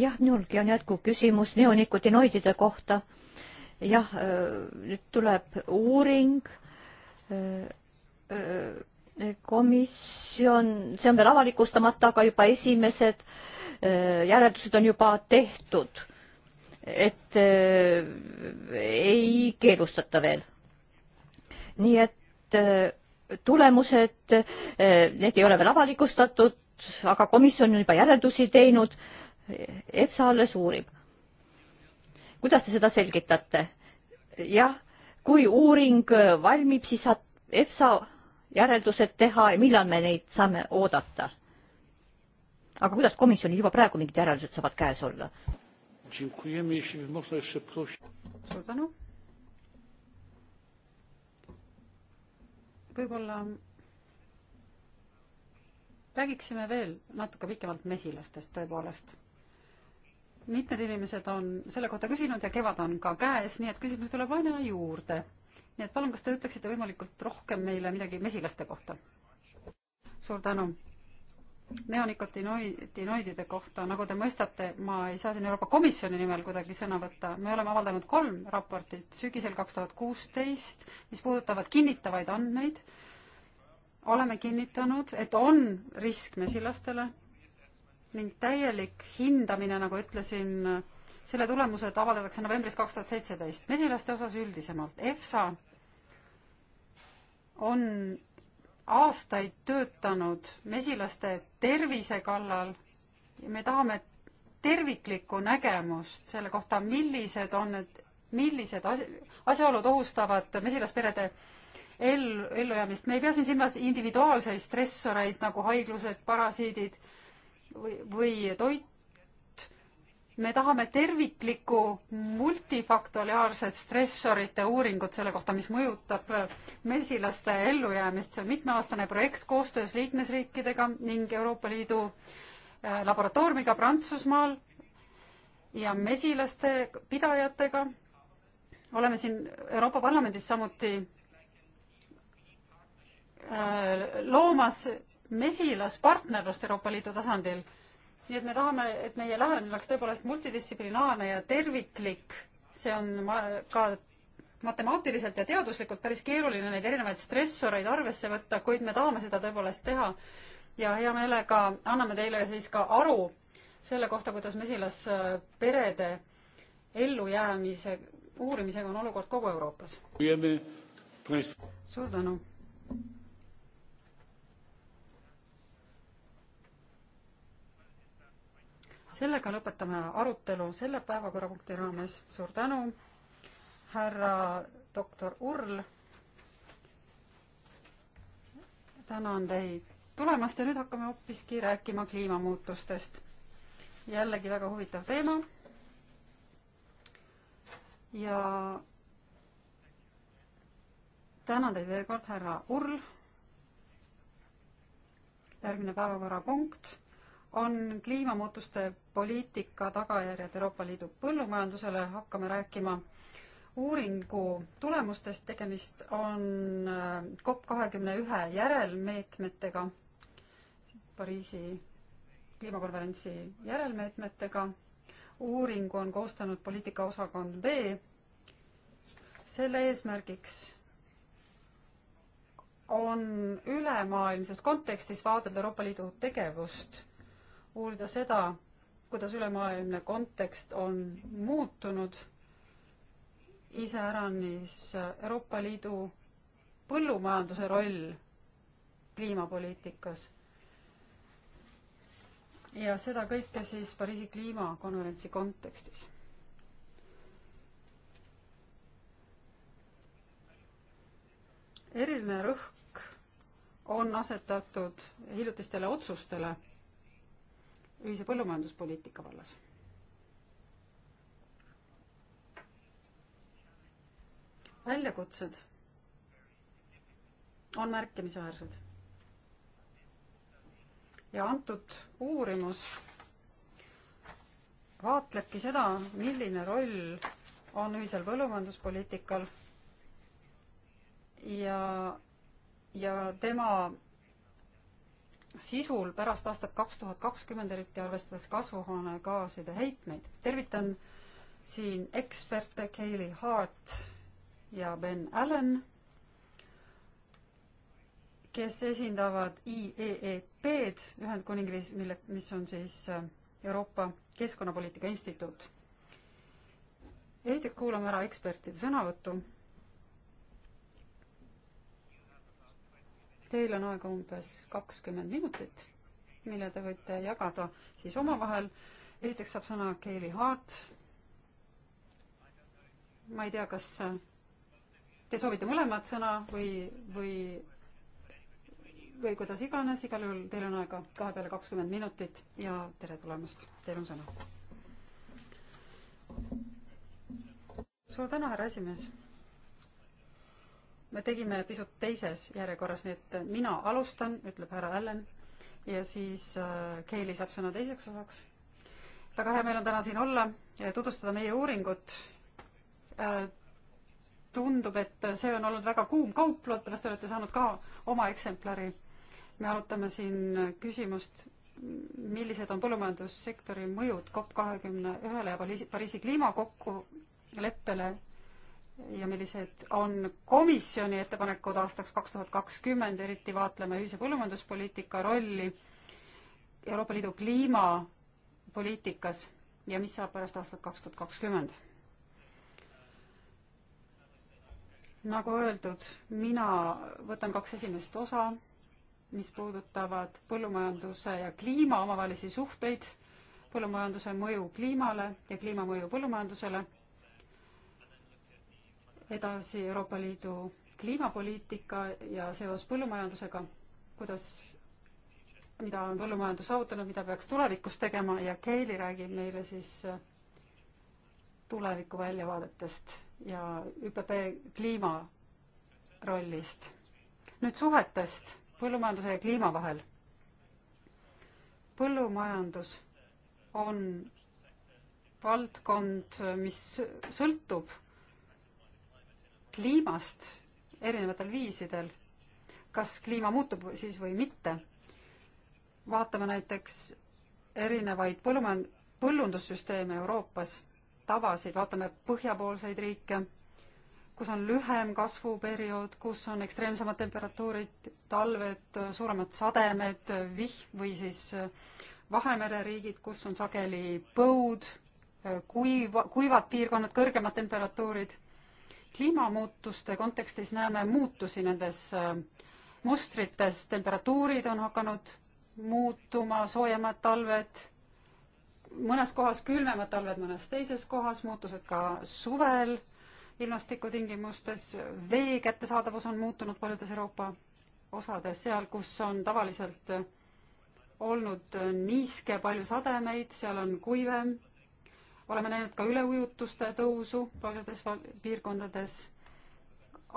jah, minulgi on jätkuküsimus neonikotinoidide kohta jah, äh, nüüd tuleb uuring, äh, äh, komisjon, see on veel avalikustamata, aga juba esimesed järeldused on juba tehtud. et ei keelustata veel. nii et tulemused, need ei ole veel avalikustatud, aga komisjon on juba järeldusi teinud. EFSA alles uurib kuidas te seda selgitate? jah, kui uuring valmib, siis saab EFSA järeldused teha ja millal me neid saame oodata? aga kuidas komisjonil juba praegu mingid järeldused saavad käes olla? suur tänu. võib-olla räägiksime veel natuke pikemalt mesilastest tõepoolest mitmed inimesed on selle kohta küsinud ja kevad on ka käes, nii et küsimusi tuleb aina juurde. nii et palun, kas te ütleksite võimalikult rohkem meile midagi mesilaste kohta? suur tänu. Neonikotinoidide kohta, nagu te mõistate, ma ei saa siin Euroopa Komisjoni nimel kuidagi sõna võtta, me oleme avaldanud kolm raportit sügisel kaks tuhat kuusteist, mis puudutavad kinnitavaid andmeid. oleme kinnitanud, et on risk mesilastele ning täielik hindamine, nagu ütlesin, selle tulemused avaldatakse novembris kaks tuhat seitseteist. mesilaste osas üldisemalt, EFSA on aastaid töötanud mesilaste tervise kallal ja me tahame terviklikku nägemust selle kohta, millised on need, millised as-, asjaolud ohustavad mesilasperede ellu, ellujäämist. me ei pea siin silmas individuaalseid stressoreid nagu haiglused, parasiidid, või, või toit. me tahame terviklikku multifaktoriaalset stressorite uuringut selle kohta, mis mõjutab äh, mesilaste ellujäämist. see on mitmeaastane projekt koostöös liikmesriikidega ning Euroopa Liidu äh, laboratooriumiga Prantsusmaal ja mesilaste pidajatega. oleme siin Euroopa Parlamendis samuti äh, loomas mesilaspartnerlust Euroopa Liidu tasandil. nii et me tahame, et meie lähenemine oleks tõepoolest multidistsiplinaarne ja terviklik, see on ma-, ka matemaatiliselt ja teaduslikult päris keeruline neid erinevaid stressoreid arvesse võtta, kuid me tahame seda tõepoolest teha. ja hea meelega anname teile siis ka aru selle kohta, kuidas mesilasperede ellujäämise uurimisega on olukord kogu Euroopas. suur tänu! sellega lõpetame arutelu selle päevakorrapunkti raames. suur tänu, härra doktor Url. tänan teid tulemast ja nüüd hakkame hoopiski rääkima kliimamuutustest. jällegi väga huvitav teema. ja tänan teid veel kord, härra Url. järgmine päevakorrapunkt on kliimamuutuste poliitika tagajärjed Euroopa Liidu põllumajandusele, hakkame rääkima uuringu tulemustest, tegemist on äh, COP kahekümne ühe järelmeetmetega, Pariisi kliimakonverentsi järelmeetmetega, uuringu on koostanud poliitikaosakond B, selle eesmärgiks on ülemaailmses kontekstis vaadelda Euroopa Liidu tegevust uurida seda, kuidas ülemaailmne kontekst on muutunud, iseäranis Euroopa Liidu põllumajanduse roll kliimapoliitikas. ja seda kõike siis Pariisi kliimakonverentsi kontekstis. eriline rõhk on asetatud hiljutistele otsustele ühise põllumajanduspoliitika vallas. väljakutsed on märkimisväärsed. ja antud uurimus vaatlebki seda, milline roll on ühisel põllumajanduspoliitikal ja, ja tema sisul pärast aastat kaks tuhat kakskümmend, eriti arvestades kasvuhoonegaaside heitmeid. tervitan siin eksperte Kaylee Hart ja Ben Allen, kes esindavad IEEP-d Ühendkuningriigis, mille, mis on siis äh, Euroopa Keskkonnapoliitika Instituut. esiteks kuulame ära ekspertide sõnavõtu Teil on aega umbes kakskümmend minutit, mille te võite jagada siis omavahel. esiteks saab sõna Keili Hart. ma ei tea, kas te soovite mõlemat sõna või, või, või kuidas iganes, igal juhul teil on aega kahe peale kakskümmend minutit ja tere tulemast, teil on sõna. suur tänu, härra esimees me tegime pisut teises järjekorras, nii et mina alustan, ütleb härra Allan ja siis äh, Keili saab sõna teiseks osaks. väga hea meel on täna siin olla ja tutvustada meie uuringut. Äh, tundub, et see on olnud väga kuum kaup, loodetavasti olete saanud ka oma eksemplari. me arutame siin küsimust, millised on põllumajandussektori mõjud COP kahekümne ühele ja Pariisi kliimakokkuleppele ja millised on komisjoni ettepanekud aastaks kaks tuhat kakskümmend, eriti vaatleme ühise põllumajanduspoliitika rolli Euroopa Liidu kliimapoliitikas ja mis saab pärast aastat kaks tuhat kakskümmend. nagu öeldud, mina võtan kaks esimest osa, mis puudutavad põllumajanduse ja kliima omavahelisi suhteid, põllumajanduse mõju kliimale ja kliimamõju põllumajandusele edasi Euroopa Liidu kliimapoliitika ja seos põllumajandusega, kuidas, mida on põllumajandus saavutanud, mida peaks tulevikus tegema ja Keili räägib meile siis äh, tuleviku väljavaadetest ja ÜPP kliima rollist. nüüd suhetest põllumajanduse ja kliima vahel. põllumajandus on valdkond, mis sõltub kliimast erinevatel viisidel, kas kliima muutub siis või mitte. vaatame näiteks erinevaid põllumajand-, põllundussüsteeme Euroopas, tavasid, vaatame põhjapoolseid riike, kus on lühem kasvuperiood, kus on ekstreemsemad temperatuurid, talved, suuremad sademed, vihm või siis äh, Vahemere riigid, kus on sageli põud, äh, kuiva, kuivad piirkonnad, kõrgemad temperatuurid kliimamuutuste kontekstis näeme muutusi nendes äh, mustrites, temperatuurid on hakanud muutuma, soojemad talved, mõnes kohas külmemad talved, mõnes teises kohas, muutused ka suvel ilmastikutingimustes, vee kättesaadavus on muutunud paljudes Euroopa osades, seal, kus on tavaliselt olnud niiske, palju sademeid, seal on kuivem oleme näinud ka üleujutuste tõusu paljudes piirkondades,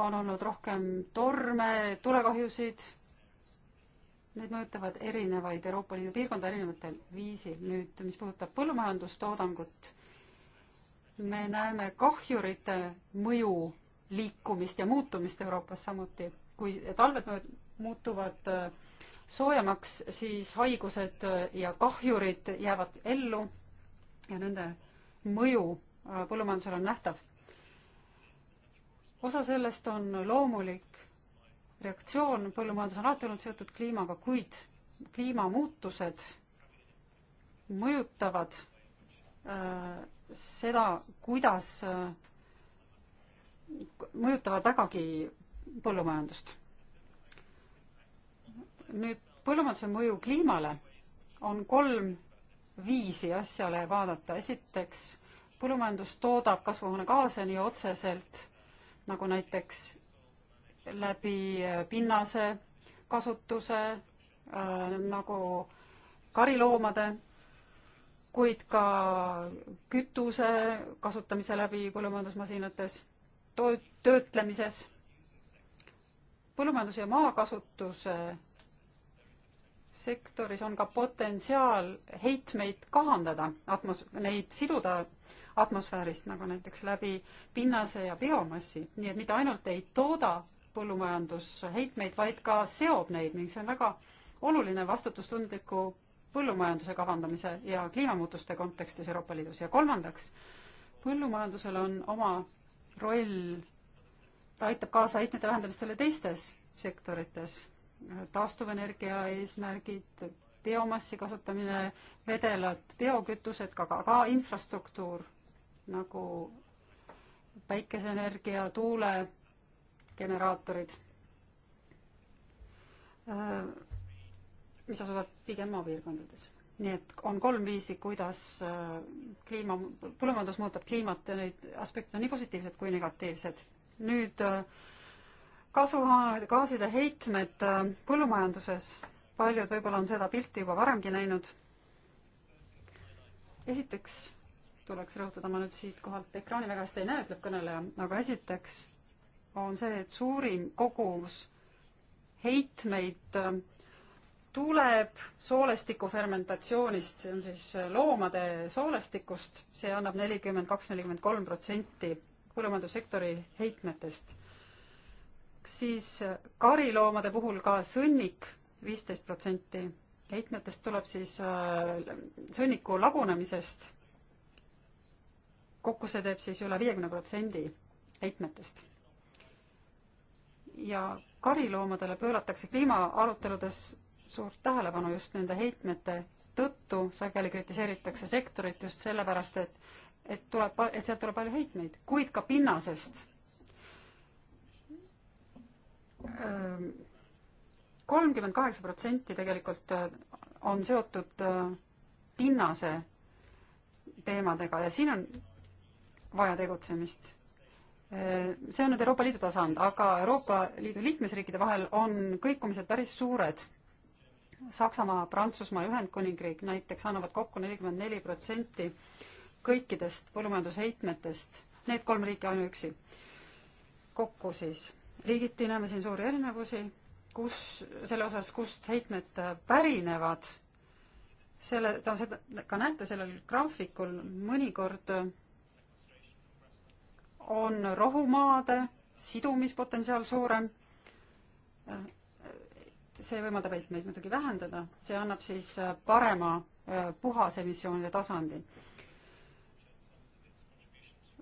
on olnud rohkem torme, tulekahjusid. Need mõjutavad erinevaid Euroopa Liidu piirkonda erinevatel viisil. nüüd, mis puudutab põllumajandustoodangut, me näeme kahjurite mõju liikumist ja muutumist Euroopas samuti. kui talved muutuvad äh, soojemaks, siis haigused ja kahjurid jäävad ellu ja nende mõju äh, põllumajandusele on nähtav. osa sellest on loomulik reaktsioon, põllumajandus on alati olnud seotud kliimaga, kuid kliimamuutused mõjutavad äh, seda, kuidas äh,, mõjutavad vägagi põllumajandust. nüüd põllumajanduse mõju kliimale on kolm viisi asjale vaadata. esiteks, põllumajandus toodab kasvuhoonegaase nii otseselt nagu näiteks läbi äh, pinnase kasutuse äh, nagu kariloomade, kuid ka kütuse kasutamise läbi põllumajandusmasinates, töötlemises. põllumajanduse ja maakasutuse sektoris on ka potentsiaal heitmeid kahandada, atmos-, neid siduda atmosfäärist, nagu näiteks läbi pinnase ja biomassi, nii et mitte ainult ei tooda põllumajandusheitmeid, vaid ka seob neid ning see on väga oluline vastutustundliku põllumajanduse kavandamise ja kliimamuutuste kontekstis Euroopa Liidus ja kolmandaks, põllumajandusel on oma roll, ta aitab kaasa heitmete vähendamistele teistes sektorites taastuvenergia eesmärgid, biomassi kasutamine, vedelad biokütused, aga ka, ka infrastruktuur nagu päikeseenergia, tuulegeneraatorid, mis asuvad pigem maapiirkondades. nii et on kolm viisi, kuidas äh, kliima, põllumajandus muudab kliimat ja neid aspekte on nii positiivsed kui negatiivsed. nüüd äh, kasvuhoonegaaside heitmed äh, põllumajanduses, paljud võib-olla on seda pilti juba varemgi näinud. esiteks tuleks rõhutada, ma nüüd siitkohalt ekraani väga hästi ei näe, ütleb kõneleja, aga esiteks on see, et suurim kogus heitmeid äh, tuleb soolestiku fermentatsioonist, see on siis äh, loomade soolestikust, see annab nelikümmend kaks, nelikümmend kolm protsenti põllumajandussektori heitmetest siis äh, kariloomade puhul ka sõnnik viisteist protsenti heitmetest tuleb siis äh, sõnniku lagunemisest. kokku see teeb siis üle viiekümne protsendi heitmetest. ja kariloomadele pööratakse kliimaaruteludes suurt tähelepanu just nende heitmete tõttu, sageli kritiseeritakse sektorit just sellepärast, et et tuleb, et sealt tuleb palju heitmeid, kuid ka pinnasest Ehm, kolmkümmend kaheksa protsenti tegelikult äh, on seotud pinnase äh, teemadega ja siin on vaja tegutsemist. Ehm, see on nüüd Euroopa Liidu tasand, aga Euroopa Liidu liikmesriikide vahel on kõikumised päris suured. Saksamaa, Prantsusmaa, Ühendkuningriik näiteks annavad kokku nelikümmend neli protsenti kõikidest põllumajandusheitmetest, need kolm riiki ainuüksi kokku siis riigiti näeme siin suuri erinevusi, kus, selle osas, kust heitmed pärinevad, selle, te seda ka näete sellel graafikul, mõnikord on rohumaade sidumispotentsiaal suurem, see võimaldab heitmeid muidugi vähendada, see annab siis parema äh, puhasemissioonide tasandi.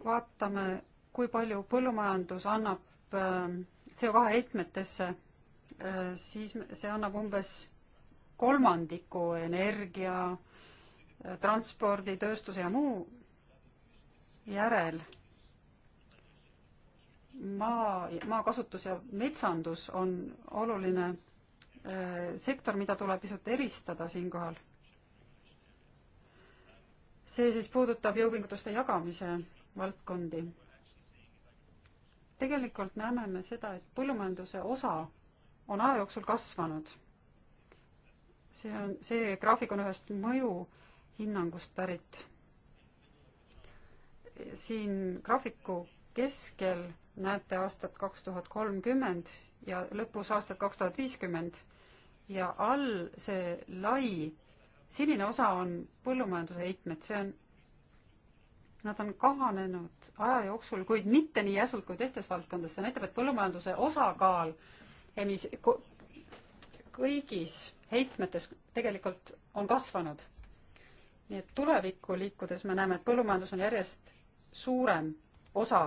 vaatame, kui palju põllumajandus annab Äh, CO2 heitmetesse, äh, siis see annab umbes kolmandiku energia, äh, transpordi, tööstuse ja muu järel. maa, maakasutus ja metsandus on oluline sektor, mida tuleb pisut eristada siinkohal. see siis puudutab jõupingutuste jagamise valdkondi tegelikult näeme me seda, et põllumajanduse osa on aja jooksul kasvanud. see on, see graafik on ühest mõjuhinnangust pärit. siin graafiku keskel näete aastat kaks tuhat kolmkümmend ja lõpus aastat kaks tuhat viiskümmend ja all see lai sinine osa on põllumajanduse heitmed, see on Nad on kahanenud aja jooksul, kuid mitte nii jäsult kui teistes valdkondades. see näitab, et põllumajanduse osakaal emis-, kõigis heitmetes tegelikult on kasvanud. nii et tulevikku liikudes me näeme, et põllumajandus on järjest suurem osa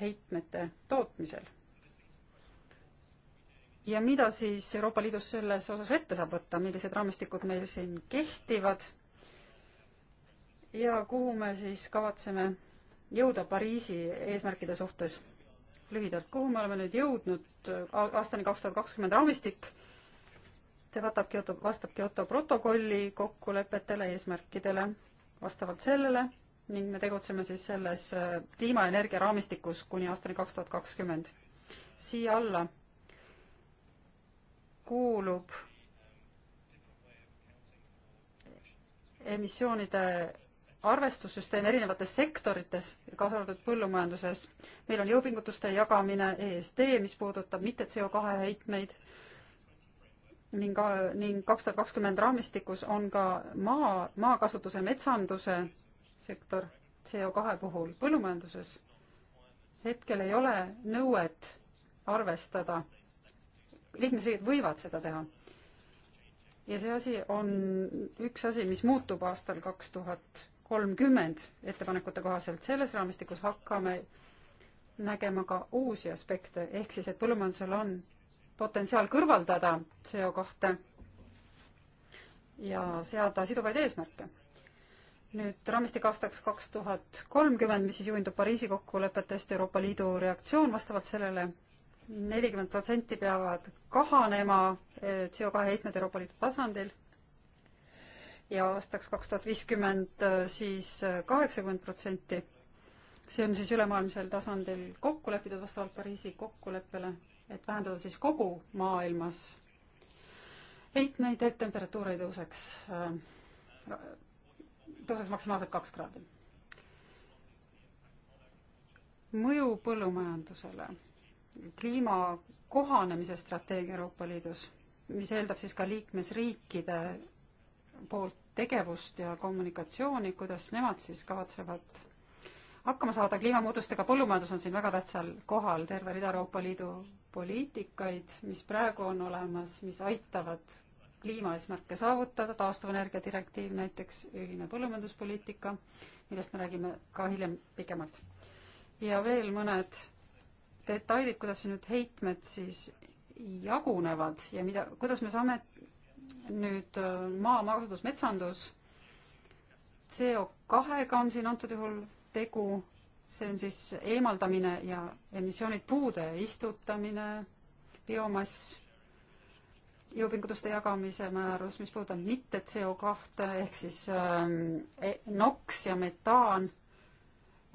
heitmete tootmisel ja mida siis Euroopa Liidus selles osas ette saab võtta, millised raamistikud meil siin kehtivad? ja kuhu me siis kavatseme jõuda Pariisi eesmärkide suhtes? lühidalt, kuhu me oleme nüüd jõudnud aastani kaks tuhat kakskümmend raamistik? see vaatab Kyoto, vastab Kyoto protokolli kokkulepetele, eesmärkidele vastavalt sellele ning me tegutseme siis selles äh, kliimaenergia raamistikus kuni aastani kaks tuhat kakskümmend. siia alla kuulub emissioonide arvestussüsteem erinevates sektorites, kaasa arvatud põllumajanduses. meil on jõupingutuste jagamine ESD, mis puudutab mitte CO2 heitmeid ning, ning kaks tuhat kakskümmend raamistikus on ka maa, maakasutuse, metsanduse sektor CO2 puhul põllumajanduses. hetkel ei ole nõuet arvestada. liikmesriigid võivad seda teha ja see asi on üks asi, mis muutub aastal kaks tuhat kolmkümmend ettepanekute kohaselt, selles raamistikus hakkame nägema ka uusi aspekte, ehk siis, et põllumajandusel on potentsiaal kõrvaldada CO kahte ja seada siduvaid eesmärke. nüüd raamistik aastaks kaks tuhat kolmkümmend, mis siis juhindub Pariisi kokkulepetest, Euroopa Liidu reaktsioon vastavalt sellele, nelikümmend protsenti peavad kahanema eh, CO kahe heitmed Euroopa Liidu tasandil ja aastaks kaks tuhat viiskümmend äh, siis äh, kaheksakümmend protsenti. see on siis ülemaailmsel tasandil kokku lepitud vastavalt Pariisi kokkuleppele, et vähendada siis kogu maailmas heitmeid, et temperatuur ei tõuseks, äh, tõuseks maksimaalselt kaks kraadi. mõju põllumajandusele, kliima kohanemise strateegia Euroopa Liidus, mis eeldab siis ka liikmesriikide poolt tegevust ja kommunikatsiooni, kuidas nemad siis kavatsevad hakkama saada kliimamuutustega, põllumajandus on siin väga tähtsal kohal, terve rida Euroopa Liidu poliitikaid, mis praegu on olemas, mis aitavad kliimaeesmärke saavutada, taastuvenergia direktiiv näiteks, ühine põllumajanduspoliitika, millest me räägime ka hiljem pikemalt. ja veel mõned detailid, kuidas nüüd heitmed siis jagunevad ja mida, kuidas me saame nüüd äh, maa, maakasutus, metsandus, CO kahega on siin antud juhul tegu, see on siis eemaldamine ja emissioonid puude istutamine, biomass, jõupingutuste jagamise määrus, mis puudutab mitte CO kahte ehk siis ähm, e-, NOx ja metaan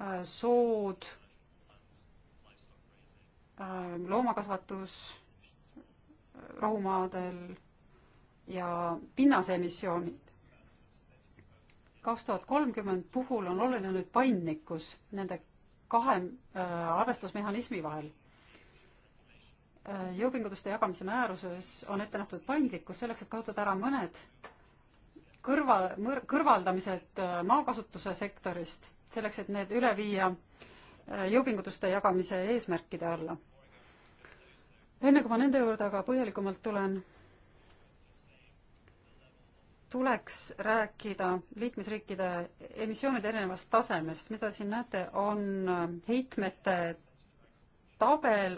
äh,, sood äh,, loomakasvatus äh, rohumaadel ja pinnaseemissioonid. kaks tuhat kolmkümmend puhul on oluline nüüd paindlikkus nende kahe äh, arvestusmehhanismi vahel äh,. jõupingutuste jagamise määruses on ette nähtud paindlikkus selleks, et kasutada ära mõned kõrva, kõrvaldamised äh, maakasutuse sektorist, selleks, et need üle viia äh, jõupingutuste jagamise eesmärkide alla. enne kui ma nende juurde aga põhjalikumalt tulen tuleks rääkida liikmesriikide emissioonide erinevast tasemest, mida siin näete, on äh, heitmete tabel,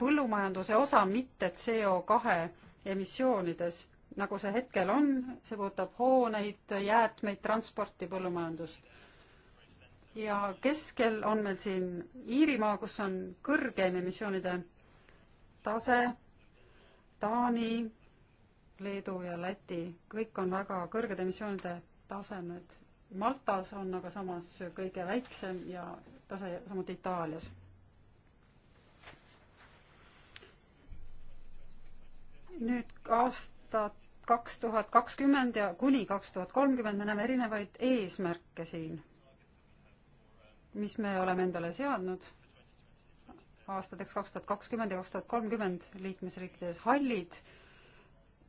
põllumajanduse osa mitte CO2 emissioonides, nagu see hetkel on, see puudutab hooneid, jäätmeid, transporti, põllumajandust. ja keskel on meil siin Iirimaa, kus on kõrgeim emissioonide tase, Taani, Leedu ja Läti, kõik on väga kõrged emissioonide tasemed. Maltas on aga samas kõige väiksem ja tase samuti Itaalias. nüüd aastat kaks tuhat kakskümmend ja kuni kaks tuhat kolmkümmend me näeme erinevaid eesmärke siin, mis me oleme endale seadnud aastateks kaks tuhat kakskümmend ja kaks tuhat kolmkümmend liikmesriikides hallid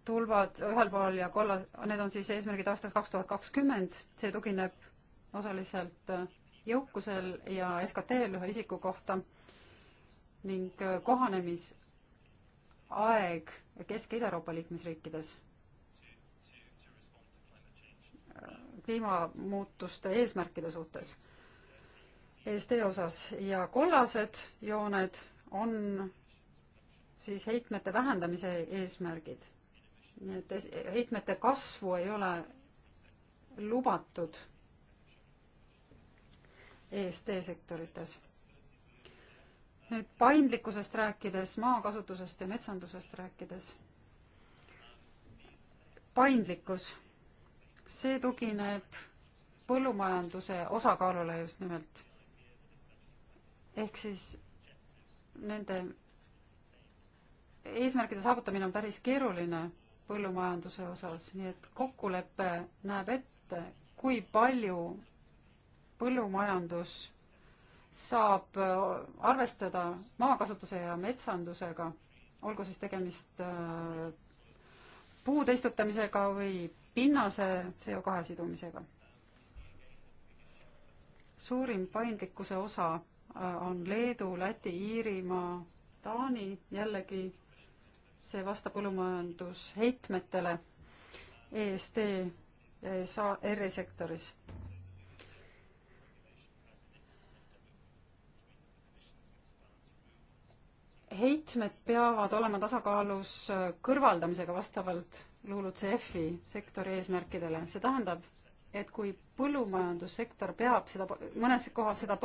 tulvad ühel pool ja kolla, need on siis eesmärgid aastaks kaks tuhat kakskümmend, see tugineb osaliselt äh, jõukusel ja SKT-l ühe isiku kohta ning äh, kohanemisaeg Kesk- ja Ida-Euroopa liikmesriikides. Äh, kliimamuutuste eesmärkide suhtes, ESD osas ja kollased jooned on siis heitmete vähendamise eesmärgid et heitmete kasvu ei ole lubatud EST sektorites. nüüd paindlikkusest rääkides, maakasutusest ja metsandusest rääkides. paindlikkus, see tugineb põllumajanduse osakaalule just nimelt. ehk siis nende eesmärkide saavutamine on päris keeruline põllumajanduse osas, nii et kokkulepe näeb ette, kui palju põllumajandus saab arvestada maakasutuse ja metsandusega, olgu siis tegemist äh, puude istutamisega või pinnase CO2 sidumisega. suurim paindlikkuse osa äh, on Leedu, Läti, Iirimaa, Taani jällegi see vastab põllumajandusheitmetele EST e sa-, R-i e sektoris. heitmed peavad olema tasakaalus kõrvaldamisega vastavalt LULUCF-i sektori eesmärkidele, see tähendab, et kui põllumajandussektor peab seda, mõnes kohas seda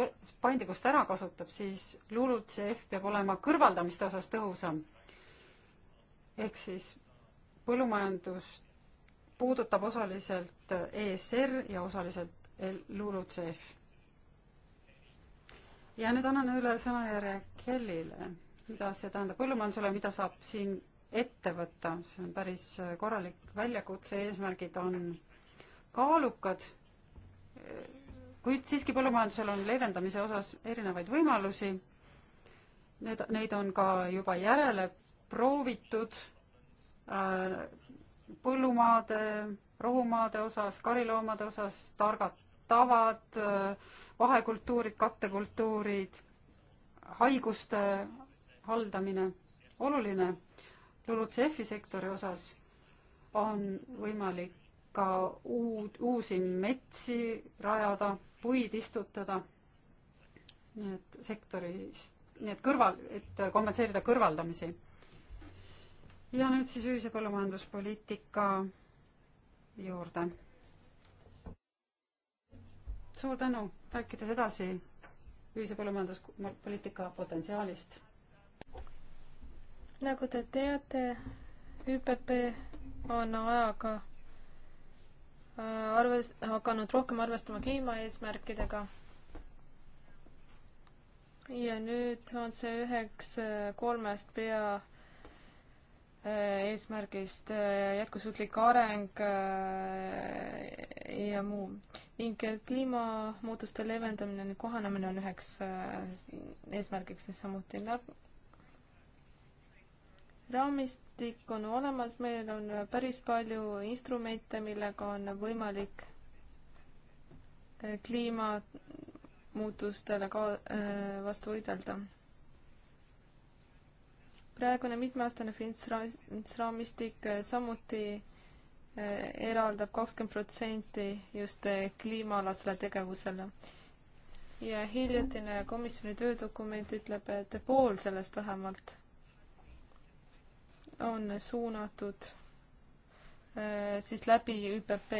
paindlikkust ära kasutab, siis LULUCF peab olema kõrvaldamiste osas tõhusam ehk siis põllumajandust puudutab osaliselt ESR ja osaliselt LULUCF. ja nüüd annan üle sõnajärje Kellile, mida see tähendab põllumajandusele, mida saab siin ette võtta, see on päris korralik väljakutse, eesmärgid on kaalukad, kuid siiski põllumajandusel on leevendamise osas erinevaid võimalusi, need, neid on ka juba järele proovitud äh, põllumaade, rohumaade osas, kariloomade osas, targad tavad, äh, vahekultuurid, kattekultuurid, haiguste haldamine, oluline. LULUCF-i sektori osas on võimalik ka uud, uusi metsi rajada, puid istutada, nii et sektorist, nii et kõrval, et kompenseerida kõrvaldamisi ja nüüd siis ühise põllumajanduspoliitika juurde. suur tänu, rääkides edasi ühise põllumajanduspoliitika potentsiaalist. nagu te teate, ÜPP on ajaga äh, arves-, hakanud rohkem arvestama kliimaeesmärkidega ja nüüd on see üheks äh, kolmest pea Äh, eesmärgist äh, jätkusuutlik areng äh, ja muu. ning kliimamuutuste leevendamine ning kohanemine on üheks eesmärgiks siis samuti. raamistik on olemas, meil on päris palju instrumente, millega on võimalik kliimamuutustele ka vastu võidelda praegune mitmeaastane finantsraamistik eh, samuti eh, eraldab kakskümmend protsenti just eh, kliimaalasele tegevusele. ja hiljutine komisjoni töödokument ütleb, et pool sellest vähemalt on suunatud siis läbi ÜPP.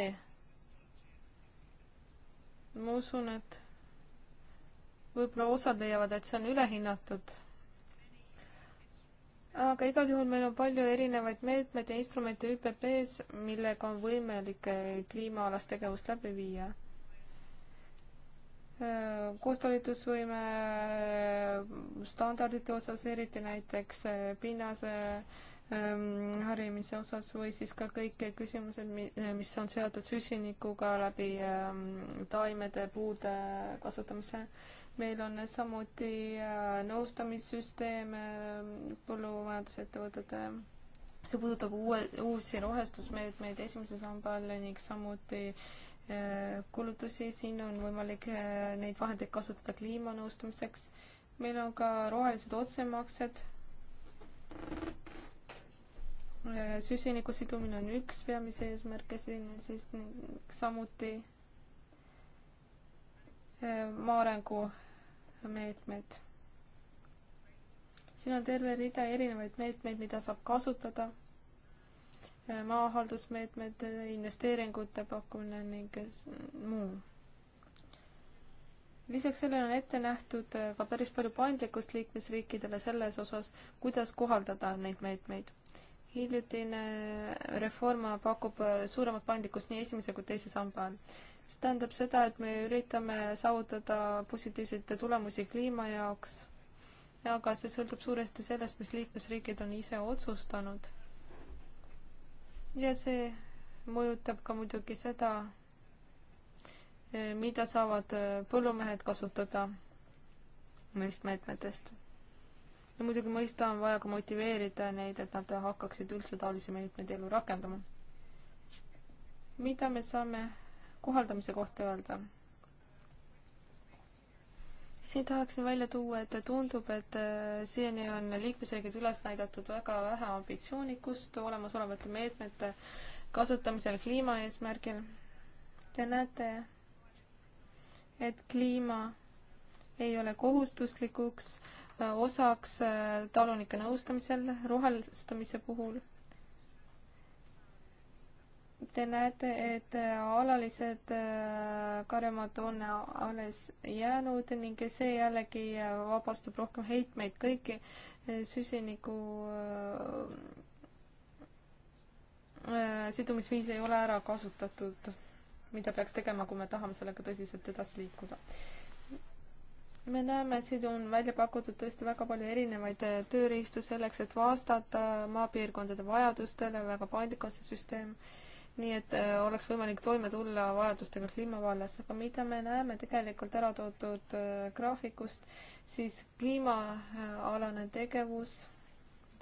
ma usun, et võib-olla osad leiavad, et see on ülehinnatud aga igal juhul meil on palju erinevaid meetmeid ja instrumente ÜPP-s, millega on võimalik äh, kliimaalast tegevust läbi viia. Äh, koostalitusvõime äh, standardite osas, eriti näiteks pinnase ähm, harimise osas või siis ka kõik küsimused, mis on seotud süsinikuga läbi ähm, taimede, puude kasutamise äh, meil on samuti äh, nõustamissüsteem äh, põllumajandusettevõtetele. see puudutab uue, uusi rohestusmeetmeid esimese samba all ning samuti äh, kulutusi, siin on võimalik neid vahendeid kasutada kliimanõustamiseks. meil on ka rohelised otsemaksed. süsiniku sidumine on üks peamisi eesmärke siin, siis samuti maaarengu meetmed. siin on terve rida erinevaid meetmeid, mida saab kasutada. maahaldusmeetmed, investeeringute pakkumine ning muu. lisaks sellele on ette nähtud ka päris palju paindlikkust liikmesriikidele selles osas, kuidas kohaldada neid meetmeid hiljutine reform pakub suuremat paindlikkust nii esimese kui teise samba all tähendab seda, et me üritame saavutada positiivseid tulemusi kliima jaoks, aga see sõltub suuresti sellest, mis liikmesriigid on ise otsustanud. ja see mõjutab ka muidugi seda, mida saavad põllumehed kasutada neist meetmetest. ja muidugi mõista on vaja ka motiveerida neid, et nad hakkaksid üldse taolisi meetmeid ellu rakendama. mida me saame kohaldamise kohta öelda? siin tahaksin välja tuua, et tundub, et äh, siiani on liikmesriigid üles näidatud väga vähe ambitsioonikust olemasolevate meetmete kasutamisel kliimaeesmärgil. Te näete, et kliima ei ole kohustuslikuks äh, osaks äh, talunike nõustamisel rohestamise puhul Te näete, et äh, alalised äh, karjamaad on alles jäänud ning see jällegi äh, vabastab rohkem heitmeid, kõiki süsiniku sidumisviisi ei ole ära kasutatud, mida peaks tegema, kui me tahame sellega tõsiselt edasi liikuda. me näeme, et siin on välja pakutud tõesti väga palju erinevaid tööriistu selleks, et vastata maapiirkondade vajadustele, väga paindlik on see süsteem nii et äh, oleks võimalik toime tulla vajadustega kliima vallas, aga mida me näeme tegelikult ära toodud äh, graafikust, siis kliimaalane äh, tegevus,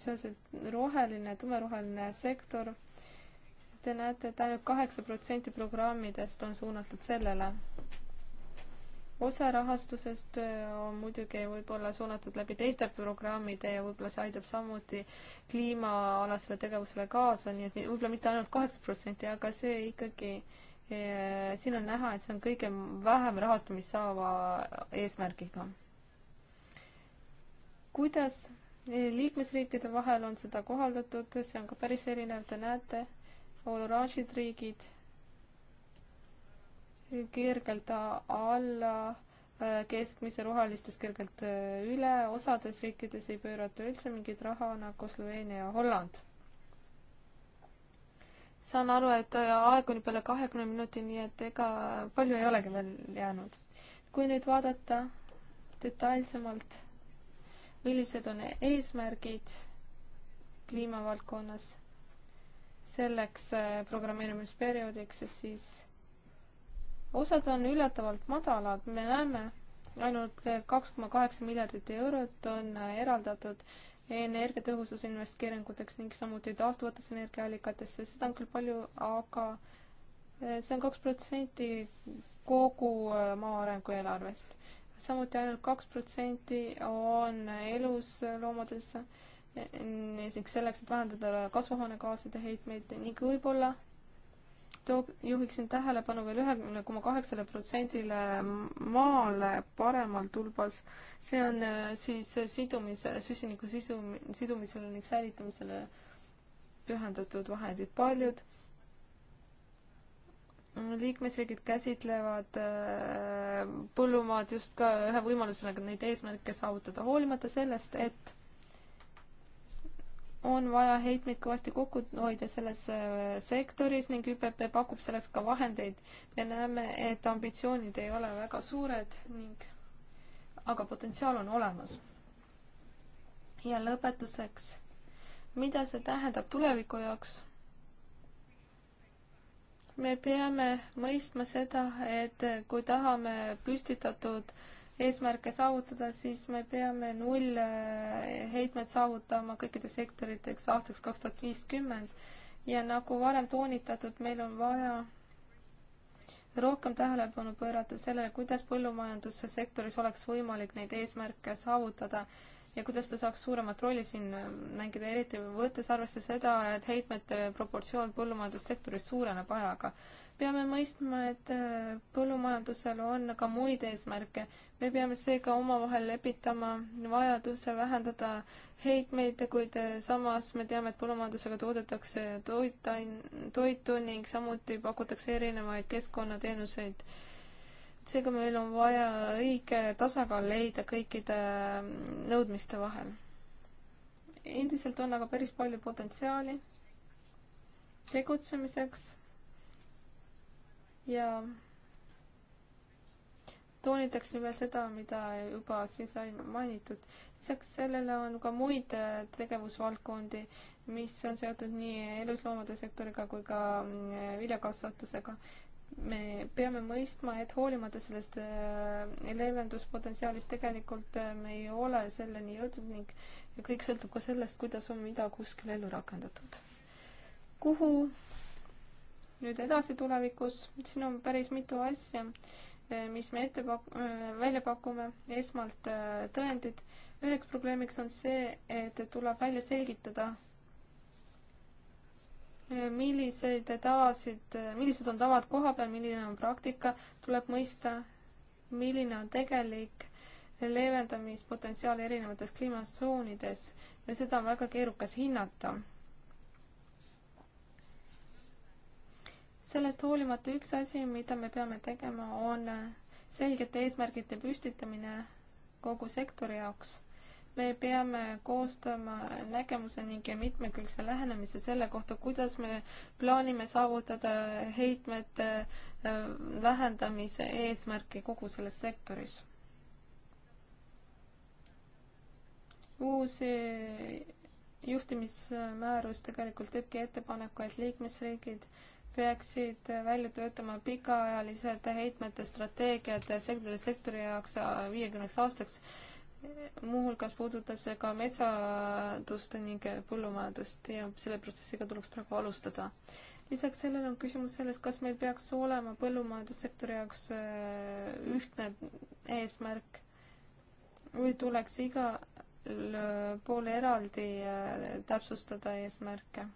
see on see roheline, tumeroheline sektor, te näete, et ainult kaheksa protsenti programmidest on suunatud sellele osa rahastusest äh, on muidugi võib-olla suunatud läbi teiste programmide ja võib-olla see aitab samuti kliimaalasele tegevusele kaasa, nii et võib-olla mitte ainult kaheksa protsenti, aga see ikkagi eh, siin on näha, et see on kõige vähem rahastamist saava eesmärgiga. kuidas äh, liikmesriikide vahel on seda kohaldatud, see on ka päris erinev, te näete, oranžid riigid kergelt alla äh, keskmise, rohelistes kergelt äh, üle, osades riikides ei pöörata üldse mingit raha, nagu Sloveenia ja Holland. saan aru, et äh, aeg on peale kahekümne minuti, nii et ega palju ei olegi veel jäänud. kui nüüd vaadata detailsemalt, millised on eesmärgid kliimavaldkonnas selleks programmeerimisperioodiks, siis osad on üllatavalt madalad, me näeme ainult eh, kaks koma kaheksa miljardit eurot on eh, eraldatud energiatõhususe investeeringuteks ning samuti taastuvatesse energiaallikatesse, seda on küll palju, aga eh, see on kaks protsenti kogu maa arengu eelarvest. samuti ainult kaks protsenti on elusloomadesse ning selleks, et vähendada kasvuhoonegaaside heitmeid ning võib-olla too, juhiksin tähelepanu veel ühele koma kaheksale protsendile maale paremal tulbas. see on äh, siis äh, sidumise, süsiniku sisu, sidumisele ning säilitamisele pühendatud vahendid. paljud liikmesriigid käsitlevad äh, põllumaad just ka ühe võimalusena neid eesmärke saavutada, hoolimata sellest, et on vaja heitmeid kõvasti kokku hoida selles äh, sektoris ning ÜPP pakub selleks ka vahendeid. me näeme, et ambitsioonid ei ole väga suured ning, aga potentsiaal on olemas. ja lõpetuseks, mida see tähendab tuleviku jaoks? me peame mõistma seda, et kui tahame püstitatud äh, eesmärke saavutada, siis me peame null heitmed saavutama kõikides sektoriteks aastaks kaks tuhat viiskümmend ja nagu varem toonitatud, meil on vaja rohkem tähelepanu pöörata sellele, kuidas põllumajandussektoris oleks võimalik neid eesmärke saavutada ja kuidas ta saaks suuremat rolli siin mängida, eriti võttes arvesse seda, et heitmete proportsioon põllumajandussektoris suureneb ajaga peame mõistma, et äh, põllumajandusel on ka muid eesmärke. me peame seega omavahel lepitama vajaduse vähendada heitmeid, kuid äh, samas me teame, et põllumajandusega toodetakse toitain, toitu ning samuti pakutakse erinevaid keskkonnateenuseid. seega meil on vaja õige tasakaal leida kõikide äh, nõudmiste vahel. endiselt on aga päris palju potentsiaali tegutsemiseks ja toonitaksin veel seda, mida juba siin sai mainitud. lisaks sellele on ka muid äh, tegevusvaldkondi, mis on seotud nii elusloomade sektoriga kui ka äh, viljakasvatusega. me peame mõistma, et hoolimata sellest äh, leevenduspotentsiaalist tegelikult me ei ole selleni jõudnud ning kõik sõltub ka sellest, kuidas on mida kuskil ellu rakendatud. kuhu nüüd edasi tulevikus, siin on päris mitu asja, eh, mis me ette pak-, eh, välja pakume, esmalt eh, tõendid. üheks probleemiks on see, et tuleb välja selgitada, milliseid tavasid, millised on tavad koha peal, milline on praktika, tuleb mõista, milline on tegelik leevendamispotentsiaal erinevates kliimatsoonides ja seda on väga keerukas hinnata sellest hoolimata üks asi, mida me peame tegema, on selgete eesmärgide püstitamine kogu sektori jaoks. me peame koostama nägemuse ning mitmekülgse lähenemise selle kohta, kuidas me plaanime saavutada heitmete äh, vähendamise eesmärki kogu selles sektoris. uus juhtimismäärus tegelikult teebki ettepaneku, et liikmesriigid peaksid välja töötama pikaajalised heitmete strateegiad sektori, sektori jaoks äh, viiekümneks aastaks. muuhulgas puudutab see ka metsandust ning põllumajandust ja selle protsessiga tuleks praegu alustada. lisaks sellele on küsimus selles, kas meil peaks olema põllumajandussektori jaoks äh, ühtne eesmärk või tuleks igal äh, pool eraldi täpsustada eesmärke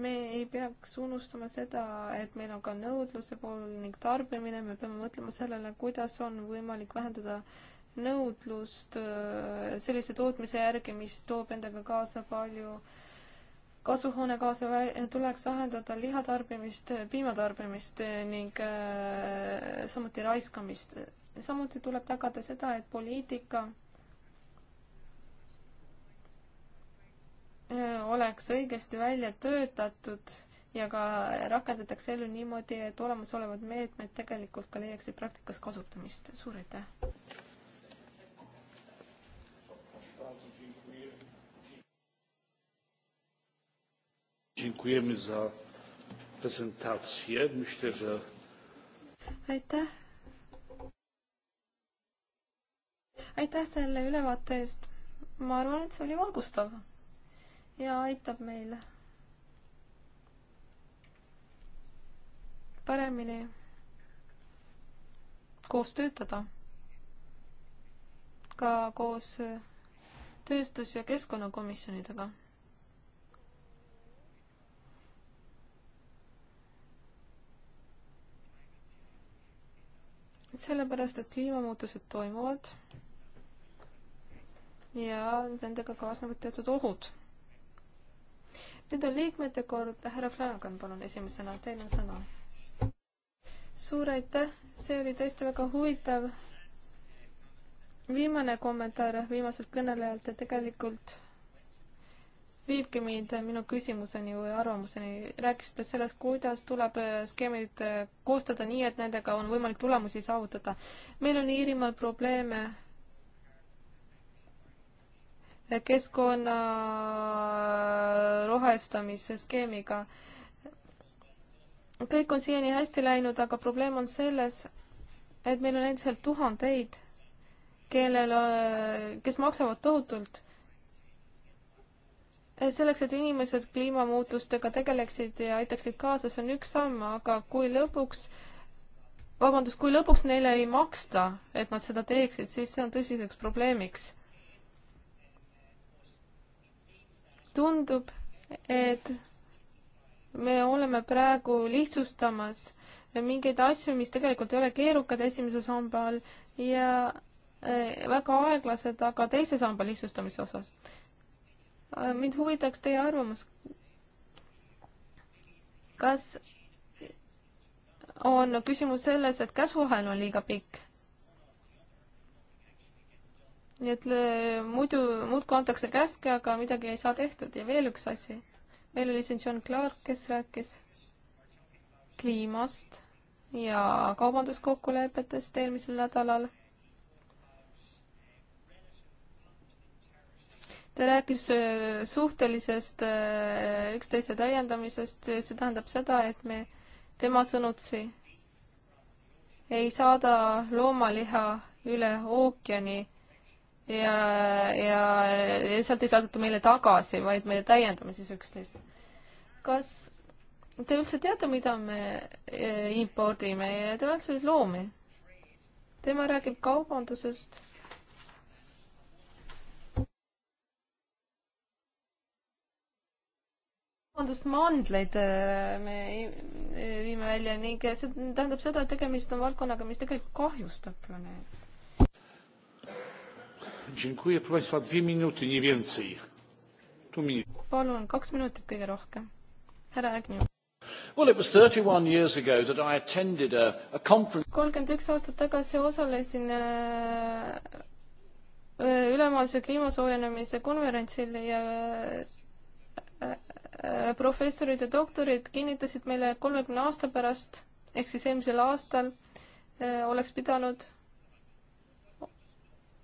me ei peaks unustama seda, et meil on ka nõudluse pool ning tarbimine, me peame mõtlema sellele, kuidas on võimalik vähendada nõudlust äh, sellise tootmise järgi, mis toob endaga kaasa palju kasvuhoonegaase, tuleks vähendada liha tarbimist, piima tarbimist ning äh, samuti raiskamist. samuti tuleb tagada seda, et poliitika oleks õigesti välja töötatud ja ka rakendatakse ellu niimoodi, et olemasolevad meetmed tegelikult ka leiaksid praktikas kasutamist. suur aitäh! aitäh! aitäh selle ülevaate eest! ma arvan, et see oli valgustav ja aitab meil paremini koos töötada, ka koos tööstus- ja keskkonnakomisjonidega sellepärast, et kliimamuutused toimuvad ja nendega kaasnevad teatud ohud nüüd on liikmete kord, härra Flanagan, palun esimesena, teil on sõna. suur aitäh, see oli tõesti väga huvitav. viimane kommentaar viimaselt kõnelejalt ja tegelikult viibki mind minu küsimuseni või arvamuseni. rääkisite sellest, kuidas tuleb skeemid koostada nii, et nendega on võimalik tulemusi saavutada. meil on Iirimaal probleeme keskkonna äh, rohestamise skeemiga. kõik on siiani hästi läinud, aga probleem on selles, et meil on endiselt tuhandeid, kellel, äh, kes maksavad tohutult. selleks, et inimesed kliimamuutustega tegeleksid ja aitaksid kaasa, see on üks samm, aga kui lõpuks vabandust, kui lõpuks neile ei maksta, et nad seda teeksid, siis see on tõsiseks probleemiks tundub, et me oleme praegu lihtsustamas mingeid asju, mis tegelikult ei ole keerukad esimese samba all ja eh, väga aeglased, aga teise samba lihtsustamise osas. Äh, mind huvitaks teie arvamus. kas on küsimus selles, et käsuahel on liiga pikk? nii et äh, muidu muudkui antakse käske, aga midagi ei saa tehtud ja veel üks asi. meil oli siin John Clark, kes rääkis kliimast ja kaubanduskokkulepetest eelmisel nädalal ta rääkis äh, suhtelisest äh, üksteise täiendamisest, see tähendab seda, et me tema sõnutsi ei saada loomaliha üle ookeani ja, ja, ja sealt ei saadeta meile tagasi, vaid me täiendame siis üksteist. kas te üldse teate, mida me e, impordime ja tema on siis loomi? tema räägib kaubandusest vabandust, mandleid e, me e, viime välja ning see tähendab seda, et tegemist on valdkonnaga, mis tegelikult kahjustab planeeti. Dziękuję. Proszę Państwa, dwie minuty, nie więcej. Tu minut. Palun, kaks minutit kõige rohkem. Härra Agnew. Well, it was 31 years ago that I attended a, a conference. 31 aastat tagasi osalesin äh, äh, ülemaailmse kliimasoojenemise konverentsil ja äh, äh, äh professorid ja doktorid kinnitasid meile 30 aasta pärast, ehk siis eelmisel aastal äh, oleks pidanud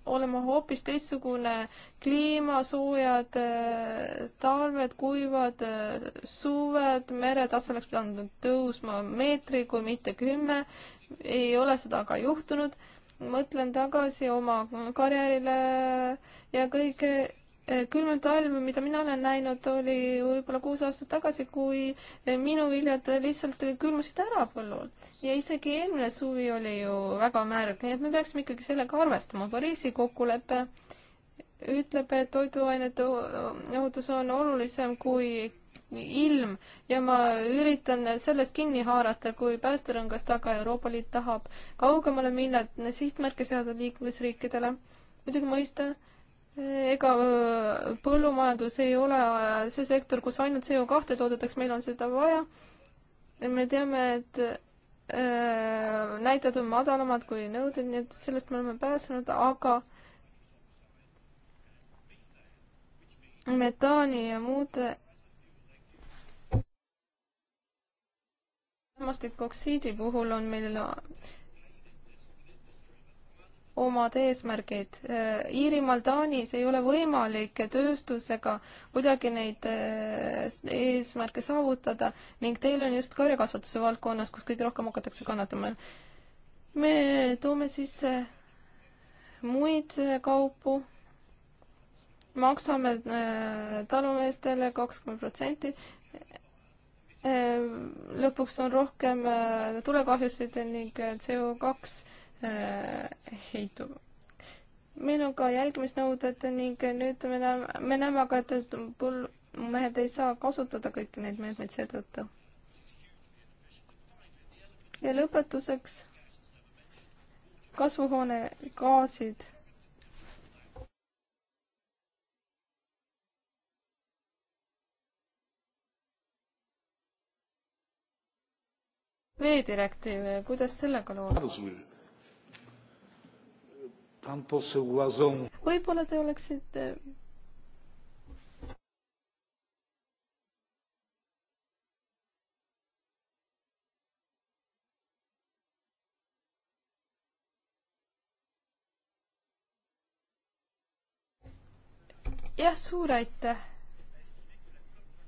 olema hoopis teistsugune kliima, soojad äh, talved, kuivad äh, suved, meretase oleks pidanud tõusma meetri, kui mitte kümme. ei ole seda aga juhtunud. mõtlen tagasi oma karjäärile ja kõige külmem talv, mida mina olen näinud, oli võib-olla kuus aastat tagasi, kui eh, minu viljad lihtsalt külmusid ära põllul. ja isegi eelmine suvi oli ju väga märg, nii et me peaksime ikkagi sellega arvestama. Pariisi kokkulepe ütleb, et toiduainete ohutus on olulisem kui ilm ja ma üritan sellest kinni haarata, kui päästerõngas taga Euroopa Liit tahab kaugemale minna, sihtmärke seada liikmesriikidele. muidugi mõista ega äh, põllumajandus ei ole äh, see sektor, kus ainult CO kahte toodetakse, meil on seda vaja. me teame, et äh, näitajad on madalamad kui nõuded, nii et sellest me oleme pääsenud, aga metaani ja muude lämmastikoksiidi puhul on meil omad eesmärgid. Äh, Iirimaal, Taanis ei ole võimalik tööstusega kuidagi neid äh, eesmärke saavutada ning teil on just karjakasvatuse valdkonnas, kus kõige rohkem hakatakse kannatama. me toome sisse muid äh, kaupu, maksame talumeestele kakskümmend protsenti, lõpuks on rohkem tulekahjusid ning CO kaks Äh, heitu. meil on ka jälgimisnõuded ning nüüd me näeme, me näeme aga, et põllumehed ei saa kasutada kõiki neid meetmeid seetõttu. ja lõpetuseks kasvuhoonegaasid veedirektiiv, kuidas sellega lood? võib-olla te oleksite jah, suur aitäh.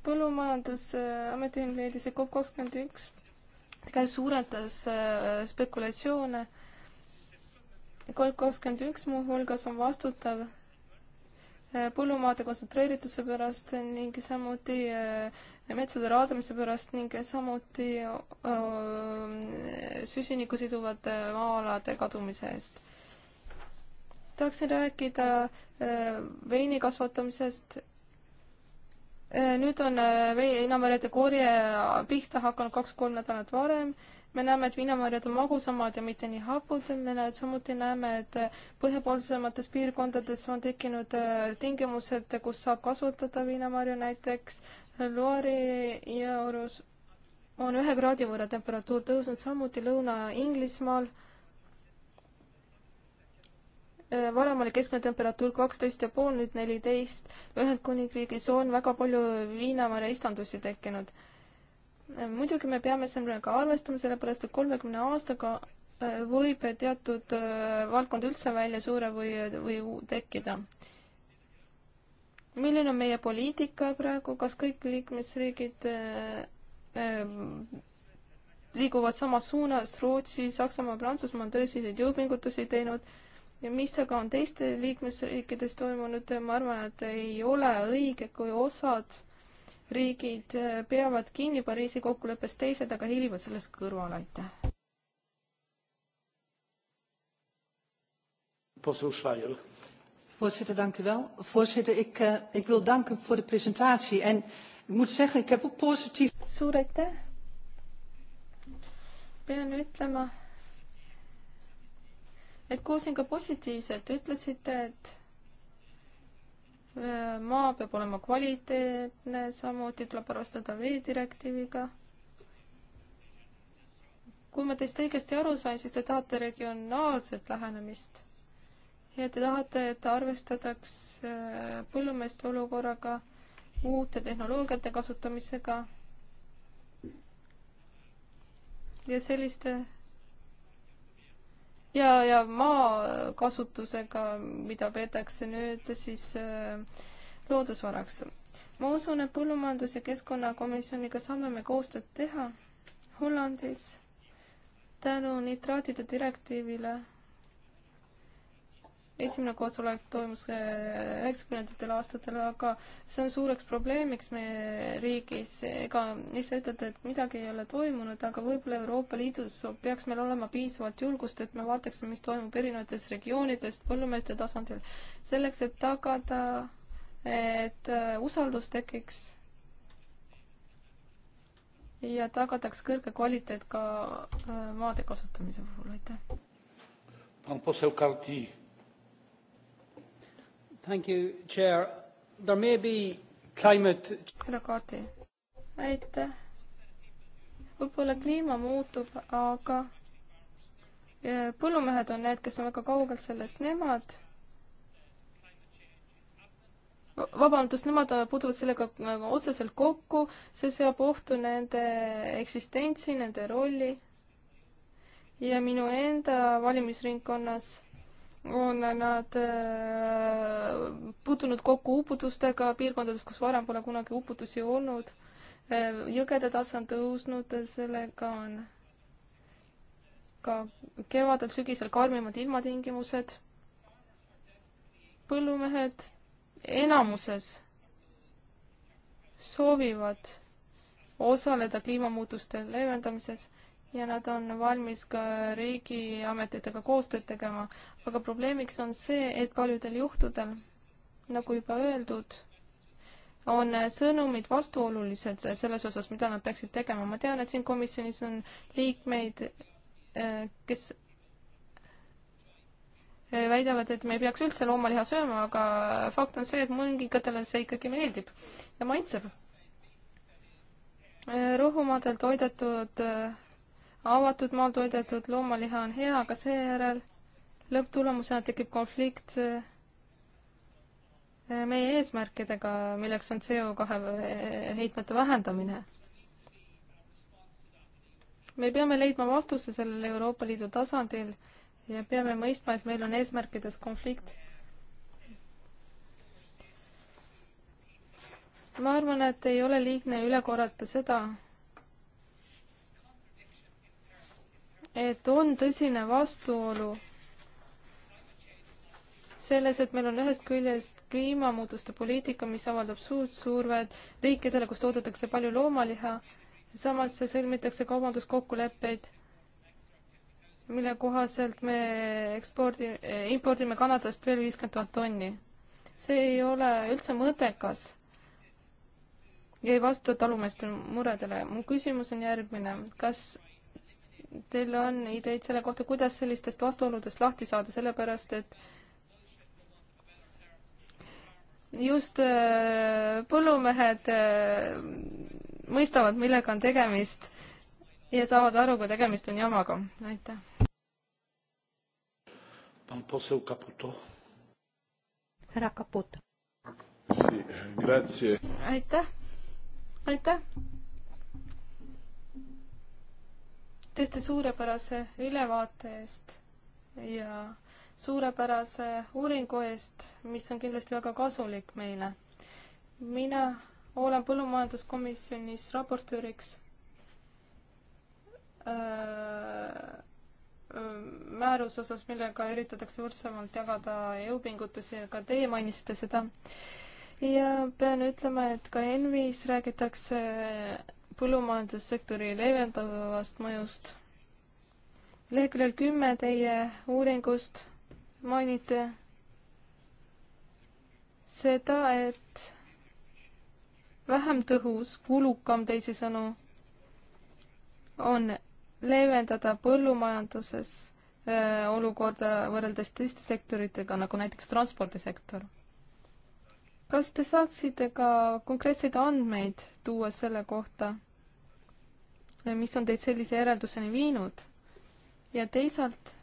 põllumajandusametiühing äh, leidis, et COP kakskümmend üks tegelikult suurendas äh, spekulatsioone kolm kakskümmend üks muuhulgas on vastutav äh, põllumaade kontsentreerituse pärast ning samuti äh, metsade raadamise pärast ning samuti süsinikku siduvate äh, maa-alade kadumise eest. tahaksin rääkida veini kasvatamisest Äh, nüüd on äh, viinamarjade korje äh, pihta hakanud kaks-kolm nädalat varem. me näeme, et viinamarjad on magusamad ja mitte nii hapud, me näe, samuti näeme, et põhjapoolsemates piirkondades on tekkinud tingimused, kus saab kasvatada viinamarju, näiteks Loari ja Orus on ühe kraadi võrra temperatuur tõusnud, samuti Lõuna-Inglismaal Äh, varem oli keskmine temperatuur kaksteist ja pool, nüüd neliteist. Ühendkuningriigis on väga palju viinamarja istandusi tekkinud. Äh, muidugi me peame sellega arvestama, sellepärast et kolmekümne aastaga äh, võib teatud valdkond üldse välja suure või, või tekkida. milline on meie poliitika praegu, kas kõik liikmesriigid liiguvad samas suunas, Rootsi, Saksamaa, Prantsusmaa on tõsiseid jõupingutusi teinud ja mis aga on teiste liikmesriikides toimunud, ma arvan, et ei ole õige, kui osad riigid eh, peavad kinni Pariisi kokkuleppest, teised aga hiilivad sellest kõrvale, aitäh. Voorzitter, dank u wel. Voorzitter, ik, uh, ik wil danken voor de presentatie. En ik moet zeggen, ik heb ook positief... Suur aitäh. Pean ütlema, et kuulsin ka positiivset, ütlesite, et äh, maa peab olema kvaliteetne, samuti tuleb arvestada veedirektiiviga. kui ma teist õigesti aru sain, siis te tahate regionaalset lähenemist ja te tahate, et arvestataks äh, põllumeeste olukorraga, uute tehnoloogiate kasutamisega ja selliste ja, ja maakasutusega, mida peetakse nüüd siis äh, loodusvaraks. ma usun, et Põllumajandus- ja Keskkonnakomisjoniga saame me koostööd teha Hollandis tänu nitraatide direktiivile esimene koosolek toimus äh, üheksakümnendatel aastatel, aga see on suureks probleemiks meie riigis, ega ise ütlete, et midagi ei ole toimunud, aga võib-olla Euroopa Liidus peaks meil olema piisavalt julgust, et me vaataksime, mis toimub erinevates regioonides, põllumeeste tasandil, selleks, et tagada, et äh, usaldus tekiks ja tagataks kõrge kvaliteet ka äh, maade kasutamise puhul, aitäh härra Kaati, aitäh. võib-olla kliima muutub, aga e, põllumehed on need, kes on väga kaugel sellest, nemad vabandust, nemad puutuvad sellega e, otseselt kokku, see seab ohtu nende eksistentsi, nende rolli. ja minu enda valimisringkonnas on nad äh, puutunud kokku uputustega piirkondades, kus varem pole kunagi uputusi olnud. Äh, jõgede tase on tõusnud, sellega on ka kevadel-sügisel karmimad ilmatingimused. põllumehed enamuses soovivad osaleda kliimamuutuste leevendamises ja nad on valmis ka riigiametitega koostööd tegema, aga probleemiks on see, et paljudel juhtudel, nagu juba öeldud, on sõnumid vastuolulised selles osas, mida nad peaksid tegema. ma tean, et siin komisjonis on liikmeid, äh, kes äh, väidavad, et me ei peaks üldse loomaliha sööma, aga fakt on see, et mõningatele see ikkagi meeldib ja maitseb. Äh, rohumaadel toidetud avatud maal toidetud loomaliha on hea, aga seejärel lõpptulemusena tekib konflikt eh, meie eesmärkidega, milleks on CO2 heitmete vähendamine. me peame leidma vastuse sellele Euroopa Liidu tasandil ja peame mõistma, et meil on eesmärkides konflikt. ma arvan, et ei ole liigne üle korrata seda, et on tõsine vastuolu selles, et meil on ühest küljest kliimamuutuste poliitika, mis avaldab suurt survet riikidele, kus toodetakse palju loomaliha, samas sõlmitakse kaubanduskokkuleppeid, mille kohaselt me ekspordi, impordime Kanadast veel viiskümmend tuhat tonni. see ei ole üldse mõttekas ja ei vasta talumeeste muredele. mu küsimus on järgmine, kas teil on ideid selle kohta, kuidas sellistest vastuoludest lahti saada, sellepärast et just äh, põllumehed äh, mõistavad, millega on tegemist ja saavad aru, kui tegemist on jamaga. aitäh. härra Caputo. aitäh, aitäh teiste suurepärase ülevaate eest ja suurepärase uuringu eest, mis on kindlasti väga kasulik meile. mina olen põllumajanduskomisjonis raportööriks öö, äh, äh, määruse osas, millega üritatakse võrdsemalt jagada jõupingutusi, ka teie mainisite seda. ja pean ütlema, et ka ENV-is räägitakse põllumajandussektori leevendavast mõjust. leheküljel kümme teie uuringust mainite seda, et vähem tõhus, kulukam teisisõnu on leevendada põllumajanduses äh, olukorda võrreldes teiste sektoritega, nagu näiteks transpordisektor. kas te saaksite ka konkreetseid andmeid tuua selle kohta, mis on teid sellise järelduseni viinud. ja teisalt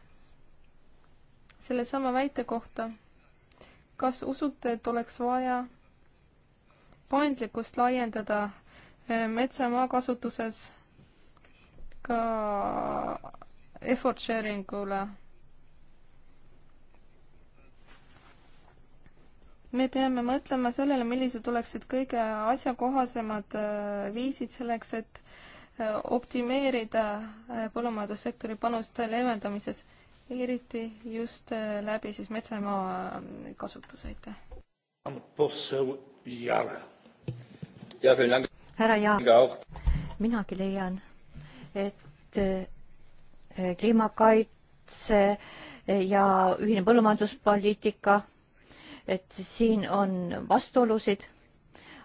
sellesama väite kohta, kas usute, et oleks vaja paindlikkust laiendada eh, metsa maakasutuses ka effort sharing ule? me peame mõtlema sellele, millised oleksid kõige asjakohasemad eh, viisid selleks, et optimeerida äh, põllumajandussektori panust leevendamises, eriti just äh, läbi siis metsamaa äh, kasutuse, aitäh. härra Jaak, minagi leian, et kliimakaitse ja ühine põllumajanduspoliitika, et siin on vastuolusid,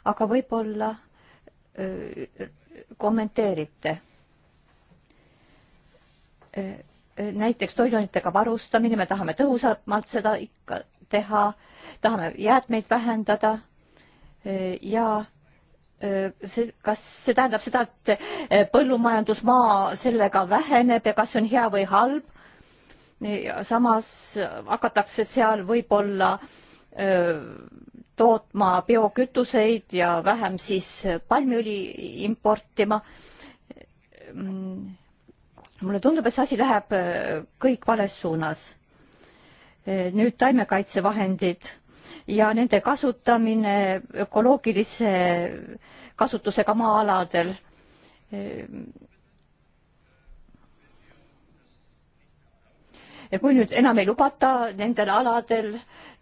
aga võib-olla kommenteerite? näiteks toiduainetega varustamine, me tahame tõhusamalt seda ikka teha, tahame jäätmeid vähendada ja eh, see, kas see tähendab seda, et põllumajandusmaa sellega väheneb ja kas see on hea või halb? samas hakatakse seal võib-olla äh, tootma biokütuseid ja vähem siis palmiõli importima. Mm, mulle tundub, et see asi läheb kõik vales suunas. nüüd taimekaitsevahendid ja nende kasutamine ökoloogilise kasutusega maa-aladel ja kui nüüd enam ei lubata nendel aladel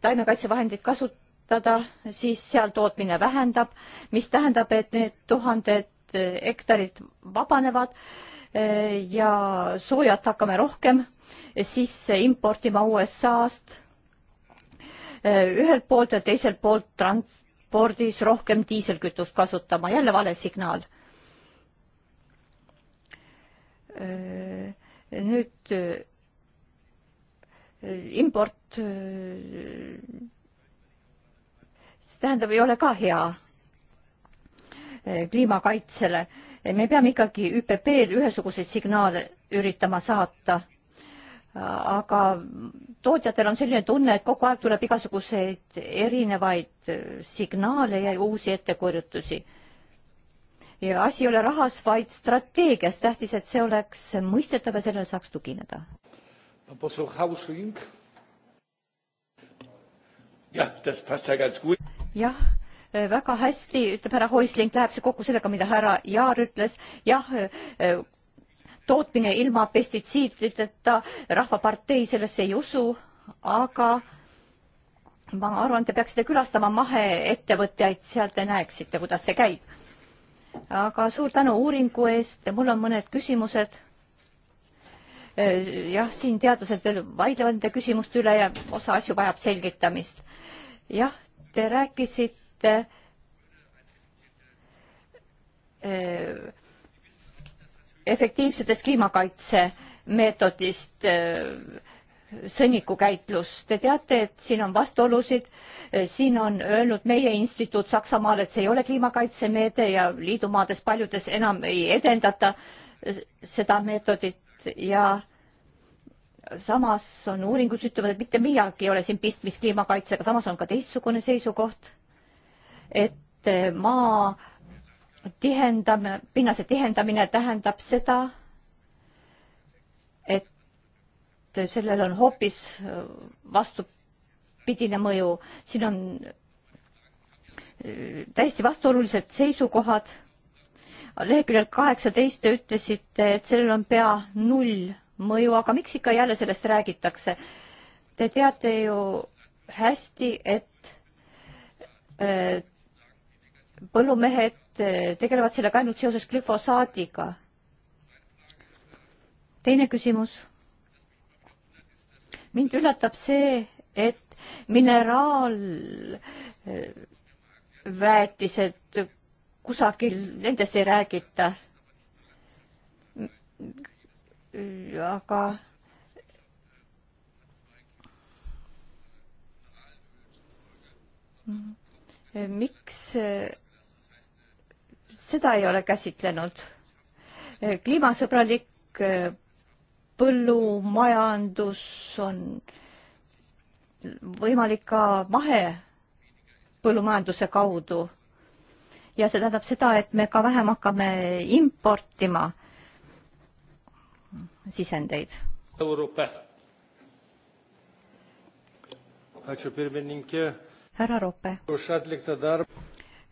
taimekaitsevahendeid kasutada, siis seal tootmine vähendab, mis tähendab, et need tuhanded eh, hektarid vabanevad eh, ja soojat hakkame rohkem sisse importima USA-st eh, ühelt poolt ja teiselt poolt transpordis rohkem diiselkütust kasutama, jälle vale signaal. nüüd import, äh, see tähendab, ei ole ka hea äh, kliimakaitsele. me peame ikkagi ÜPP-l ühesuguseid signaale üritama saata. aga tootjatel on selline tunne, et kogu aeg tuleb igasuguseid erinevaid signaale ja uusi ettekirjutusi ja asi ei ole rahas, vaid strateegias. tähtis, et see oleks mõistetav ja sellele saaks tugineda. Herr Poseł Hausling. jah, das passt ja ganz gut. jah, äh, väga hästi, ütleb härra Häusling, läheb see kokku sellega, mida härra Jaar ütles. jah, äh, tootmine ilma pestitsiidideta, Rahvapartei sellesse ei usu, aga ma arvan, te peaksite külastama maheettevõtjaid, sealt te näeksite, kuidas see käib. aga suur tänu uuringu eest, mul on mõned küsimused Eh, jah, siin teadlased veel vaidlevad nende küsimuste üle ja osa asju vajab selgitamist. jah, te rääkisite äh, efektiivsetest kliimakaitsemeetodist äh, eh, sõnnikukäitlus. Te teate, et siin on vastuolusid, siin on öelnud meie instituut Saksamaal, et see ei ole kliimakaitsemeede ja liidumaades paljudes enam ei edendata seda meetodit ja samas on uuringud ütlevad, et mitte midagi ei ole siin pistmist kliimakaitsega, samas on ka teistsugune seisukoht, et maa tihendamine, pinnase tihendamine tähendab seda, et sellel on hoopis vastupidine mõju, siin on äh, täiesti vastuolulised seisukohad leheküljel kaheksateist te ütlesite, et sellel on pea null mõju, aga miks ikka jälle sellest räägitakse? Te teate ju hästi, et äh, põllumehed äh, tegelevad sellega ainult seoses glüfosaadiga. teine küsimus. mind üllatab see, et mineraalväetised äh, kusagil nendest ei räägita. aga miks seda ei ole käsitlenud? kliimasõbralik põllumajandus on võimalik ka mahepõllumajanduse kaudu ja see tähendab seda, et me ka vähem hakkame importima sisendeid. härra Rope.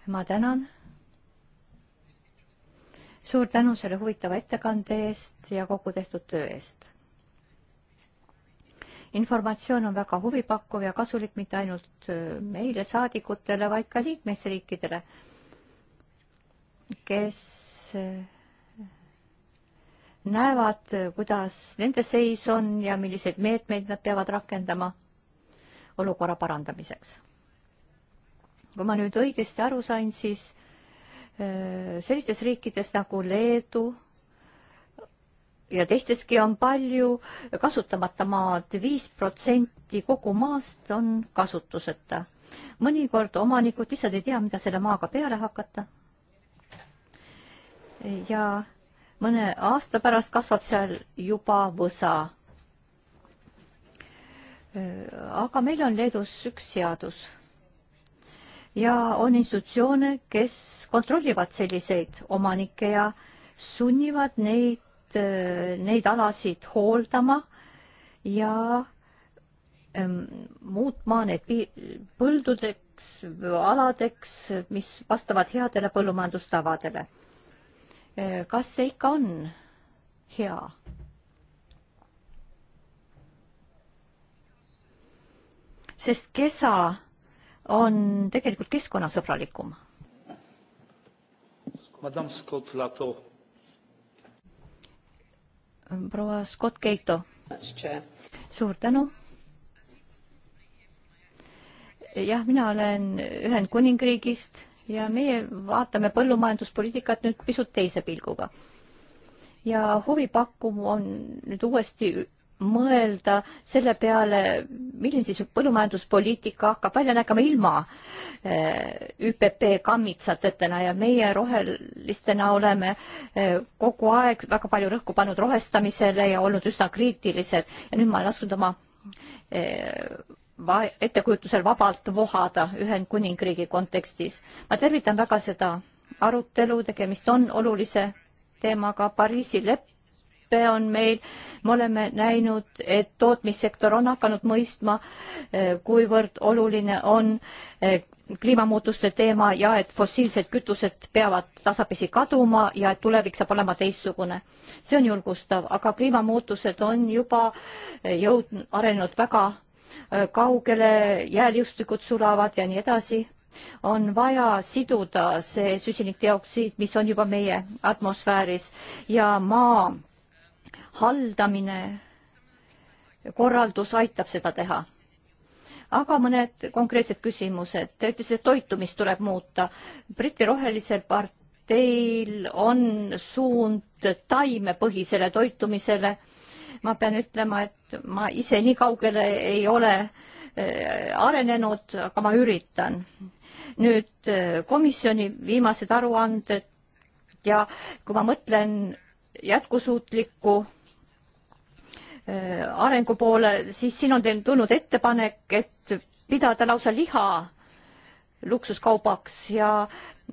ma tänan. suur tänu selle huvitava ettekande eest ja kogu tehtud töö eest informatsioon on väga huvipakkuv ja kasulik mitte ainult meile, saadikutele, vaid ka liikmesriikidele kes eh, näevad, kuidas nende seis on ja milliseid meetmeid nad peavad rakendama olukorra parandamiseks. kui ma nüüd õigesti aru sain, siis eh, sellistes riikides nagu Leedu ja teisteski on palju kasutamata maad, viis protsenti kogu maast on kasutuseta. mõnikord omanikud lihtsalt ei tea, mida selle maaga peale hakata ja mõne aasta pärast kasvab seal juba võsa. Äh, aga meil on Leedus üks seadus ja on institutsioone, kes kontrollivad selliseid omanikke ja sunnivad neid, äh, neid alasid hooldama ja ähm, muutma need põldudeks, aladeks, mis vastavad headele põllumajandustavadele kas see ikka on hea? sest kesa on tegelikult keskkonnasõbralikum. proua Scott Keito. suur tänu. jah, mina olen Ühendkuningriigist ja meie vaatame põllumajanduspoliitikat nüüd pisut teise pilguga. ja huvipakkuv on nüüd uuesti mõelda selle peale, milline siis põllumajanduspoliitika hakkab välja nägema ilma eh, ÜPP kammitsatena ja meie rohelistena oleme eh, kogu aeg väga palju rõhku pannud rohestamisele ja olnud üsna kriitilised ja nüüd ma olen lasknud oma eh, va-, ettekujutusel vabalt vohada Ühendkuningriigi kontekstis. ma tervitan väga seda arutelu, tegemist on olulise teemaga, Pariisi leppe on meil, me oleme näinud, et tootmissektor on hakanud mõistma, eh, kuivõrd oluline on eh, kliimamuutuste teema ja et fossiilsed kütused peavad tasapisi kaduma ja et tulevik saab olema teistsugune. see on julgustav, aga kliimamuutused on juba eh, jõudnud, arenenud väga Äh, kaugele jääliustikud sulavad ja nii edasi, on vaja siduda see süsinikdioksiid, mis on juba meie atmosfääris ja maa haldamine, korraldus aitab seda teha aga mõned konkreetsed küsimused. Te ütlesite, et toitumist tuleb muuta. Briti Rohelisel parteil on suund taimepõhisele toitumisele ma pean ütlema, et ma ise nii kaugele ei ole äh, arenenud, aga ma üritan. nüüd äh, komisjoni viimased aruanded ja kui ma mõtlen jätkusuutliku äh, arengu poole, siis siin on teil tulnud ettepanek, et pidada lausa liha luksuskaubaks ja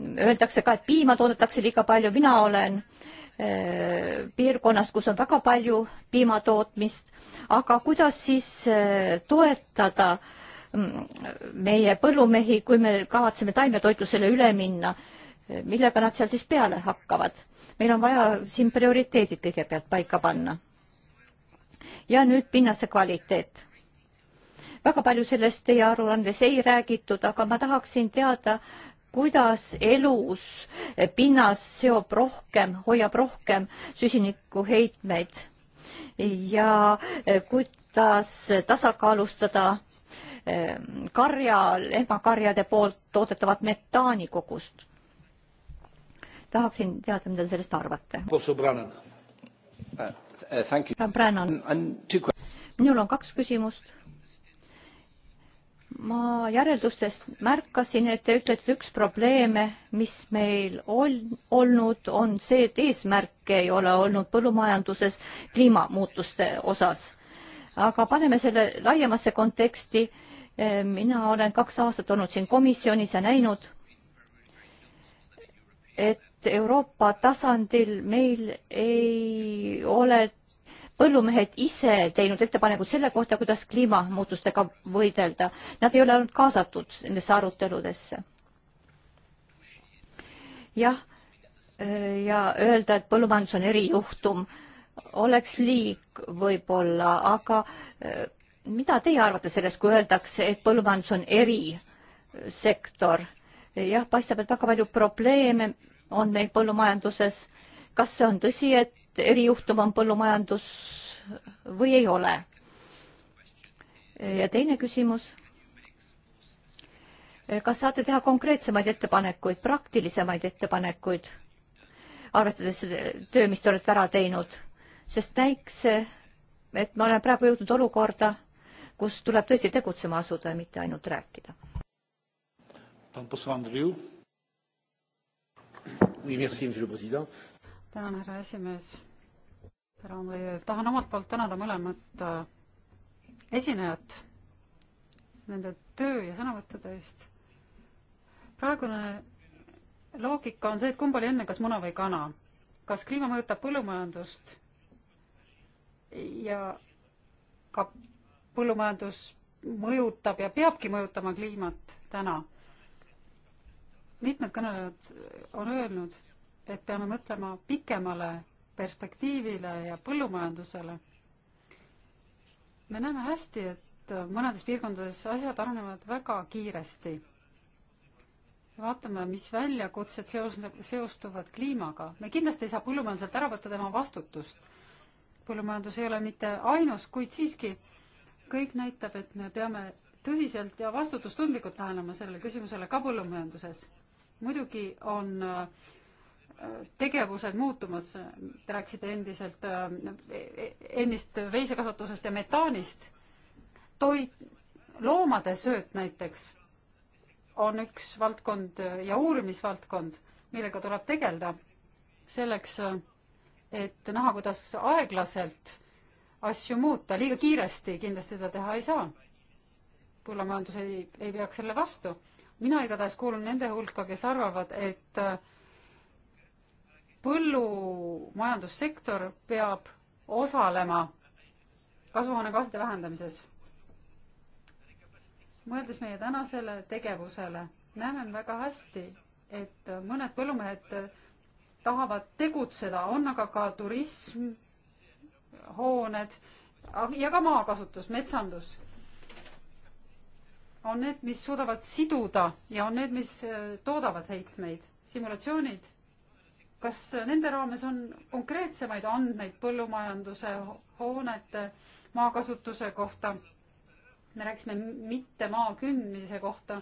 öeldakse ka, et piima toodetakse liiga palju, mina olen äh, Eh, piirkonnas, kus on väga palju piimatootmist, aga kuidas siis eh, toetada mm, meie põllumehi, kui me kavatseme taimetoitlusele üle minna, eh, millega nad seal siis peale hakkavad? meil on vaja siin prioriteedid kõigepealt paika panna. ja nüüd pinnase kvaliteet. väga palju sellest teie aruandes ei räägitud, aga ma tahaksin teada, kuidas elus pinnas seob rohkem, hoiab rohkem süsinikuheitmeid ja kuidas tasakaalustada ehm, karja, lehmakarjade poolt toodetavat metaani kogust. tahaksin teada, mida te sellest arvate. minul on kaks küsimust ma järeldustest märkasin, et te ütlete, üks probleeme, mis meil on olnud, on see, et eesmärke ei ole olnud põllumajanduses kliimamuutuste osas. aga paneme selle laiemasse konteksti. Eh, mina olen kaks aastat olnud siin komisjonis ja näinud, et Euroopa tasandil meil ei ole põllumehed ise teinud ettepanekud selle kohta, kuidas kliimamuutustega võidelda. Nad ei ole olnud kaasatud nendesse aruteludesse. jah, äh, ja öelda, et põllumajandus on erijuhtum, oleks liig võib-olla, aga äh, mida teie arvate sellest, kui öeldakse, et põllumajandus on erisektor? jah, paistab, et väga palju probleeme on meil põllumajanduses. kas see on tõsi, et erijuhtum on põllumajandus või ei ole? ja teine küsimus. kas saate teha konkreetsemaid ettepanekuid, praktilisemaid ettepanekuid, arvestades töö, mis te olete ära teinud, sest näiks, et me oleme praegu jõudnud olukorda, kus tuleb tõesti tegutsema asuda ja mitte ainult rääkida. Pan poseł Andriu. Oui, merci, monsieur le président tänan, härra esimees. tahan omalt poolt tänada mõlemat äh, esinejat nende töö ja sõnavõttude eest. praegune loogika on see, et kumb oli enne, kas muna või kana. kas kliima mõjutab põllumajandust ja ka põllumajandus mõjutab ja peabki mõjutama kliimat täna. mitmed kõnelejad on öelnud, et peame mõtlema pikemale perspektiivile ja põllumajandusele. me näeme hästi, et mõnedes piirkondades asjad arenevad väga kiiresti. vaatame, mis väljakutsed seosneb, seostuvad kliimaga. me kindlasti ei saa põllumajanduselt ära võtta tema vastutust. põllumajandus ei ole mitte ainus, kuid siiski kõik näitab, et me peame tõsiselt ja vastutustundlikult lähenema sellele küsimusele ka põllumajanduses. muidugi on äh, tegevused muutumas, te rääkisite endiselt, äh, e-, e-, ennist veisekasvatusest ja metaanist, toit, loomade sööt näiteks on üks valdkond ja uurimisvaldkond, millega tuleb tegeleda selleks, et näha, kuidas aeglaselt asju muuta, liiga kiiresti kindlasti seda teha ei saa. põllumajandus ei, ei peaks selle vastu. mina igatahes kuulun nende hulka, kes arvavad, et äh, põllumajandussektor peab osalema kasvuhoonegaaside vähendamises. mõeldes meie tänasele tegevusele, näeme väga hästi, et mõned põllumehed tahavad tegutseda, on aga ka turism, hooned ja ka maakasutus, metsandus. on need, mis suudavad siduda ja on need, mis toodavad heitmeid. simulatsioonid kas nende raames on konkreetsemaid andmeid põllumajanduse hoonete maakasutuse kohta? me rääkisime mitte maa kündmise kohta.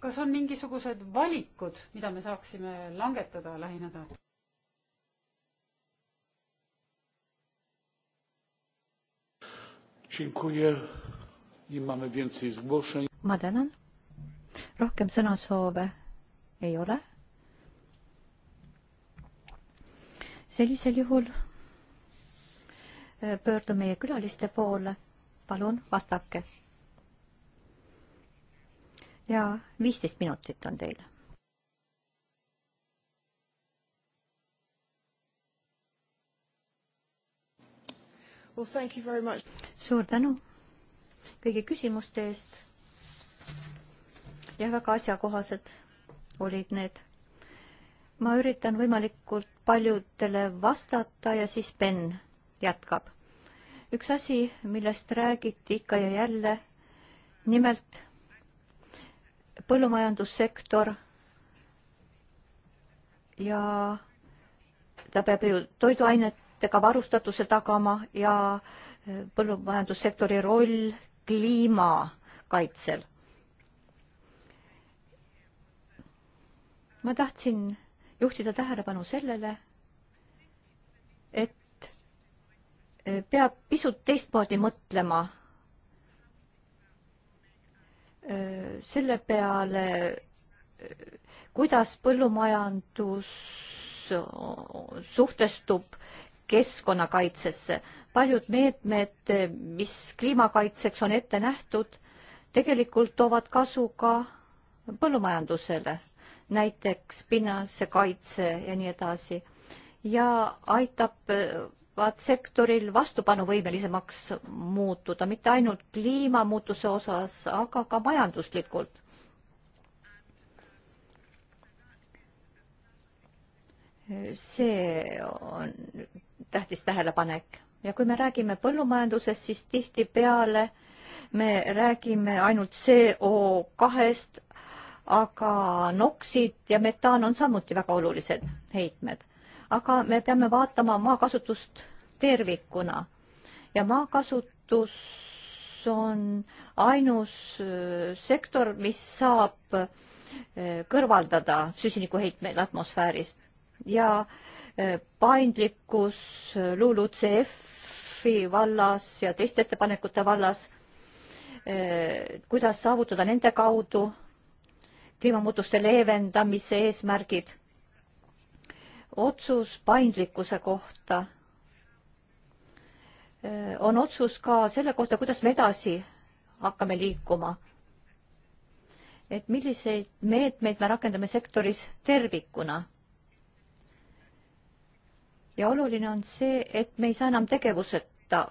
kas on mingisugused valikud, mida me saaksime langetada lähinädalal? ma tänan. rohkem sõnasoove ei ole sellisel juhul äh, pöördun meie külaliste poole. palun vastake. ja viisteist minutit on teil. Well, suur tänu kõigi küsimuste eest. jah, väga asjakohased olid need ma üritan võimalikult paljudele vastata ja siis Ben jätkab. üks asi, millest räägiti ikka ja jälle, nimelt põllumajandussektor ja ta peab ju toiduainetega varustatuse tagama ja eh, põllumajandussektori roll kliimakaitsel. ma tahtsin juhtida tähelepanu sellele, et eh, peab pisut teistmoodi mõtlema eh, selle peale, eh, kuidas põllumajandus suhtestub keskkonnakaitsesse. paljud meetmed, mis kliimakaitseks on ette nähtud, tegelikult toovad kasu ka põllumajandusele näiteks pinnase kaitse ja nii edasi ja aitab äh, vaat sektoril vastupanuvõimelisemaks muutuda, mitte ainult kliimamuutuse osas, aga ka majanduslikult. see on tähtis tähelepanek ja kui me räägime põllumajandusest, siis tihtipeale me räägime ainult CO kahest, aga noksid ja metaan on samuti väga olulised heitmed. aga me peame vaatama maakasutust tervikuna ja maakasutus on ainus äh, sektor, mis saab äh, kõrvaldada süsinikuheitmeid atmosfäärist ja äh, paindlikkus LULUCF-i vallas ja teiste ettepanekute vallas, kuidas saavutada nende kaudu kliimamuutuste leevendamise eesmärgid. otsus paindlikkuse kohta on otsus ka selle kohta, kuidas me edasi hakkame liikuma. et milliseid meetmeid me rakendame sektoris tervikuna. ja oluline on see, et me ei saa enam tegevuseta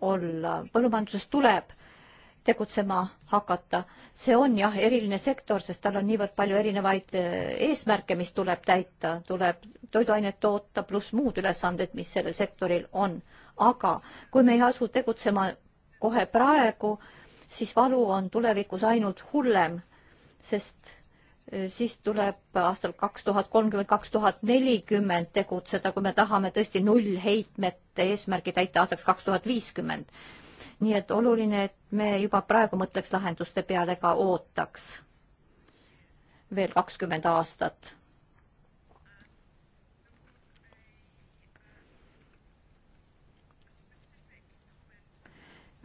olla, põllumajanduses tuleb tegutsema hakata. see on jah, eriline sektor, sest tal on niivõrd palju erinevaid eh, eesmärke, mis tuleb täita, tuleb toiduainet toota, pluss muud ülesanded, mis sellel sektoril on. aga kui me ei asu tegutsema kohe praegu, siis valu on tulevikus ainult hullem, sest eh, siis tuleb aastal kaks tuhat kolmkümmend, kaks tuhat nelikümmend tegutseda, kui me tahame tõesti nullheitmete eesmärgi täita aastaks kaks tuhat viiskümmend nii et oluline, et me juba praegu mõtleks lahenduste peale ka ootaks veel kakskümmend aastat.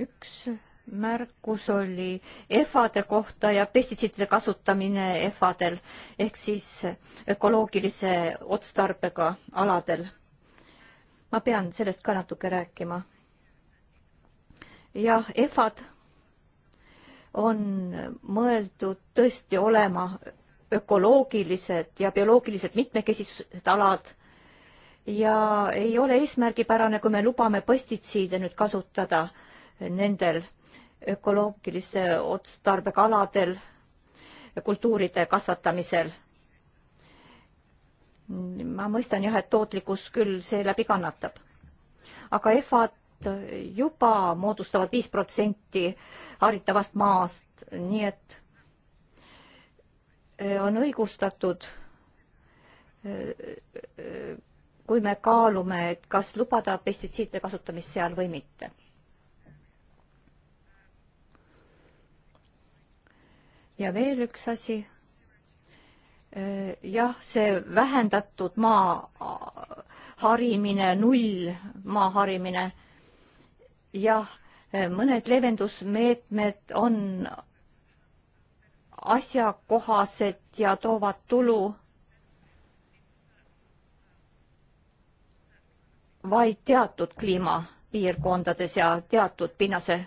üks märkus oli EFA-de kohta ja pestitsiidide kasutamine EFA-del ehk siis ökoloogilise otstarbega aladel. ma pean sellest ka natuke rääkima jah, EFA-d on mõeldud tõesti olema ökoloogilised ja bioloogilised mitmekesisused alad ja ei ole eesmärgipärane, kui me lubame pestitsiide nüüd kasutada nendel ökoloogilise otstarbega aladel kultuuride kasvatamisel. ma mõistan jah, et tootlikkus küll seeläbi kannatab. aga EFA-d nad juba moodustavad viis protsenti haritavast maast, nii et äh, on õigustatud, äh, äh, kui me kaalume, et kas lubada pestitsiidide kasutamist seal või mitte. ja veel üks asi. jah, see vähendatud maa harimine, null maa harimine jah, mõned leevendusmeetmed on asjakohased ja toovad tulu vaid teatud kliimapiirkondades ja teatud pinnase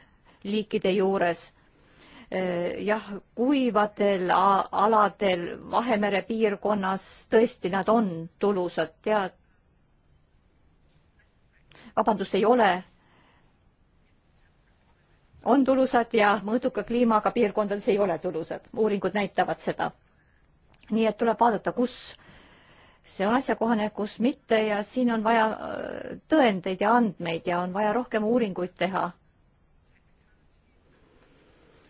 liikide juures. jah, kuivadel aladel Vahemere piirkonnas tõesti nad on tulusad, tead. vabandust, ei ole on tulusad ja mõõduka kliimaga piirkondades ei ole tulusad. uuringud näitavad seda. nii et tuleb vaadata, kus see on asjakohane, kus mitte ja siin on vaja äh, tõendeid ja andmeid ja on vaja rohkem uuringuid teha.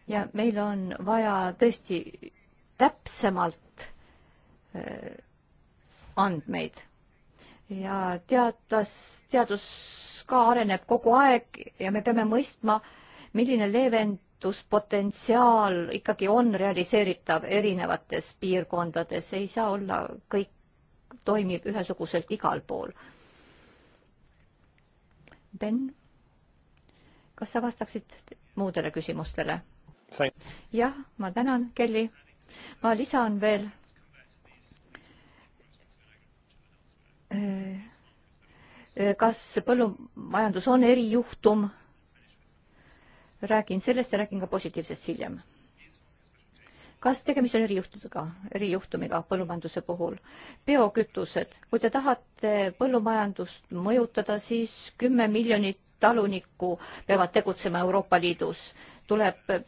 ja meil on vaja tõesti täpsemalt äh, andmeid ja teadlas, teadus ka areneb kogu aeg ja me peame mõistma, milline leevenduspotentsiaal ikkagi on realiseeritav erinevates piirkondades, ei saa olla kõik toimib ühesuguselt igal pool. Ben, kas sa vastaksid muudele küsimustele? jah, ma tänan, Kelly. ma lisan veel äh, kas põllumajandus on erijuhtum? räägin sellest ja räägin ka positiivsest hiljem. kas tegemist on erijuhtudega, erijuhtumiga põllumajanduse puhul? biokütused, kui te tahate põllumajandust mõjutada, siis kümme miljonit talunikku peavad tegutsema Euroopa Liidus, tuleb eh,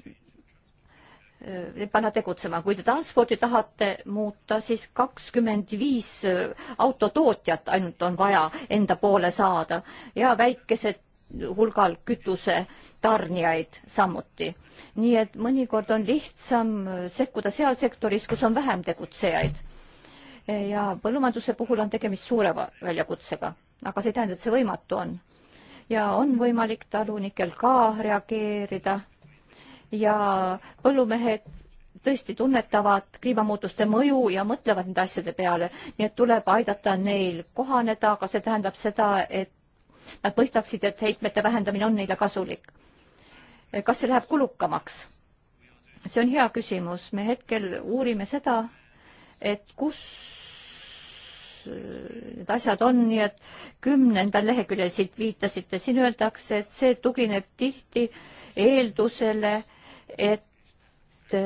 panna tegutsema. kui te transporti tahate muuta, siis kakskümmend viis autotootjat ainult on vaja enda poole saada ja väikesed hulgal kütuse tarnijaid samuti. nii et mõnikord on lihtsam sekkuda seal sektoris, kus on vähem tegutsejaid. ja põllumajanduse puhul on tegemist suure väljakutsega, aga see ei tähenda, et see võimatu on. ja on võimalik talunikel ka reageerida ja põllumehed tõesti tunnetavad kliimamuutuste mõju ja mõtlevad nende asjade peale, nii et tuleb aidata neil kohaneda, aga see tähendab seda, et nad mõistaksid, et heitmete vähendamine on neile kasulik. kas see läheb kulukamaks? see on hea küsimus, me hetkel uurime seda, et kus need asjad on, nii et kümnendal leheküljel siit viitasite, siin öeldakse, et see tugineb tihti eeldusele, et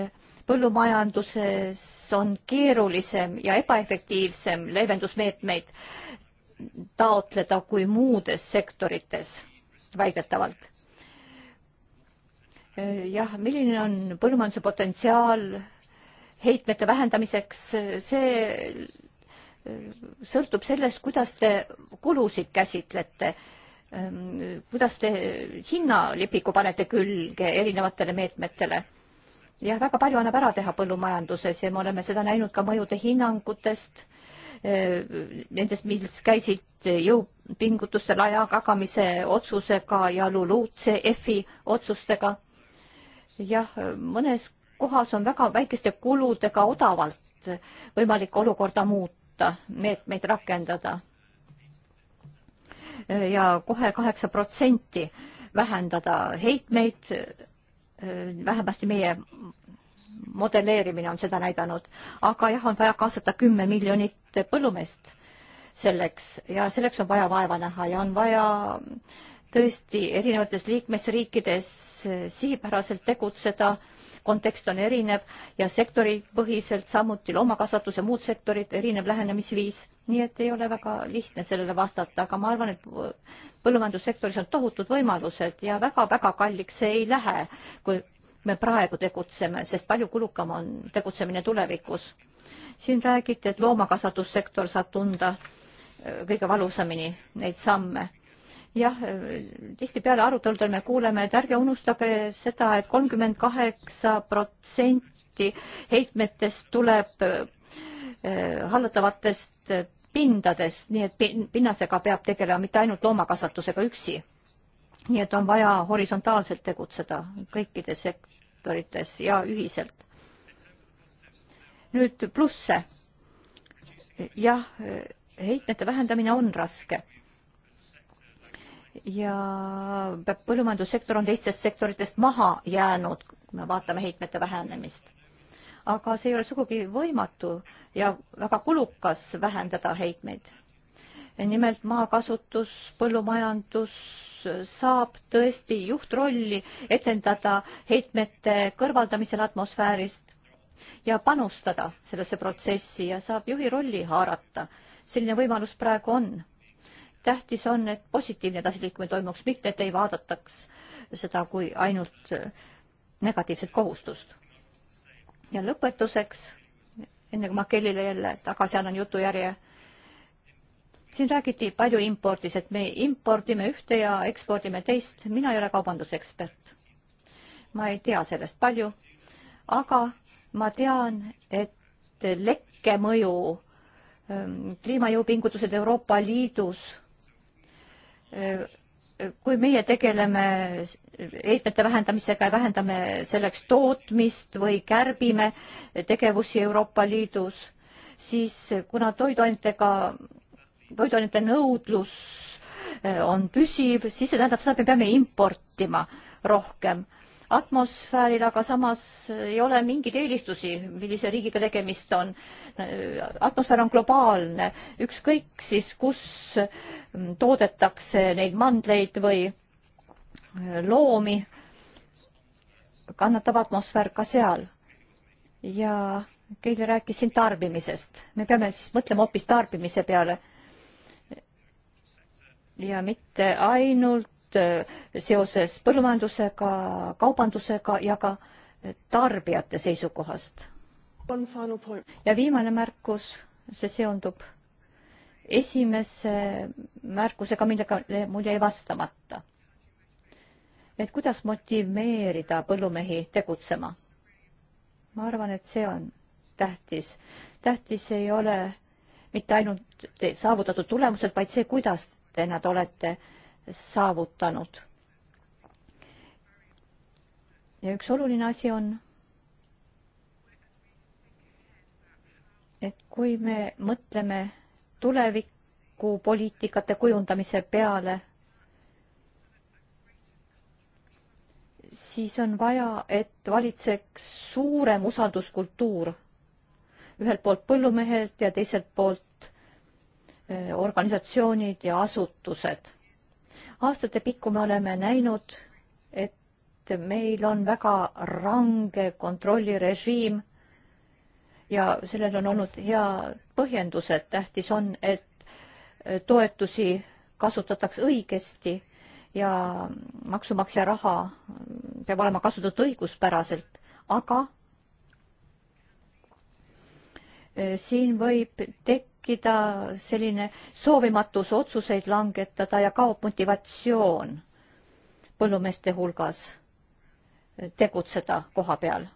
põllumajanduses on keerulisem ja ebaefektiivsem leevendusmeetmeid taotleda kui muudes sektorites väidetavalt. jah, milline on põllumajanduse potentsiaal heitmete vähendamiseks, see sõltub sellest, kuidas te kulusid käsitlete, kuidas te hinnalipiku panete külge erinevatele meetmetele jah, väga palju annab ära teha põllumajanduses ja me oleme seda näinud ka mõjude hinnangutest nendest, mis käisid jõupingutustel aja jagamise otsusega ja LULUCF-i otsustega. jah, mõnes kohas on väga väikeste kuludega odavalt võimalik olukorda muuta, meetmeid rakendada. ja kohe kaheksa protsenti vähendada heitmeid, vähemasti meie modelleerimine on seda näidanud, aga jah, on vaja kaasata kümme miljonit põllumeest selleks ja selleks on vaja vaeva näha ja on vaja tõesti erinevates liikmesriikides sihipäraselt tegutseda, kontekst on erinev ja sektoripõhiselt samuti loomakasvatus ja muud sektorid, erinev lähenemisviis, nii et ei ole väga lihtne sellele vastata, aga ma arvan, et põllumajandussektoris on tohutud võimalused ja väga-väga kalliks see ei lähe, kui me praegu tegutseme, sest palju kulukam on tegutsemine tulevikus. siin räägiti, et loomakasvatussektor saab tunda äh, kõige valusamini neid samme. jah, äh, tihtipeale aruteludel me kuuleme, et ärge unustage seda et, et kolmkümmend kaheksa protsenti heitmetest tuleb äh, hallatavatest pindadest, nii et pinnasega peab tegelema mitte ainult loomakasvatusega üksi. nii et on vaja horisontaalselt tegutseda kõikide sek-, sektorites ja ühiselt. nüüd plusse. jah, heitmete vähendamine on raske. ja põllumajandussektor on teistest sektoritest maha jäänud, kui me vaatame heitmete vähenemist aga see ei ole sugugi võimatu ja väga kulukas vähendada heitmeid nimelt maakasutus, põllumajandus saab tõesti juhtrolli etendada heitmete kõrvaldamisel atmosfäärist ja panustada sellesse protsessi ja saab juhi rolli haarata. selline võimalus praegu on. tähtis on, et positiivne edasiliikumine toimuks, mitte et ei vaadataks seda kui ainult negatiivset kohustust. ja lõpetuseks, enne kui ma Kellile jälle tagasi annan jutujärje siin räägiti palju impordis, et me impordime ühte ja ekspordime teist. mina ei ole kaubandusekspert. ma ei tea sellest palju, aga ma tean, et lekke mõju, ähm, kliimajõupingutused Euroopa Liidus, äh, kui meie tegeleme heitmete vähendamisega ja vähendame selleks tootmist või kärbime tegevusi Euroopa Liidus, siis kuna toiduainetega toiduainete nõudlus eh, on püsiv, siis see tähendab seda, et me peame importima rohkem. atmosfääril aga samas ei ole mingeid eelistusi, millise riigiga tegemist on. atmosfäär on globaalne, ükskõik siis, kus mm, toodetakse neid mandleid või eh, loomi, kannatab atmosfäär ka seal. ja Keili rääkis siin tarbimisest, me peame siis mõtlema hoopis tarbimise peale ja mitte ainult äh, seoses põllumajandusega, kaubandusega ja ka äh, tarbijate seisukohast. ja viimane märkus, see seondub esimese märkusega, millega mul jäi vastamata. et kuidas motiveerida põllumehi tegutsema? ma arvan, et see on tähtis. tähtis ei ole mitte ainult saavutatud tulemused, vaid see, kuidas te nad olete saavutanud. ja üks oluline asi on, et kui me mõtleme tulevikupoliitikate kujundamise peale, siis on vaja, et valitseks suurem usalduskultuur. ühelt poolt põllumehelt ja teiselt poolt Äh, organisatsioonid ja asutused. aastate pikku me oleme näinud, et meil on väga range kontrollirežiim ja sellel on olnud hea põhjendus, et tähtis on, et äh, toetusi kasutatakse õigesti ja maksumaksja raha mm, peab olema kasutatud õiguspäraselt, aga äh, siin võib tekkida tekkida selline soovimatus otsuseid langetada ja kaob motivatsioon põllumeeste hulgas tegutseda koha peal.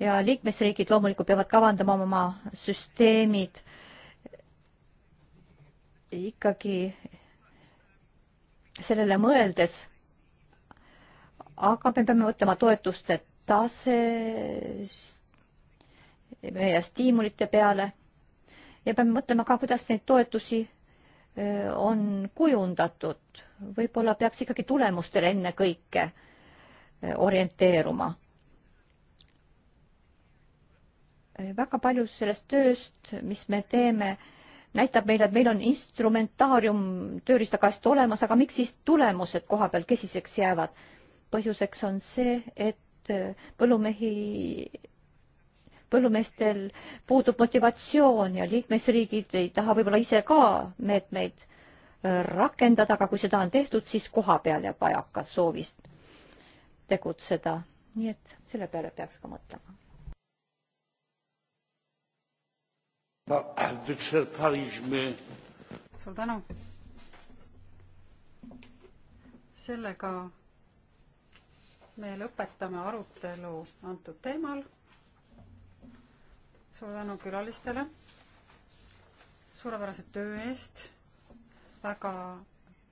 ja liikmesriigid loomulikult peavad kavandama oma süsteemid ikkagi sellele mõeldes, aga me peame mõtlema toetuste tase, meie stiimulite peale ja peame mõtlema ka, kuidas neid toetusi on kujundatud. võib-olla peaks ikkagi tulemustele ennekõike orienteeruma. väga palju sellest tööst, mis me teeme, näitab meile, et meil on instrumentaarium tööriistakast olemas, aga miks siis tulemused koha peal kesiseks jäävad? põhjuseks on see, et põllumehi põllumeestel puudub motivatsioon ja liikmesriigid ei taha võib-olla ise ka meetmeid äh, rakendada, aga kui seda on tehtud, siis koha peal jääb vajaka soovist tegutseda. nii et selle peale peaks ka mõtlema. suur tänu. sellega me lõpetame arutelu antud teemal suur tänu külalistele suurepärase töö eest, väga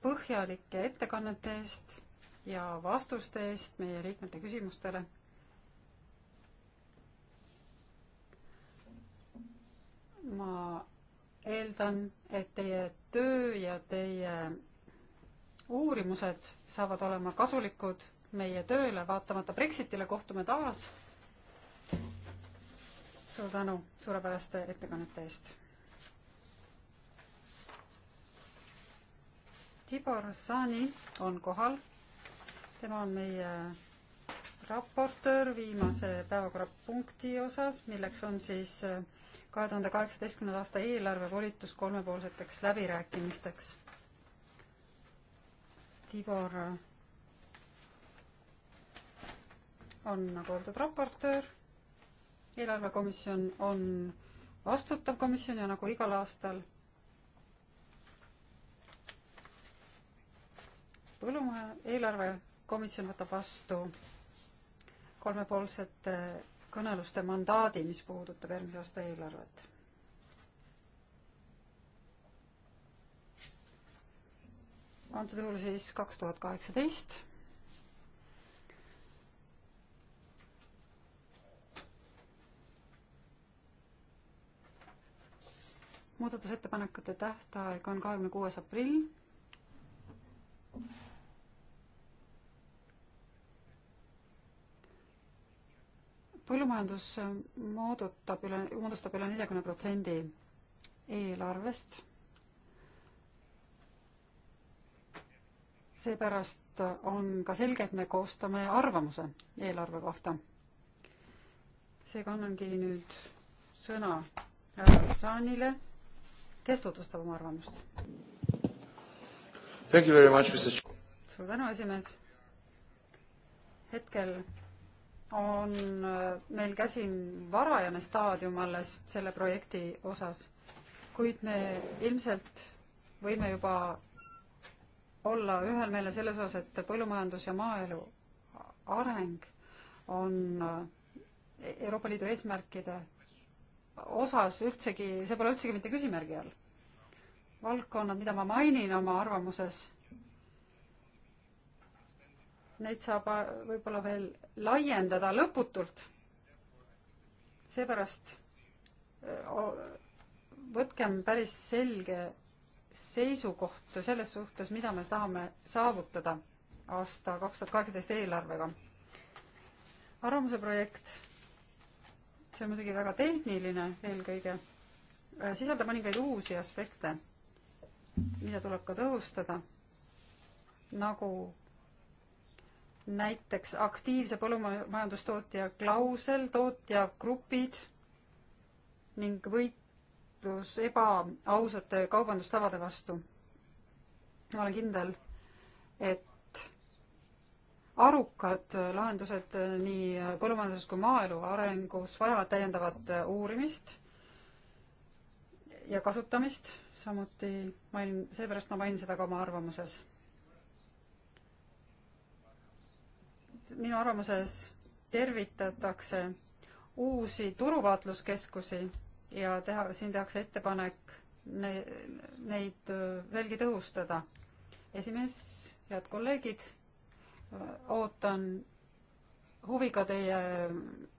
põhjalike ettekannete eest ja vastuste eest meie liikmete küsimustele. ma eeldan, et teie töö ja teie uurimused saavad olema kasulikud meie tööle, vaatamata Brexitile kohtume taas suur tänu suurepäraste ettekannete eest. Tibor Sani on kohal. tema on meie raportöör viimase päevakorrapunkti osas, milleks on siis äh, kahe tuhande kaheksateistkümnenda aasta eelarve volitus kolmepoolseteks läbirääkimisteks. Tibor äh, on nagu öeldud raportöör eelarvekomisjon on vastutav komisjon ja nagu igal aastal põllumaja eelarvekomisjon võtab vastu kolmepoolsete kõneluste mandaadi, mis puudutab järgmise aasta eelarvet. antud juhul siis kaks tuhat kaheksateist muudatusettepanekute tähtaeg on kahekümne kuues aprill. põllumajandus moodutab üle, moodustab üle neljakümne protsendi eelarvest. seepärast on ka selge, et me koostame arvamuse eelarve kohta. seega annangi nüüd sõna härra Saanile kes tutvustab oma arvamust. suur tänu, esimees. hetkel on äh, meil käsil varajane staadium alles selle projekti osas, kuid me ilmselt võime juba olla ühel meelel selles osas, et põllumajandus ja maaelu areng on äh, Euroopa Liidu eesmärkide osas üldsegi, see pole üldsegi mitte küsimärgi all valdkonnad, mida ma mainin oma arvamuses, neid saab äh, võib-olla veel laiendada lõputult. seepärast äh, võtkem päris selge seisukoht selles suhtes, mida me tahame saavutada aasta kaks tuhat kaheksateist eelarvega. arvamuse projekt, see on muidugi väga tehniline eelkõige, äh, sisaldab mõningaid uusi aspekte mida tuleb ka tõhustada, nagu näiteks aktiivse põllumajandustootja klausel, tootjagrupid ning võitlus ebaausate kaubandustavade vastu. ma olen kindel, et arukad lahendused nii põllumajanduses kui maaelu arengus vajavad täiendavat uurimist ja kasutamist, samuti mainin, seepärast ma mainin seda ka oma arvamuses. minu arvamuses tervitatakse uusi turuvaatluskeskusi ja teha, siin tehakse ettepanek ne, neid veelgi tõhustada. esimees, head kolleegid, ootan huviga teie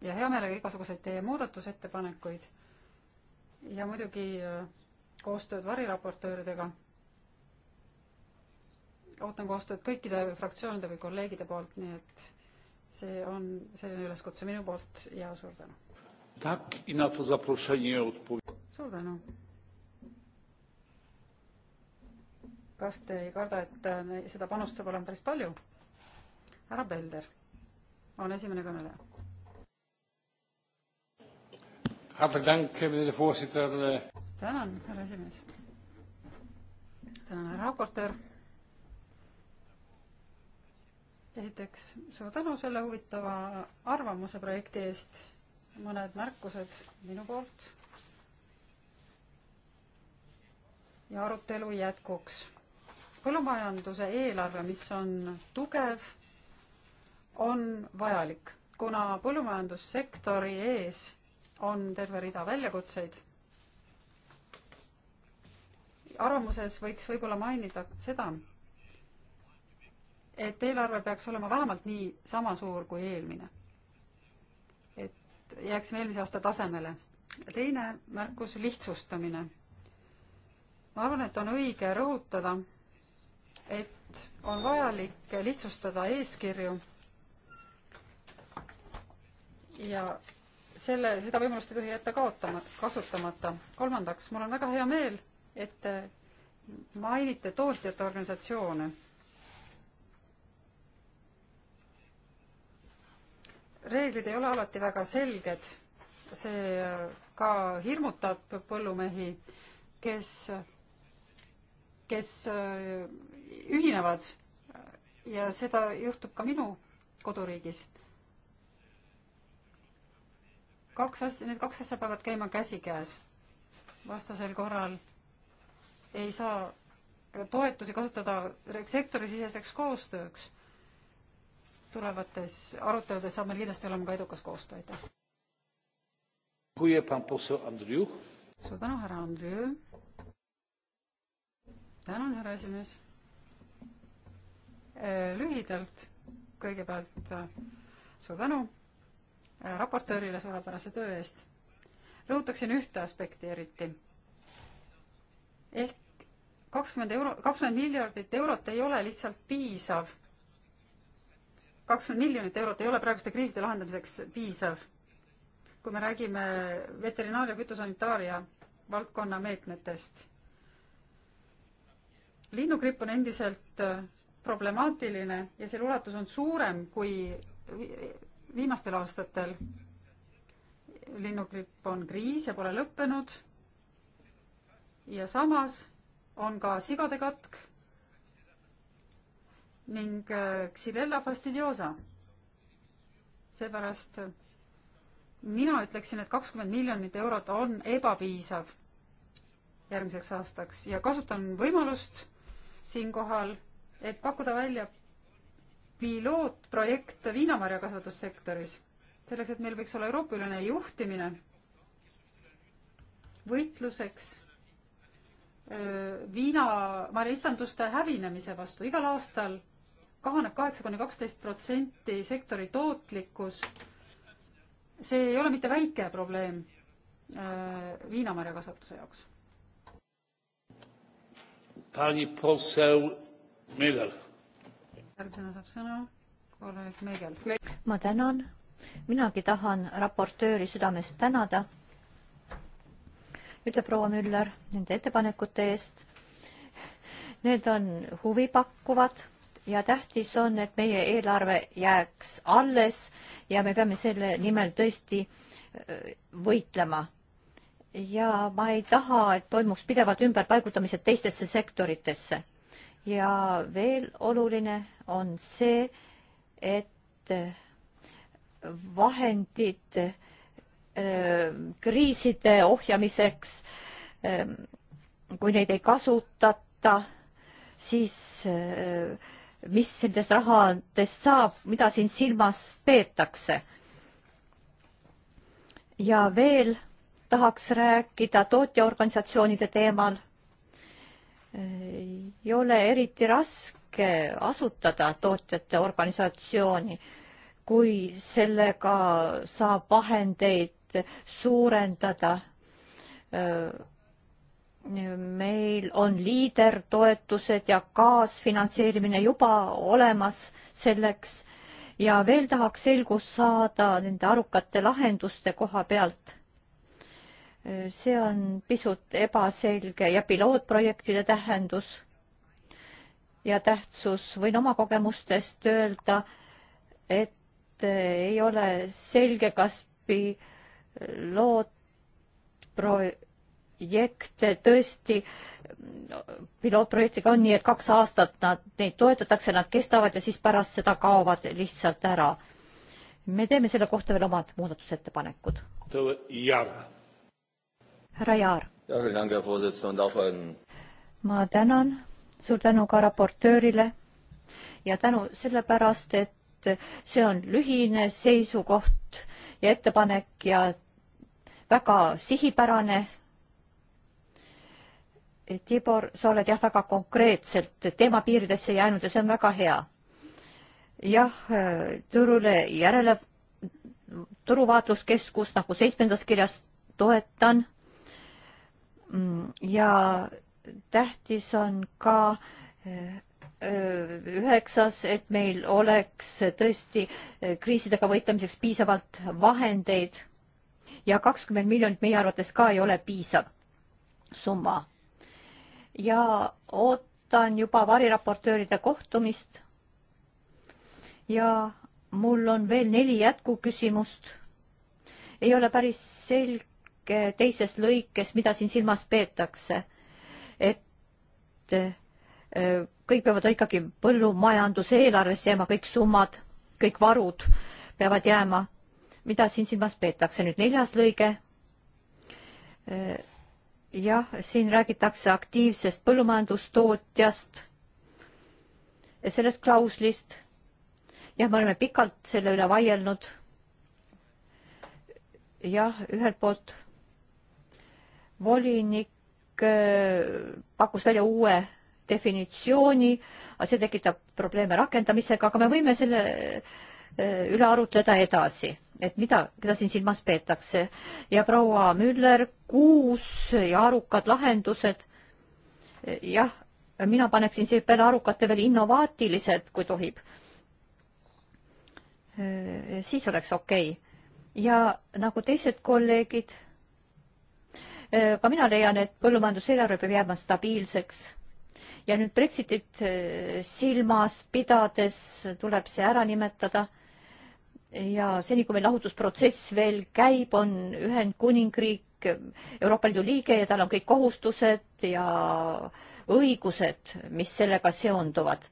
ja hea meelega igasuguseid teie muudatusettepanekuid ja muidugi äh, koostööd variraportööridega. ootan koostööd kõikide fraktsioonide või kolleegide poolt, nii et see on selline üleskutse minu poolt ja suur tänu. suur tänu. kas te ei karda, et äh, seda panust saab olema päris palju? härra Pelder on esimene kõneleja Eh, tänan, härra esimees. tänan, härra raportöör. esiteks suur tänu selle huvitava arvamuse projekti eest. mõned märkused minu poolt. ja arutelu jätkuks. põllumajanduse eelarve, mis on tugev, on vajalik, kuna põllumajandussektori ees on terve rida väljakutseid. arvamuses võiks võib-olla mainida seda, et eelarve peaks olema vähemalt nii sama suur kui eelmine. et jääksime eelmise aasta tasemele. teine märkus, lihtsustamine. ma arvan, et on õige rõhutada, et on vajalik lihtsustada eeskirju ja selle, seda võimalust ei tohi jätta kaotama, kasutamata. kolmandaks, mul on väga hea meel, et mainite tootjate organisatsioone. reeglid ei ole alati väga selged, see äh, ka hirmutab põllumehi, kes, kes äh, ühinevad ja seda juhtub ka minu koduriigis kaks asja, need kaks asja peavad käima käsikäes. vastasel korral ei saa toetusi kasutada sektorisiseseks koostööks. tulevates aruteludes saab meil kindlasti olema ka edukas koostöö, aitäh. suur tänu, härra Andrei. tänan, härra esimees. Äh, lühidalt kõigepealt äh, suur tänu Äh, raportöörile suurepärase töö eest. rõhutaksin ühte aspekti eriti. ehk kakskümmend euro, kakskümmend miljardit eurot ei ole lihtsalt piisav. kakskümmend miljonit eurot ei ole praeguste kriiside lahendamiseks piisav. kui me räägime veterinaar- ja fütosanitaaria valdkonna meetmetest. linnugripp on endiselt äh, problemaatiline ja selle ulatus on suurem kui viimastel aastatel linnugripp on kriis ja pole lõppenud. ja samas on ka sigade katk ning äh, Xylella fastidiosa. seepärast mina ütleksin, et kakskümmend miljonit eurot on ebapiisav järgmiseks aastaks ja kasutan võimalust siinkohal, et pakkuda välja pilootprojekt viinamarjakasvatussektoris, selleks et meil võiks olla Euroopa-ülene juhtimine võitluseks viinamarjastanduste hävinemise vastu. igal aastal kahaneb kaheksa kuni kaksteist protsenti sektori tootlikkus. see ei ole mitte väike probleem viinamarjakasvatuse jaoks. Pani poseł Miller järgmisena saab sõna kolleeg Meegel. ma tänan, minagi tahan raportööri südamest tänada, ütleb proua Müller nende ettepanekute eest. Need on huvipakkuvad ja tähtis on, et meie eelarve jääks alles ja me peame selle nimel tõesti äh, võitlema. ja ma ei taha, et toimuks pidevalt ümberpaigutamised teistesse sektoritesse ja veel oluline on see, et vahendid äh, kriiside ohjamiseks, ähm, kui neid ei kasutata, siis äh, mis nendest rahadest saab, mida siin silmas peetakse? ja veel tahaks rääkida tootjaorganisatsioonide teemal ei ole eriti raske asutada tootjate organisatsiooni, kui sellega saab vahendeid suurendada. meil on liidertoetused ja kaasfinantseerimine juba olemas selleks ja veel tahaks selgust saada nende arukate lahenduste koha pealt see on pisut ebaselge ja pilootprojektide tähendus ja tähtsus, võin oma kogemustest öelda, et ei ole selge, kas pilootprojekte tõesti, pilootprojektiga on nii, et kaks aastat nad, neid toetatakse, nad kestavad ja siis pärast seda kaovad lihtsalt ära. me teeme selle kohta veel omad muudatusettepanekud. jaa härra Jaar. ma tänan, suur tänu ka raportöörile ja tänu sellepärast, et see on lühine seisukoht ja ettepanek ja väga sihipärane. Tibor, sa oled jah, väga konkreetselt teema piiridesse jäänud ja see on väga hea. jah, turule järele, turuvaatluskeskus nagu seitsmendas kirjas toetan Mm, ja tähtis on ka eh, eh, üheksas, et meil oleks tõesti eh, kriisidega võitlemiseks piisavalt vahendeid ja kakskümmend miljonit meie arvates ka ei ole piisav summa. ja ootan juba variraportööride kohtumist. ja mul on veel neli jätkuküsimust. ei ole päris selge, lõike eh, teises lõikes, mida siin silmas peetakse. et eh, kõik peavad ikkagi põllumajanduse eelarvesse jääma, kõik summad, kõik varud peavad jääma, mida siin silmas peetakse. nüüd neljas lõige. Eh, jah, siin räägitakse aktiivsest põllumajandustootjast, sellest klauslist. jah, me oleme pikalt selle üle vaielnud jah, ühelt poolt volinik äh, pakkus välja uue definitsiooni, see tekitab probleeme rakendamisega, aga me võime selle äh, üle arutleda edasi, et mida, keda siin silmas peetakse. ja proua Müller, kuus ja arukad lahendused. jah, mina paneksin siia peale arukate veel innovaatilised, kui tohib. Äh, siis oleks okei okay. ja nagu teised kolleegid Äh, ka mina leian, et põllumajanduseelarve peab jääma stabiilseks. ja nüüd Brexitit äh, silmas pidades tuleb see ära nimetada. ja seni, kui meil lahutusprotsess veel käib, on Ühendkuningriik äh, Euroopa Liidu liige ja tal on kõik kohustused ja õigused, mis sellega seonduvad.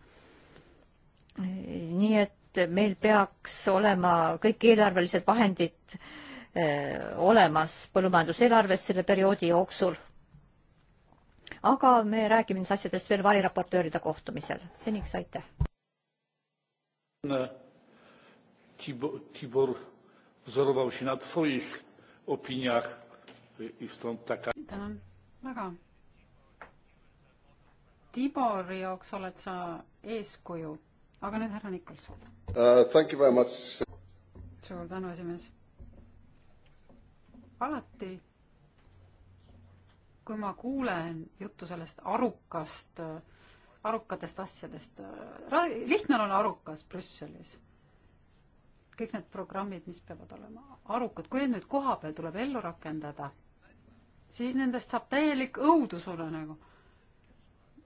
nii et meil peaks olema kõik eelarvelised vahendid äh, Eh, olemas põllumajanduseelarves selle perioodi jooksul. aga me räägime nendest asjadest veel variraportööride kohtumisel. seniks aitäh. Tibor, Tibor wzorował się na Twoich opiniach i stąd taka. tänan väga. Tibori jaoks oled sa eeskuju, aga nüüd härra Nikolson uh,. Thank you very much. suur tänu, esimees alati, kui ma kuulen juttu sellest arukast, arukatest asjadest, lihtne on olla arukas Brüsselis. kõik need programmid, mis peavad olema arukad, kui need nüüd koha peal tuleb ellu rakendada, siis nendest saab täielik õudusune nagu.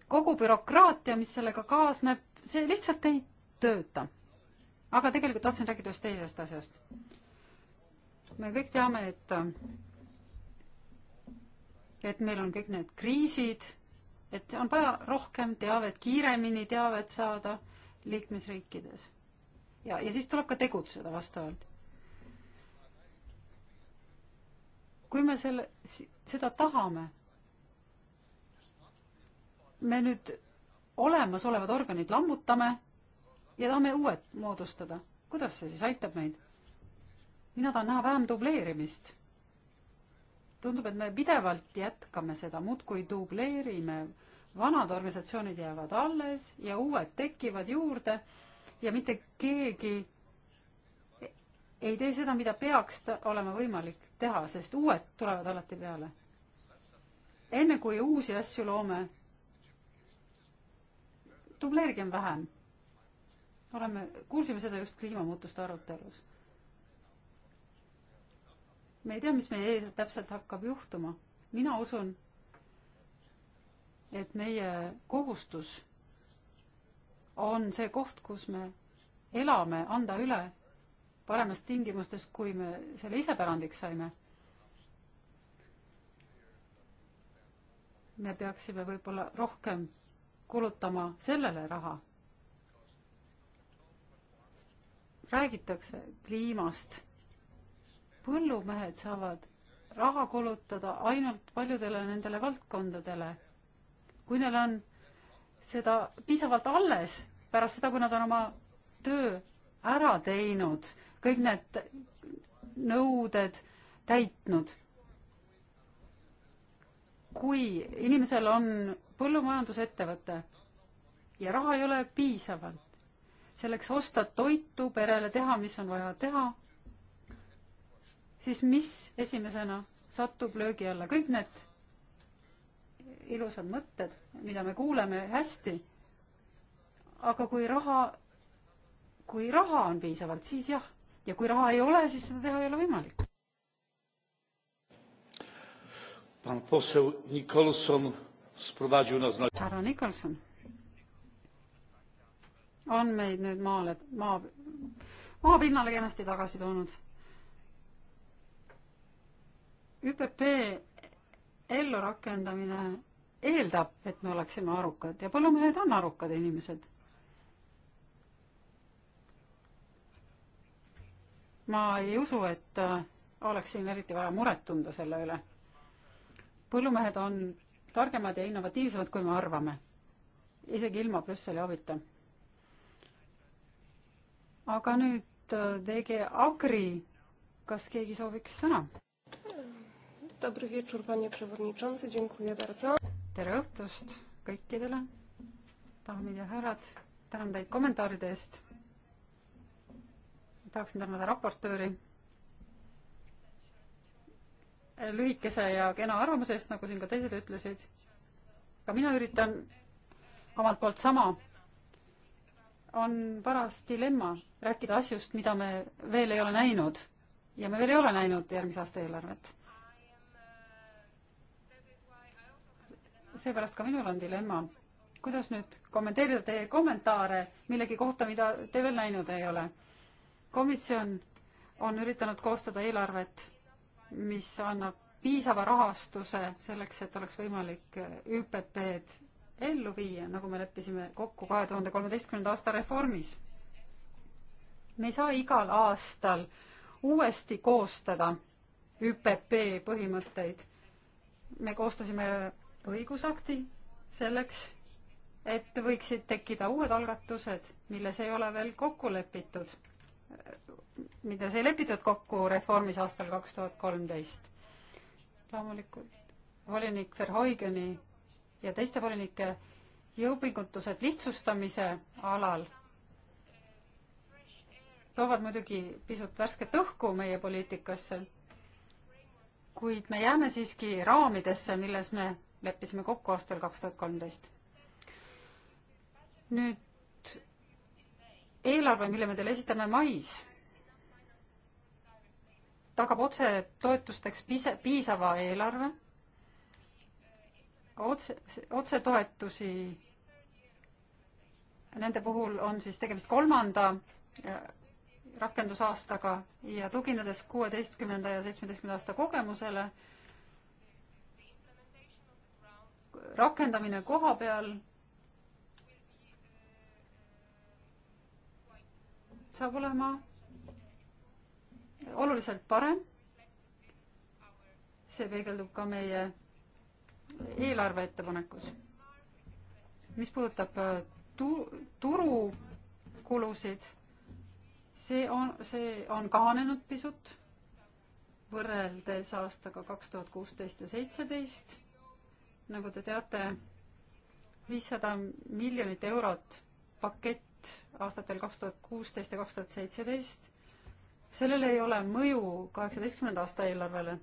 kogu bürokraatia, mis sellega kaasneb, see lihtsalt ei tööta. aga tegelikult tahtsin rääkida ühest teisest asjast me kõik teame, et et meil on kõik need kriisid, et on vaja rohkem teavet, kiiremini teavet saada liikmesriikides. ja, ja siis tuleb ka tegutseda vastavalt. kui me selle, seda tahame, me nüüd olemasolevad organid lammutame ja tahame uued moodustada, kuidas see siis aitab meid? mina tahan näha vähem dubleerimist. tundub, et me pidevalt jätkame seda, muudkui dubleerime, vanad organisatsioonid jäävad alles ja uued tekivad juurde ja mitte keegi ei tee seda, mida peaks olema võimalik teha, sest uued tulevad alati peale. enne kui uusi asju loome, dubleerigem vähem. oleme, kuulsime seda just kliimamuutuste arutelus me ei tea, mis meie ees täpselt hakkab juhtuma. mina usun, et meie kohustus on see koht, kus me elame, anda üle paremas tingimustes, kui me selle ise pärandiks saime. me peaksime võib-olla rohkem kulutama sellele raha. räägitakse kliimast põllumehed saavad raha kulutada ainult paljudele nendele valdkondadele. kui neil on seda piisavalt alles pärast seda, kui nad on oma töö ära teinud, kõik need nõuded täitnud. kui inimesel on põllumajandusettevõte ja raha ei ole piisavalt selleks osta toitu perele, teha, mis on vaja teha siis mis esimesena satub löögi alla, kõik need ilusad mõtted, mida me kuuleme hästi. aga kui raha, kui raha on piisavalt, siis jah, ja kui raha ei ole, siis seda teha ei ole võimalik. härra Nikolson on meid nüüd maale, maa, maapinnale kenasti tagasi toonud ÜPP ellurakendamine eeldab, et me oleksime arukad ja põllumehed on arukad inimesed. ma ei usu, et äh, oleks siin eriti vaja muret tunda selle üle. põllumehed on targemad ja innovatiivsemad, kui me arvame, isegi ilma Brüsseli abita. aga nüüd tegi äh, Agri, kas keegi sooviks sõna? Dobry wieczór, panie przewodniczący. Dziękuję bardzo. Tere õhtust kõikidele, daamid ja härrad. Tänan teid kommentaaride eest. Tahaksin tänada raportööri lühikese ja kena arvamuse eest, nagu siin ka teised ütlesid. Ka mina üritan omalt poolt sama. On paras dilemma rääkida asjust, mida me veel ei ole näinud. Ja me veel ei ole näinud järgmise aasta eelarvet seepärast ka minul on dilemma, kuidas nüüd kommenteerida teie kommentaare millegi kohta, mida te veel näinud ei ole. komisjon on üritanud koostada eelarvet, mis annab piisava rahastuse selleks, et oleks võimalik ÜPP-d ellu viia, nagu me leppisime kokku kahe tuhande kolmeteistkümnenda aasta reformis. me ei saa igal aastal uuesti koostada ÜPP põhimõtteid. me koostasime õigusakti selleks, et võiksid tekkida uued algatused, milles ei ole veel kokku lepitud, milles ei lepitud kokku reformis aastal kaks tuhat kolmteist. loomulikult volinik Verhoigeni ja teiste volinike jõupingutused lihtsustamise alal toovad muidugi pisut värsket õhku meie poliitikasse, kuid me jääme siiski raamidesse, milles me leppisime kokku aastal kaks tuhat kolmteist. nüüd eelarve, mille me teile esitame mais, tagab otse toetusteks pise-, piisava eelarve, otse, otsetoetusi nende puhul on siis tegemist kolmanda äh, rakendusaastaga ja tuginedes kuueteistkümnenda ja seitsmeteistkümnenda aasta kogemusele, rakendamine koha peal saab olema oluliselt parem. see peegeldub ka meie eelarve ettepanekus. mis puudutab äh, tu-, turukulusid, see on, see on kahanenud pisut võrreldes aastaga kaks tuhat kuusteist ja seitseteist nagu te teate, viissada miljonit eurot pakett aastatel kaks tuhat kuusteist ja kaks tuhat seitseteist. sellel ei ole mõju kaheksateistkümnenda aasta eelarvele.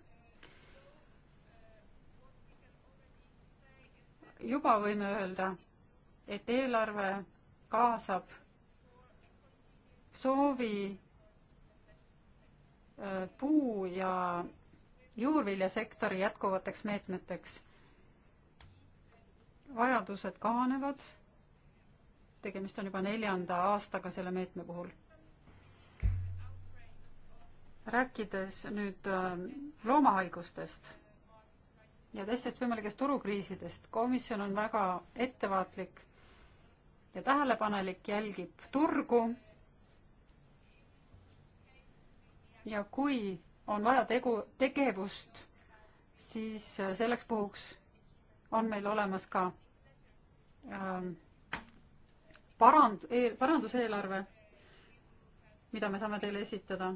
juba võime öelda, et eelarve kaasab soovi äh, puu- ja juurviljasektori jätkuvateks meetmeteks vajadused kahanevad, tegemist on juba neljanda aastaga selle meetme puhul. rääkides nüüd äh, loomahaigustest ja teistest võimalikest turukriisidest, komisjon on väga ettevaatlik ja tähelepanelik, jälgib turgu ja kui on vaja tegu, tegevust, siis äh, selleks puhuks on meil olemas ka ähm, parand- e, paranduseelarve, mida me saame teile esitada.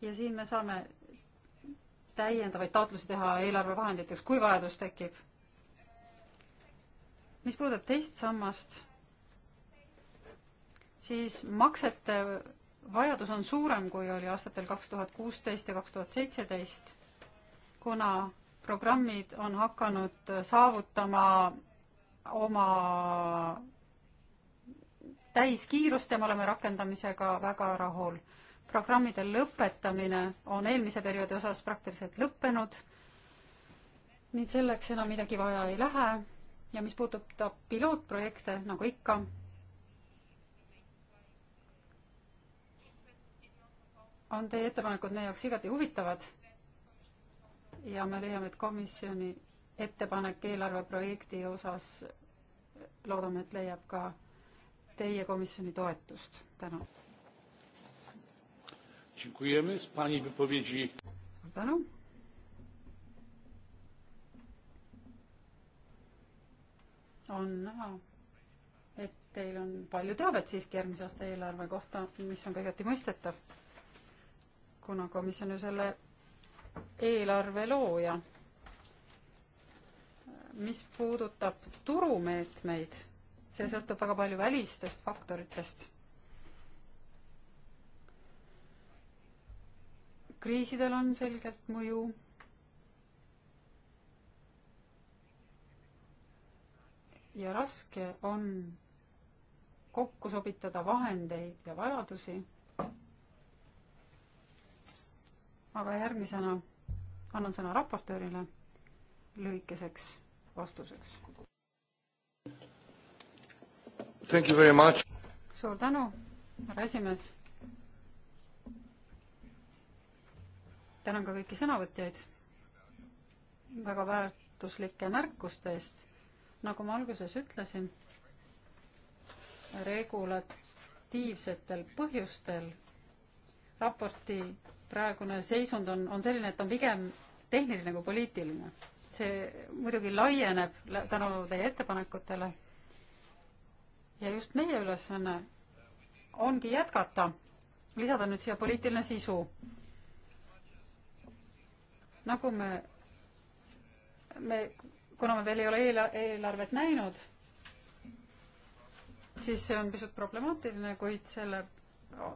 ja siin me saame täiendavaid taotlusi teha eelarvevahenditeks, kui vajadus tekib. mis puudutab teist sammast, siis maksete vajadus on suurem, kui oli aastatel kaks tuhat kuusteist ja kaks tuhat seitseteist, kuna programmid on hakanud saavutama oma täiskiirust ja me oleme rakendamisega väga rahul. programmide lõpetamine on eelmise perioodi osas praktiliselt lõppenud, nii et selleks enam midagi vaja ei lähe ja mis puudutab pilootprojekte, nagu ikka, on teie ettepanekud meie jaoks igati huvitavad ja me leiame, et komisjoni ettepanek eelarveprojekti osas loodame, et leiab ka teie komisjoni toetust. tänan. suur tänu. on näha, et teil on palju teavet siiski järgmise aasta eelarve kohta, mis on ka igati mõistetav, kuna komisjon ju selle eelarve looja. mis puudutab turumeetmeid, see sõltub väga palju välistest faktoritest. kriisidel on selgelt mõju ja raske on kokku sobitada vahendeid ja vajadusi aga järgmisena annan sõna raportöörile lühikeseks vastuseks. suur tänu, härra esimees. tänan ka kõiki sõnavõtjaid väga väärtuslike märkuste eest. nagu ma alguses ütlesin, regulatiivsetel põhjustel raporti praegune seisund on, on selline, et on pigem tehniline kui poliitiline. see muidugi laieneb tänu teie ettepanekutele. ja just meie ülesanne ongi jätkata, lisada nüüd siia poliitiline sisu. nagu me, me, kuna me veel ei ole eela-, eelarvet näinud, siis see on pisut problemaatiline, kuid selle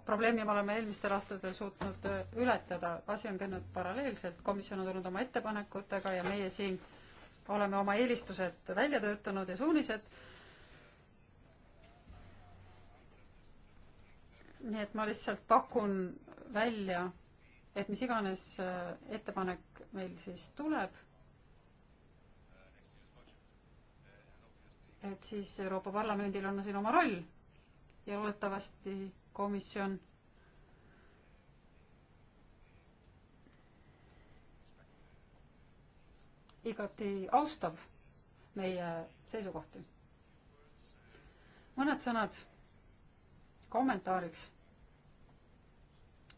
probleemi me oleme eelmistel aastatel suutnud äh, ületada, asi on käinud paralleelselt, komisjon on tulnud oma ettepanekutega ja meie siin oleme oma eelistused välja töötanud ja suunised. nii et ma lihtsalt pakun välja, et mis iganes äh, ettepanek meil siis tuleb, et siis Euroopa Parlamendil on siin oma roll ja loodetavasti komisjon igati austab meie seisukohti. mõned sõnad kommentaariks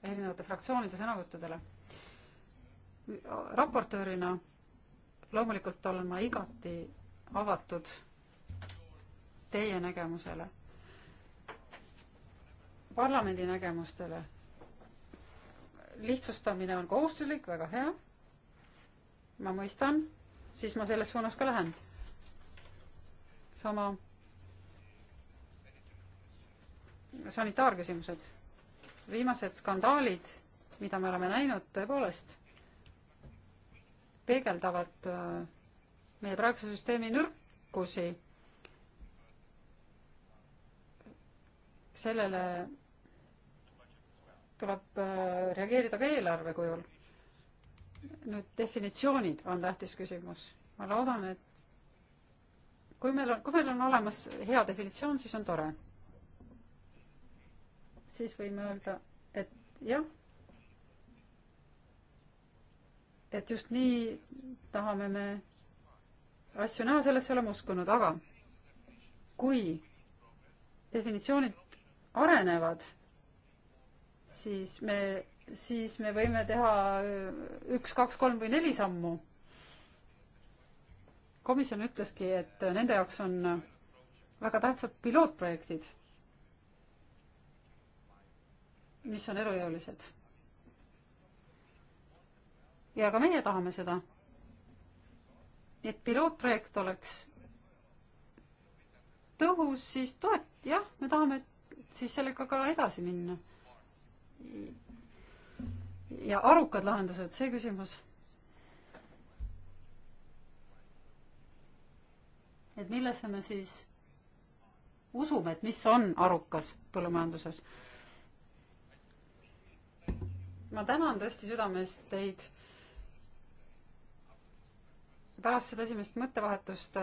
erinevate fraktsioonide sõnavõttudele. raportöörina loomulikult olen ma igati avatud teie nägemusele parlamendi nägemustele. lihtsustamine on kohustuslik, väga hea. ma mõistan, siis ma selles suunas ka lähen. sama. sanitaarküsimused. viimased skandaalid, mida me oleme näinud, tõepoolest peegeldavad äh, meie praeguse süsteemi nõrkusi sellele tuleb äh, reageerida ka eelarve kujul. nüüd definitsioonid on tähtis küsimus. ma loodan, et kui meil on, kui meil on olemas hea definitsioon, siis on tore. siis võime öelda, et jah, et just nii tahame me asju näha, sellesse oleme uskunud, aga kui definitsioonid arenevad siis me, siis me võime teha äh, üks, kaks, kolm või neli sammu. komisjon ütleski, et nende jaoks on väga tähtsad pilootprojektid, mis on elujõulised. ja ka meie tahame seda. et pilootprojekt oleks tõhus, siis toet-, jah, me tahame siis sellega ka edasi minna ja arukad lahendused, see küsimus. et millesse me siis usume, et mis on arukas põllumajanduses? ma tänan tõesti südamest teid. pärast seda esimest mõttevahetust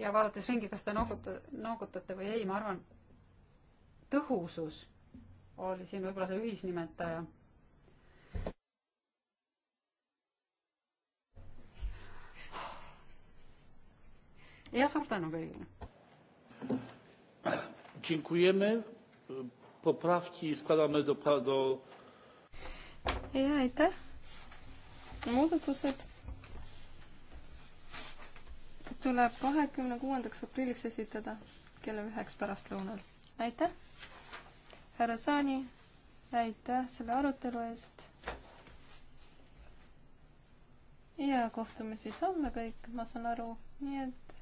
ja vaadates ringi, kas te nooguta, noogutate või ei, ma arvan, tõhusus oli siin võib-olla see ühisnimetaja. ja suur tänu kõigile. Dziękujemy. Poprawki składamy do, do... ja aitäh. muudatused tuleb kahekümne kuuendaks aprilliks esitada kella üheks pärastlõunal. aitäh! härra Saani, aitäh selle arutelu eest. ja kohtume siis homme kõik, ma saan aru, nii et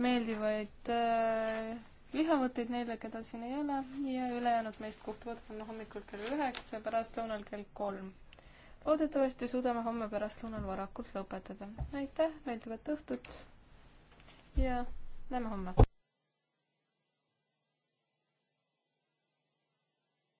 meeldivaid äh, lihavõtteid neile, keda siin ei ole ja ülejäänud meist kohtuvad homme hommikul kell üheksa, pärastlõunal kell kolm. loodetavasti suudame homme pärastlõunal varakult lõpetada. aitäh, meeldivat õhtut ja näeme homme!